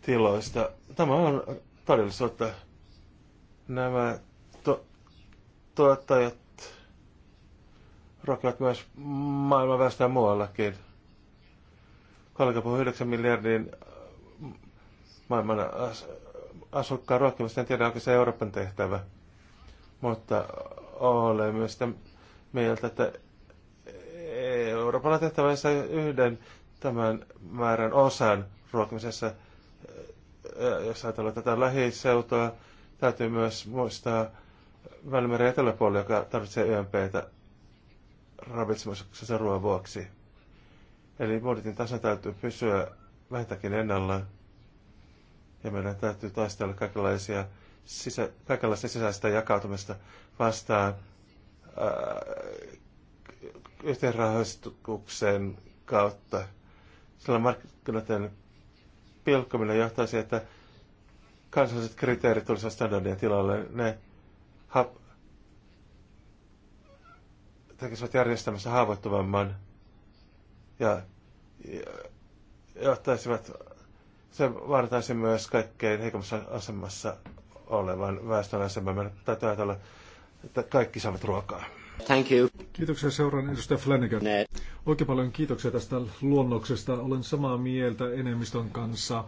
tiloista. Tämä on todellisuutta. Nämä to- tuottajat rokevat myös maailman väestöä muuallakin. 3,9 miljardin äh, maailman as- asukkaan ruokkimista. En tiedä, onko se Euroopan tehtävä. Mutta myös sitä mieltä, että Euroopalla tehtävässä yhden tämän määrän osan ruokimisessa, äh, äh, jos ajatellaan tätä lähiseutua, täytyy myös muistaa Välimeren eteläpuoli, joka tarvitsee YMPtä ravitsemuksessa ruoan vuoksi. Eli Morditin tasan täytyy pysyä vähintäänkin ennalla. Ja meidän täytyy taistella kaikenlaisia sisä, kaikenlaista sisäistä jakautumista vastaan yhteenrahoituksen kautta. Sillä markkinoiden pilkkominen johtaisi, että kansalliset kriteerit tulisivat standardien tilalle. Ne tekisivät järjestämässä haavoittuvamman ja, ja, ja ottaisivat, se vaarantaisi myös kaikkein heikommassa asemassa olevan väestön aseman. Meidän täytyy ajatella, että kaikki saavat ruokaa. Thank you. Kiitoksia seuraan edustaja Flanagan. Ne. Oikein paljon kiitoksia tästä luonnoksesta. Olen samaa mieltä enemmistön kanssa.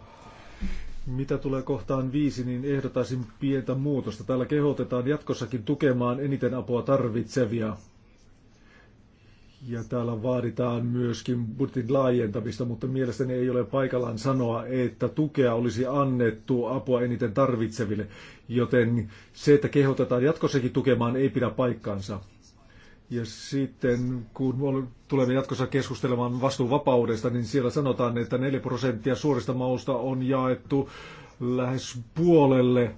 Mitä tulee kohtaan viisi, niin ehdotaisin pientä muutosta. Täällä kehotetaan jatkossakin tukemaan eniten apua tarvitsevia. Ja täällä vaaditaan myöskin budjetin laajentamista, mutta mielestäni ei ole paikallaan sanoa, että tukea olisi annettu apua eniten tarvitseville. Joten se, että kehotetaan jatkossakin tukemaan, ei pidä paikkaansa. Ja sitten kun tulemme jatkossa keskustelemaan vastuuvapaudesta, niin siellä sanotaan, että 4 prosenttia suorista mausta on jaettu lähes puolelle,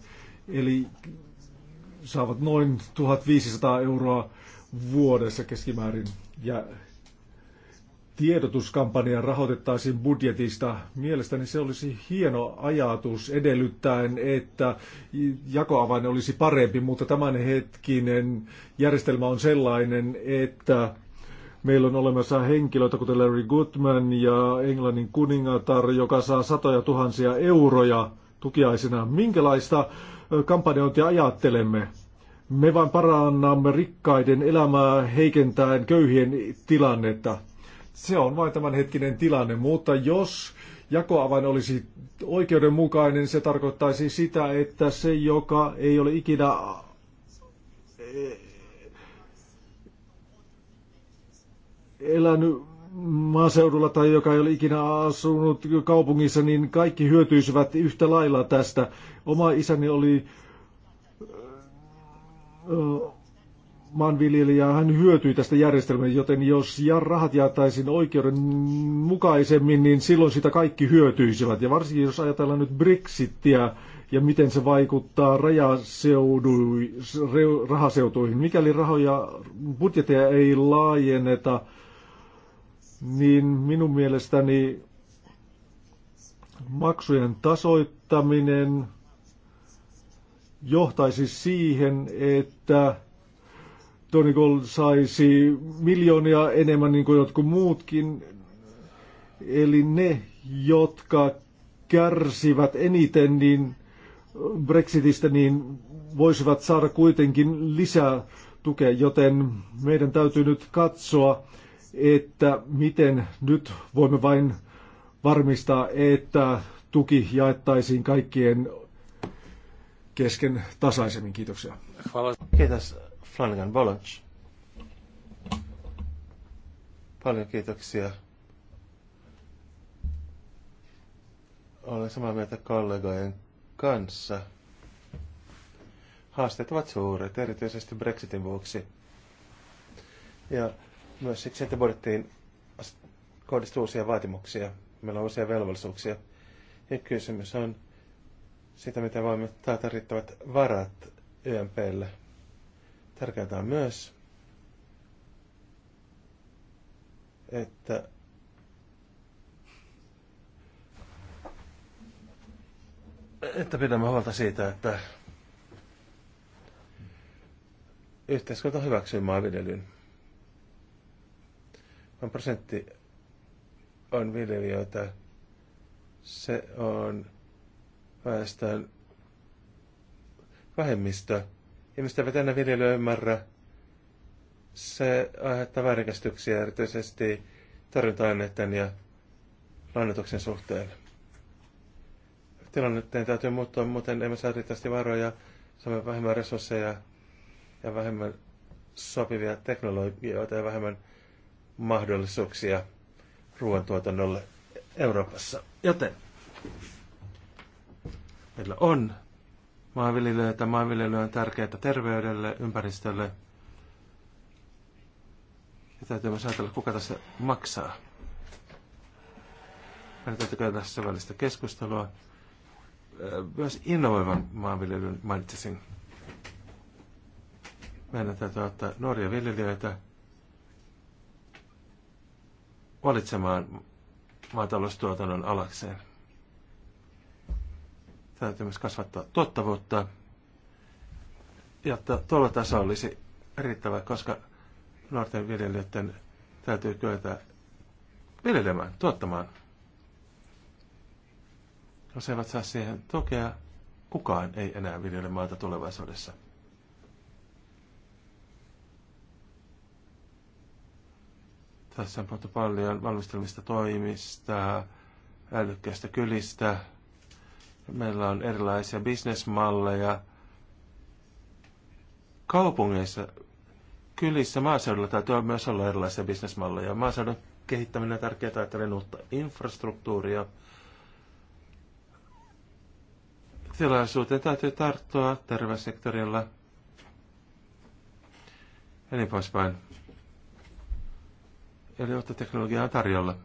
eli saavat noin 1500 euroa vuodessa keskimäärin ja tiedotuskampanja rahoitettaisiin budjetista. Mielestäni se olisi hieno ajatus edellyttäen, että jakoavain olisi parempi, mutta tämänhetkinen järjestelmä on sellainen, että meillä on olemassa henkilöitä, kuten Larry Goodman ja Englannin kuningatar, joka saa satoja tuhansia euroja tukiaisena. Minkälaista kampanjointia ajattelemme? Me vain parannamme rikkaiden elämää heikentäen köyhien tilannetta. Se on vain tämänhetkinen tilanne, mutta jos jakoavain olisi oikeudenmukainen, se tarkoittaisi sitä, että se, joka ei ole ikinä eh, elänyt maaseudulla tai joka ei ole ikinä asunut kaupungissa, niin kaikki hyötyisivät yhtä lailla tästä. Oma isäni oli maanviljelijä, hän hyötyy tästä järjestelmästä, joten jos rahat jaettaisiin oikeudenmukaisemmin, niin silloin sitä kaikki hyötyisivät. Ja varsinkin jos ajatellaan nyt Brexitia ja miten se vaikuttaa rahaseutuihin. Mikäli rahoja, budjetteja ei laajenneta, niin minun mielestäni maksujen tasoittaminen – johtaisi siihen, että Tony Gold saisi miljoonia enemmän niin kuin jotkut muutkin. Eli ne, jotka kärsivät eniten niin Brexitistä, niin voisivat saada kuitenkin lisää tukea, joten meidän täytyy nyt katsoa, että miten nyt voimme vain varmistaa, että tuki jaettaisiin kaikkien kesken tasaisemmin. Kiitoksia. Kiitos Flanagan Bolage. Paljon kiitoksia. Olen samaa mieltä kollegojen kanssa. Haasteet ovat suuret, erityisesti Brexitin vuoksi. Ja myös siksi, että budjettiin kohdistuu uusia vaatimuksia. Meillä on uusia velvollisuuksia. Ja kysymys on, sitä, mitä voimme taata riittävät varat YMPlle. Tärkeää on myös, että että pidämme huolta siitä, että yhteiskunta hyväksyy maanviljelyyn. Vain prosentti on viljelijöitä. Se on väestön vähemmistö. Ihmiset eivät enää viljelyä ymmärrä. Se aiheuttaa väärinkäsityksiä erityisesti torjunta-aineiden ja lannoituksen suhteen. Tilanteen täytyy muuttua, muuten emme saa riittävästi varoja, saamme vähemmän resursseja ja vähemmän sopivia teknologioita ja vähemmän mahdollisuuksia ruoantuotannolle Euroopassa. Joten Meillä on maanviljelijöitä. Maanviljely on tärkeää terveydelle, ympäristölle. Ja täytyy myös ajatella, kuka tässä maksaa. Meidän täytyy käydä tässä välistä keskustelua. Myös innovoivan maanviljelyn mainitsisin. Meidän täytyy ottaa nuoria viljelijöitä valitsemaan maataloustuotannon alakseen. Täytyy myös kasvattaa tuottavuutta, jotta tuolla taso olisi riittävä, koska nuorten viljelijöiden täytyy kyetä viljelemään, tuottamaan. Jos eivät saa siihen tukea, kukaan ei enää viljele maata tulevaisuudessa. Tässä on puhuttu paljon valmistelmista toimista, älykkäistä kylistä, Meillä on erilaisia bisnesmalleja. Kaupungeissa, kylissä, maaseudulla täytyy myös olla erilaisia bisnesmalleja. Maaseudun kehittäminen on tärkeää, että uutta infrastruktuuria. Tilaisuuteen täytyy tarttua terveyssektorilla ja niin poispäin. Eli uutta teknologiaa on tarjolla.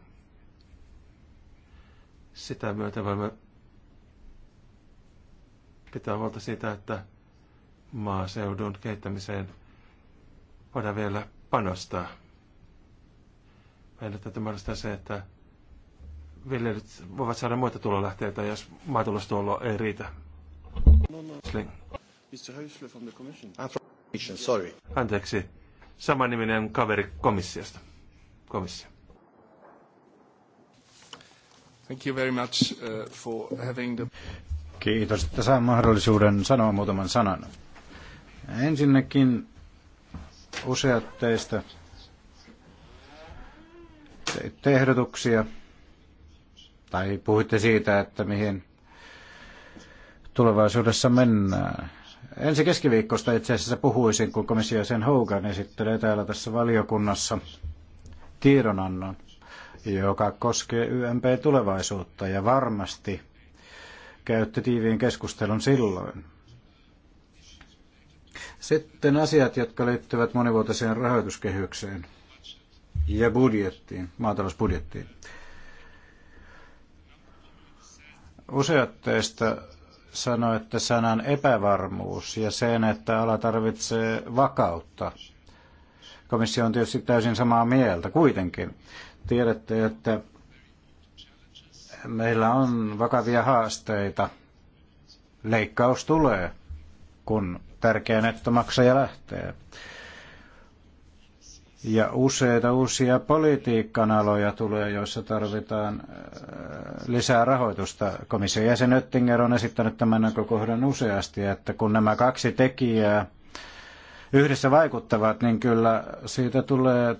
Sitä myötä voimme pitää huolta siitä, että maaseudun kehittämiseen voidaan vielä panostaa. Meidän täytyy mahdollistaa se, että viljelyt voivat saada muita tulolähteitä, jos maatulostuolo ei riitä. Sling. Sorry. Anteeksi. Samaniminen kaveri komissiosta. Komissio. Thank you very much uh, for having the... Kiitos, että saan mahdollisuuden sanoa muutaman sanan. Ensinnäkin useat teistä teitte ehdotuksia tai puhuitte siitä, että mihin tulevaisuudessa mennään. Ensi keskiviikkosta itse asiassa puhuisin, kun komissio sen Hogan esittelee täällä tässä valiokunnassa tiedonannon, joka koskee YMP tulevaisuutta ja varmasti käytti tiiviin keskustelun silloin. Sitten asiat, jotka liittyvät monivuotiseen rahoituskehykseen ja budjettiin, maatalousbudjettiin. Useat teistä sanoi, että sanan epävarmuus ja sen, että ala tarvitsee vakautta. Komissio on tietysti täysin samaa mieltä kuitenkin. Tiedätte, että meillä on vakavia haasteita. Leikkaus tulee, kun tärkeä nettomaksaja lähtee. Ja useita uusia politiikan aloja tulee, joissa tarvitaan äh, lisää rahoitusta. Komission jäsen Oettinger on esittänyt tämän näkökohdan useasti, että kun nämä kaksi tekijää yhdessä vaikuttavat, niin kyllä siitä tulee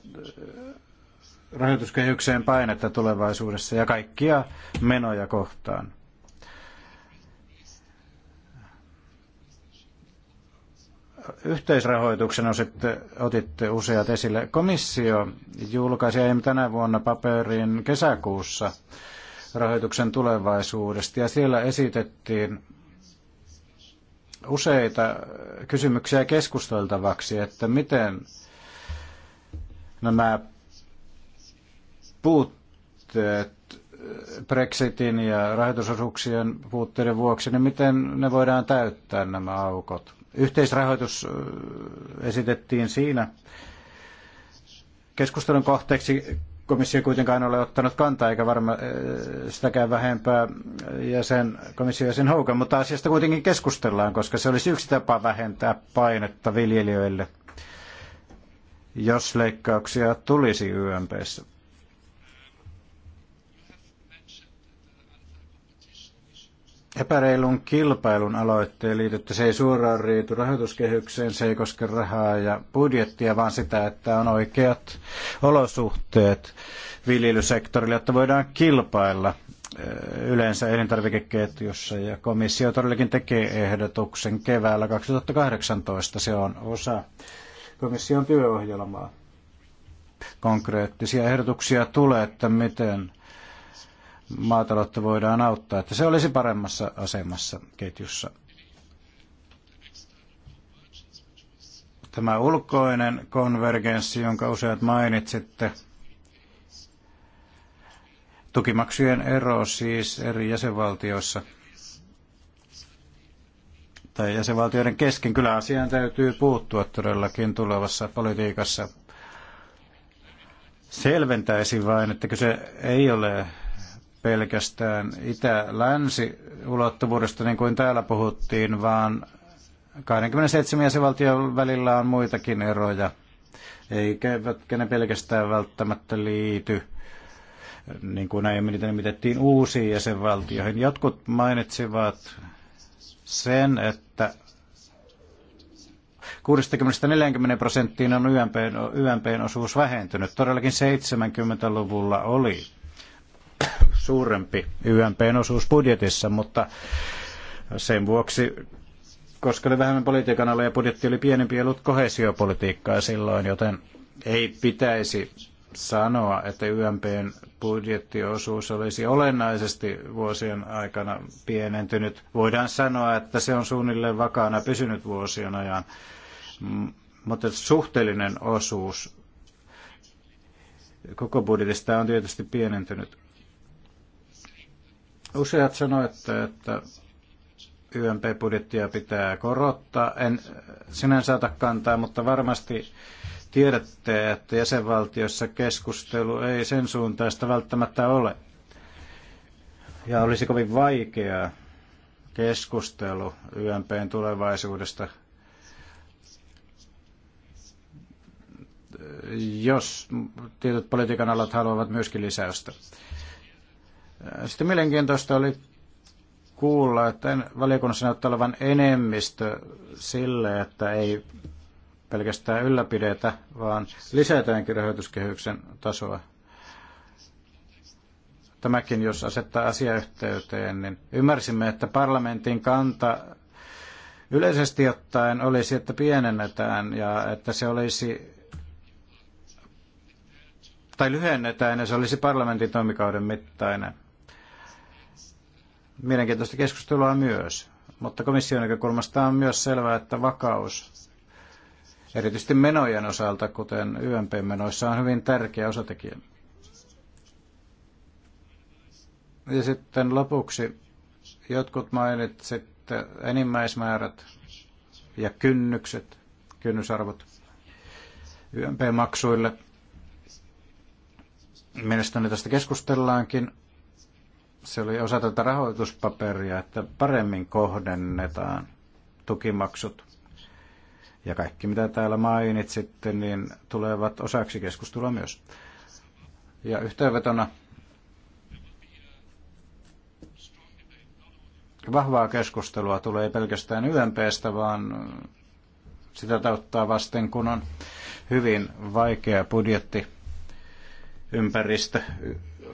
rahoituskehykseen painetta tulevaisuudessa ja kaikkia menoja kohtaan. Yhteisrahoituksen ositte, otitte useat esille. Komissio julkaisi tänä vuonna paperin kesäkuussa rahoituksen tulevaisuudesta ja siellä esitettiin useita kysymyksiä keskusteltavaksi, että miten nämä puutteet Brexitin ja rahoitusosuuksien puutteiden vuoksi, niin miten ne voidaan täyttää nämä aukot? Yhteisrahoitus esitettiin siinä. Keskustelun kohteeksi komissio kuitenkaan ole ottanut kantaa, eikä varmaan sitäkään vähempää jäsen, komission jäsen Houkan, mutta asiasta kuitenkin keskustellaan, koska se olisi yksi tapa vähentää painetta viljelijöille, jos leikkauksia tulisi YMPssä. epäreilun kilpailun aloitteen liitytty. Se ei suoraan riitu rahoituskehykseen, se ei koske rahaa ja budjettia, vaan sitä, että on oikeat olosuhteet viljelysektorille, että voidaan kilpailla eh, yleensä elintarvikeketjussa ja komissio todellakin tekee ehdotuksen keväällä 2018. Se on osa komission työohjelmaa. Konkreettisia ehdotuksia tulee, että miten maataloutta voidaan auttaa, että se olisi paremmassa asemassa ketjussa. Tämä ulkoinen konvergenssi, jonka useat mainitsitte, tukimaksujen ero siis eri jäsenvaltioissa tai jäsenvaltioiden kesken. Kyllä asiaan täytyy puuttua todellakin tulevassa politiikassa. Selventäisin vain, että kyse ei ole pelkästään itä-länsi-ulottuvuudesta, niin kuin täällä puhuttiin, vaan 27 jäsenvaltion välillä on muitakin eroja, eivätkä ne pelkästään välttämättä liity niin kuin aiemmin niitä nimitettiin uusiin jäsenvaltioihin. Jotkut mainitsivat sen, että 60-40 prosenttiin on YMPn, YMPn osuus vähentynyt. Todellakin 70-luvulla oli suurempi YMPn osuus budjetissa, mutta sen vuoksi koska oli vähemmän politiikan alla ja budjetti oli pienempi, ei ollut kohesiopolitiikkaa silloin, joten ei pitäisi sanoa, että YMPn budjettiosuus olisi olennaisesti vuosien aikana pienentynyt. Voidaan sanoa, että se on suunnilleen vakaana pysynyt vuosien ajan, mutta suhteellinen osuus koko budjetista on tietysti pienentynyt. Useat sanoitte, että YMP-budjettia pitää korottaa. En sinänsä ota kantaa, mutta varmasti tiedätte, että jäsenvaltiossa keskustelu ei sen suuntaista välttämättä ole. Ja olisi kovin vaikeaa keskustelu YMPn tulevaisuudesta, jos tietyt politiikan alat haluavat myöskin lisäystä. Sitten mielenkiintoista oli kuulla, että valiokunnassa näyttää olevan enemmistö sille, että ei pelkästään ylläpidetä, vaan lisätäänkin rahoituskehyksen tasoa. Tämäkin, jos asettaa asiayhteyteen, niin ymmärsimme, että parlamentin kanta yleisesti ottaen olisi, että pienennetään ja että se olisi tai lyhennetään ja se olisi parlamentin toimikauden mittainen. Mielenkiintoista keskustelua myös, mutta komission näkökulmasta on myös selvää, että vakaus erityisesti menojen osalta, kuten YMP-menoissa, on hyvin tärkeä osatekijä. Ja sitten lopuksi jotkut mainitsit enimmäismäärät ja kynnykset, kynnysarvot YMP-maksuille. Mielestäni tästä keskustellaankin se oli osa tätä rahoituspaperia, että paremmin kohdennetaan tukimaksut. Ja kaikki, mitä täällä mainitsitte, niin tulevat osaksi keskustelua myös. Ja yhteenvetona vahvaa keskustelua tulee ei pelkästään YMPstä, vaan sitä tauttaa vasten, kun on hyvin vaikea budjetti ympäristö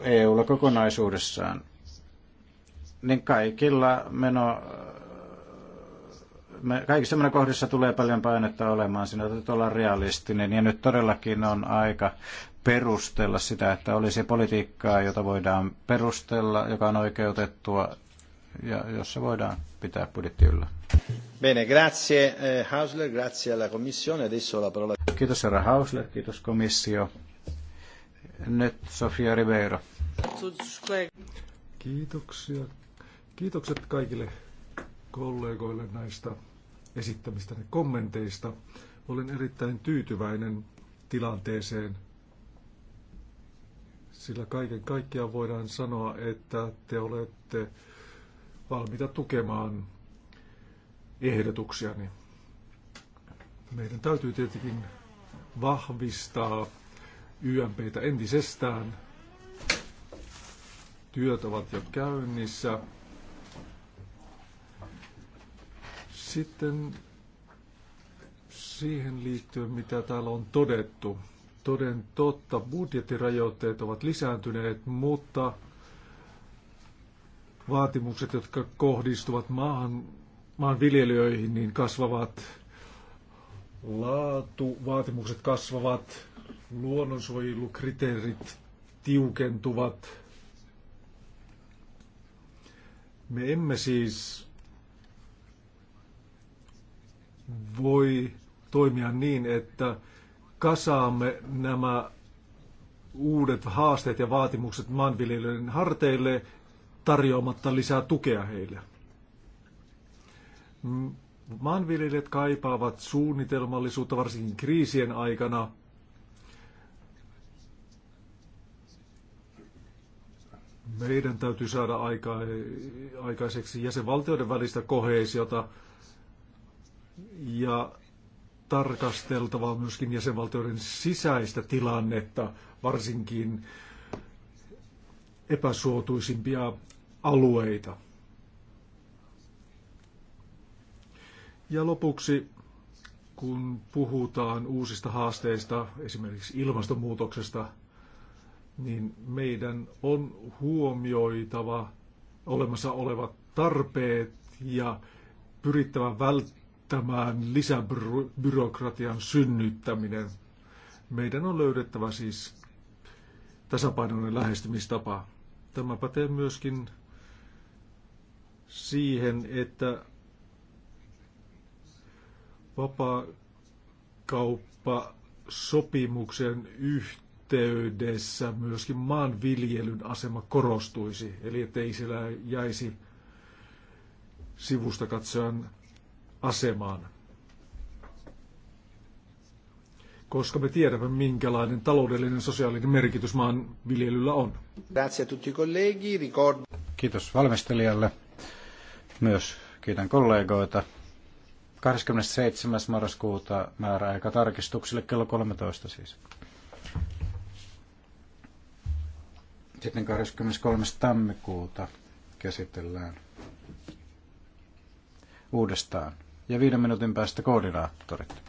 EUlla kokonaisuudessaan niin kaikilla meno, me, kaikissa menokohdissa tulee paljon painetta olemaan. Siinä täytyy olla realistinen ja nyt todellakin on aika perustella sitä, että olisi politiikkaa, jota voidaan perustella, joka on oikeutettua ja jossa voidaan pitää budjetti yllä. Bene, grazie eh, Hausler, grazie alla Commissione. Adesso la parola... Kiitos herra Hausler, kiitos komissio. Nyt Sofia Ribeiro. Kiitoksia Kiitokset kaikille kollegoille näistä esittämistäne kommenteista. Olen erittäin tyytyväinen tilanteeseen, sillä kaiken kaikkiaan voidaan sanoa, että te olette valmiita tukemaan ehdotuksiani. Meidän täytyy tietenkin vahvistaa YMPtä entisestään. Työt ovat jo käynnissä. Sitten siihen liittyen, mitä täällä on todettu. Toden totta, budjettirajoitteet ovat lisääntyneet, mutta vaatimukset, jotka kohdistuvat maahan, maanviljelijöihin, niin kasvavat. Laatuvaatimukset kasvavat, luonnonsuojelukriteerit tiukentuvat. Me emme siis voi toimia niin, että kasaamme nämä uudet haasteet ja vaatimukset maanviljelijöiden harteille tarjoamatta lisää tukea heille. Maanviljelijät kaipaavat suunnitelmallisuutta varsinkin kriisien aikana. Meidän täytyy saada aika, aikaiseksi jäsenvaltioiden välistä koheisiota, ja tarkasteltava myöskin jäsenvaltioiden sisäistä tilannetta, varsinkin epäsuotuisimpia alueita. Ja lopuksi, kun puhutaan uusista haasteista, esimerkiksi ilmastonmuutoksesta, niin meidän on huomioitava olemassa olevat tarpeet ja pyrittävä välttämään tämän lisäbyrokratian synnyttäminen. Meidän on löydettävä siis tasapainoinen lähestymistapa. Tämä pätee myöskin siihen, että vapaakauppasopimuksen yhteydessä myöskin maanviljelyn asema korostuisi, eli ettei siellä jäisi sivusta katsoen asemaan. Koska me tiedämme, minkälainen taloudellinen ja sosiaalinen merkitys maanviljelyllä on. Kiitos valmistelijalle. Myös kiitän kollegoita. 27. marraskuuta määräaika tarkistuksille kello 13 siis. Sitten 23. tammikuuta käsitellään uudestaan ja viiden minuutin päästä koordinaattorit.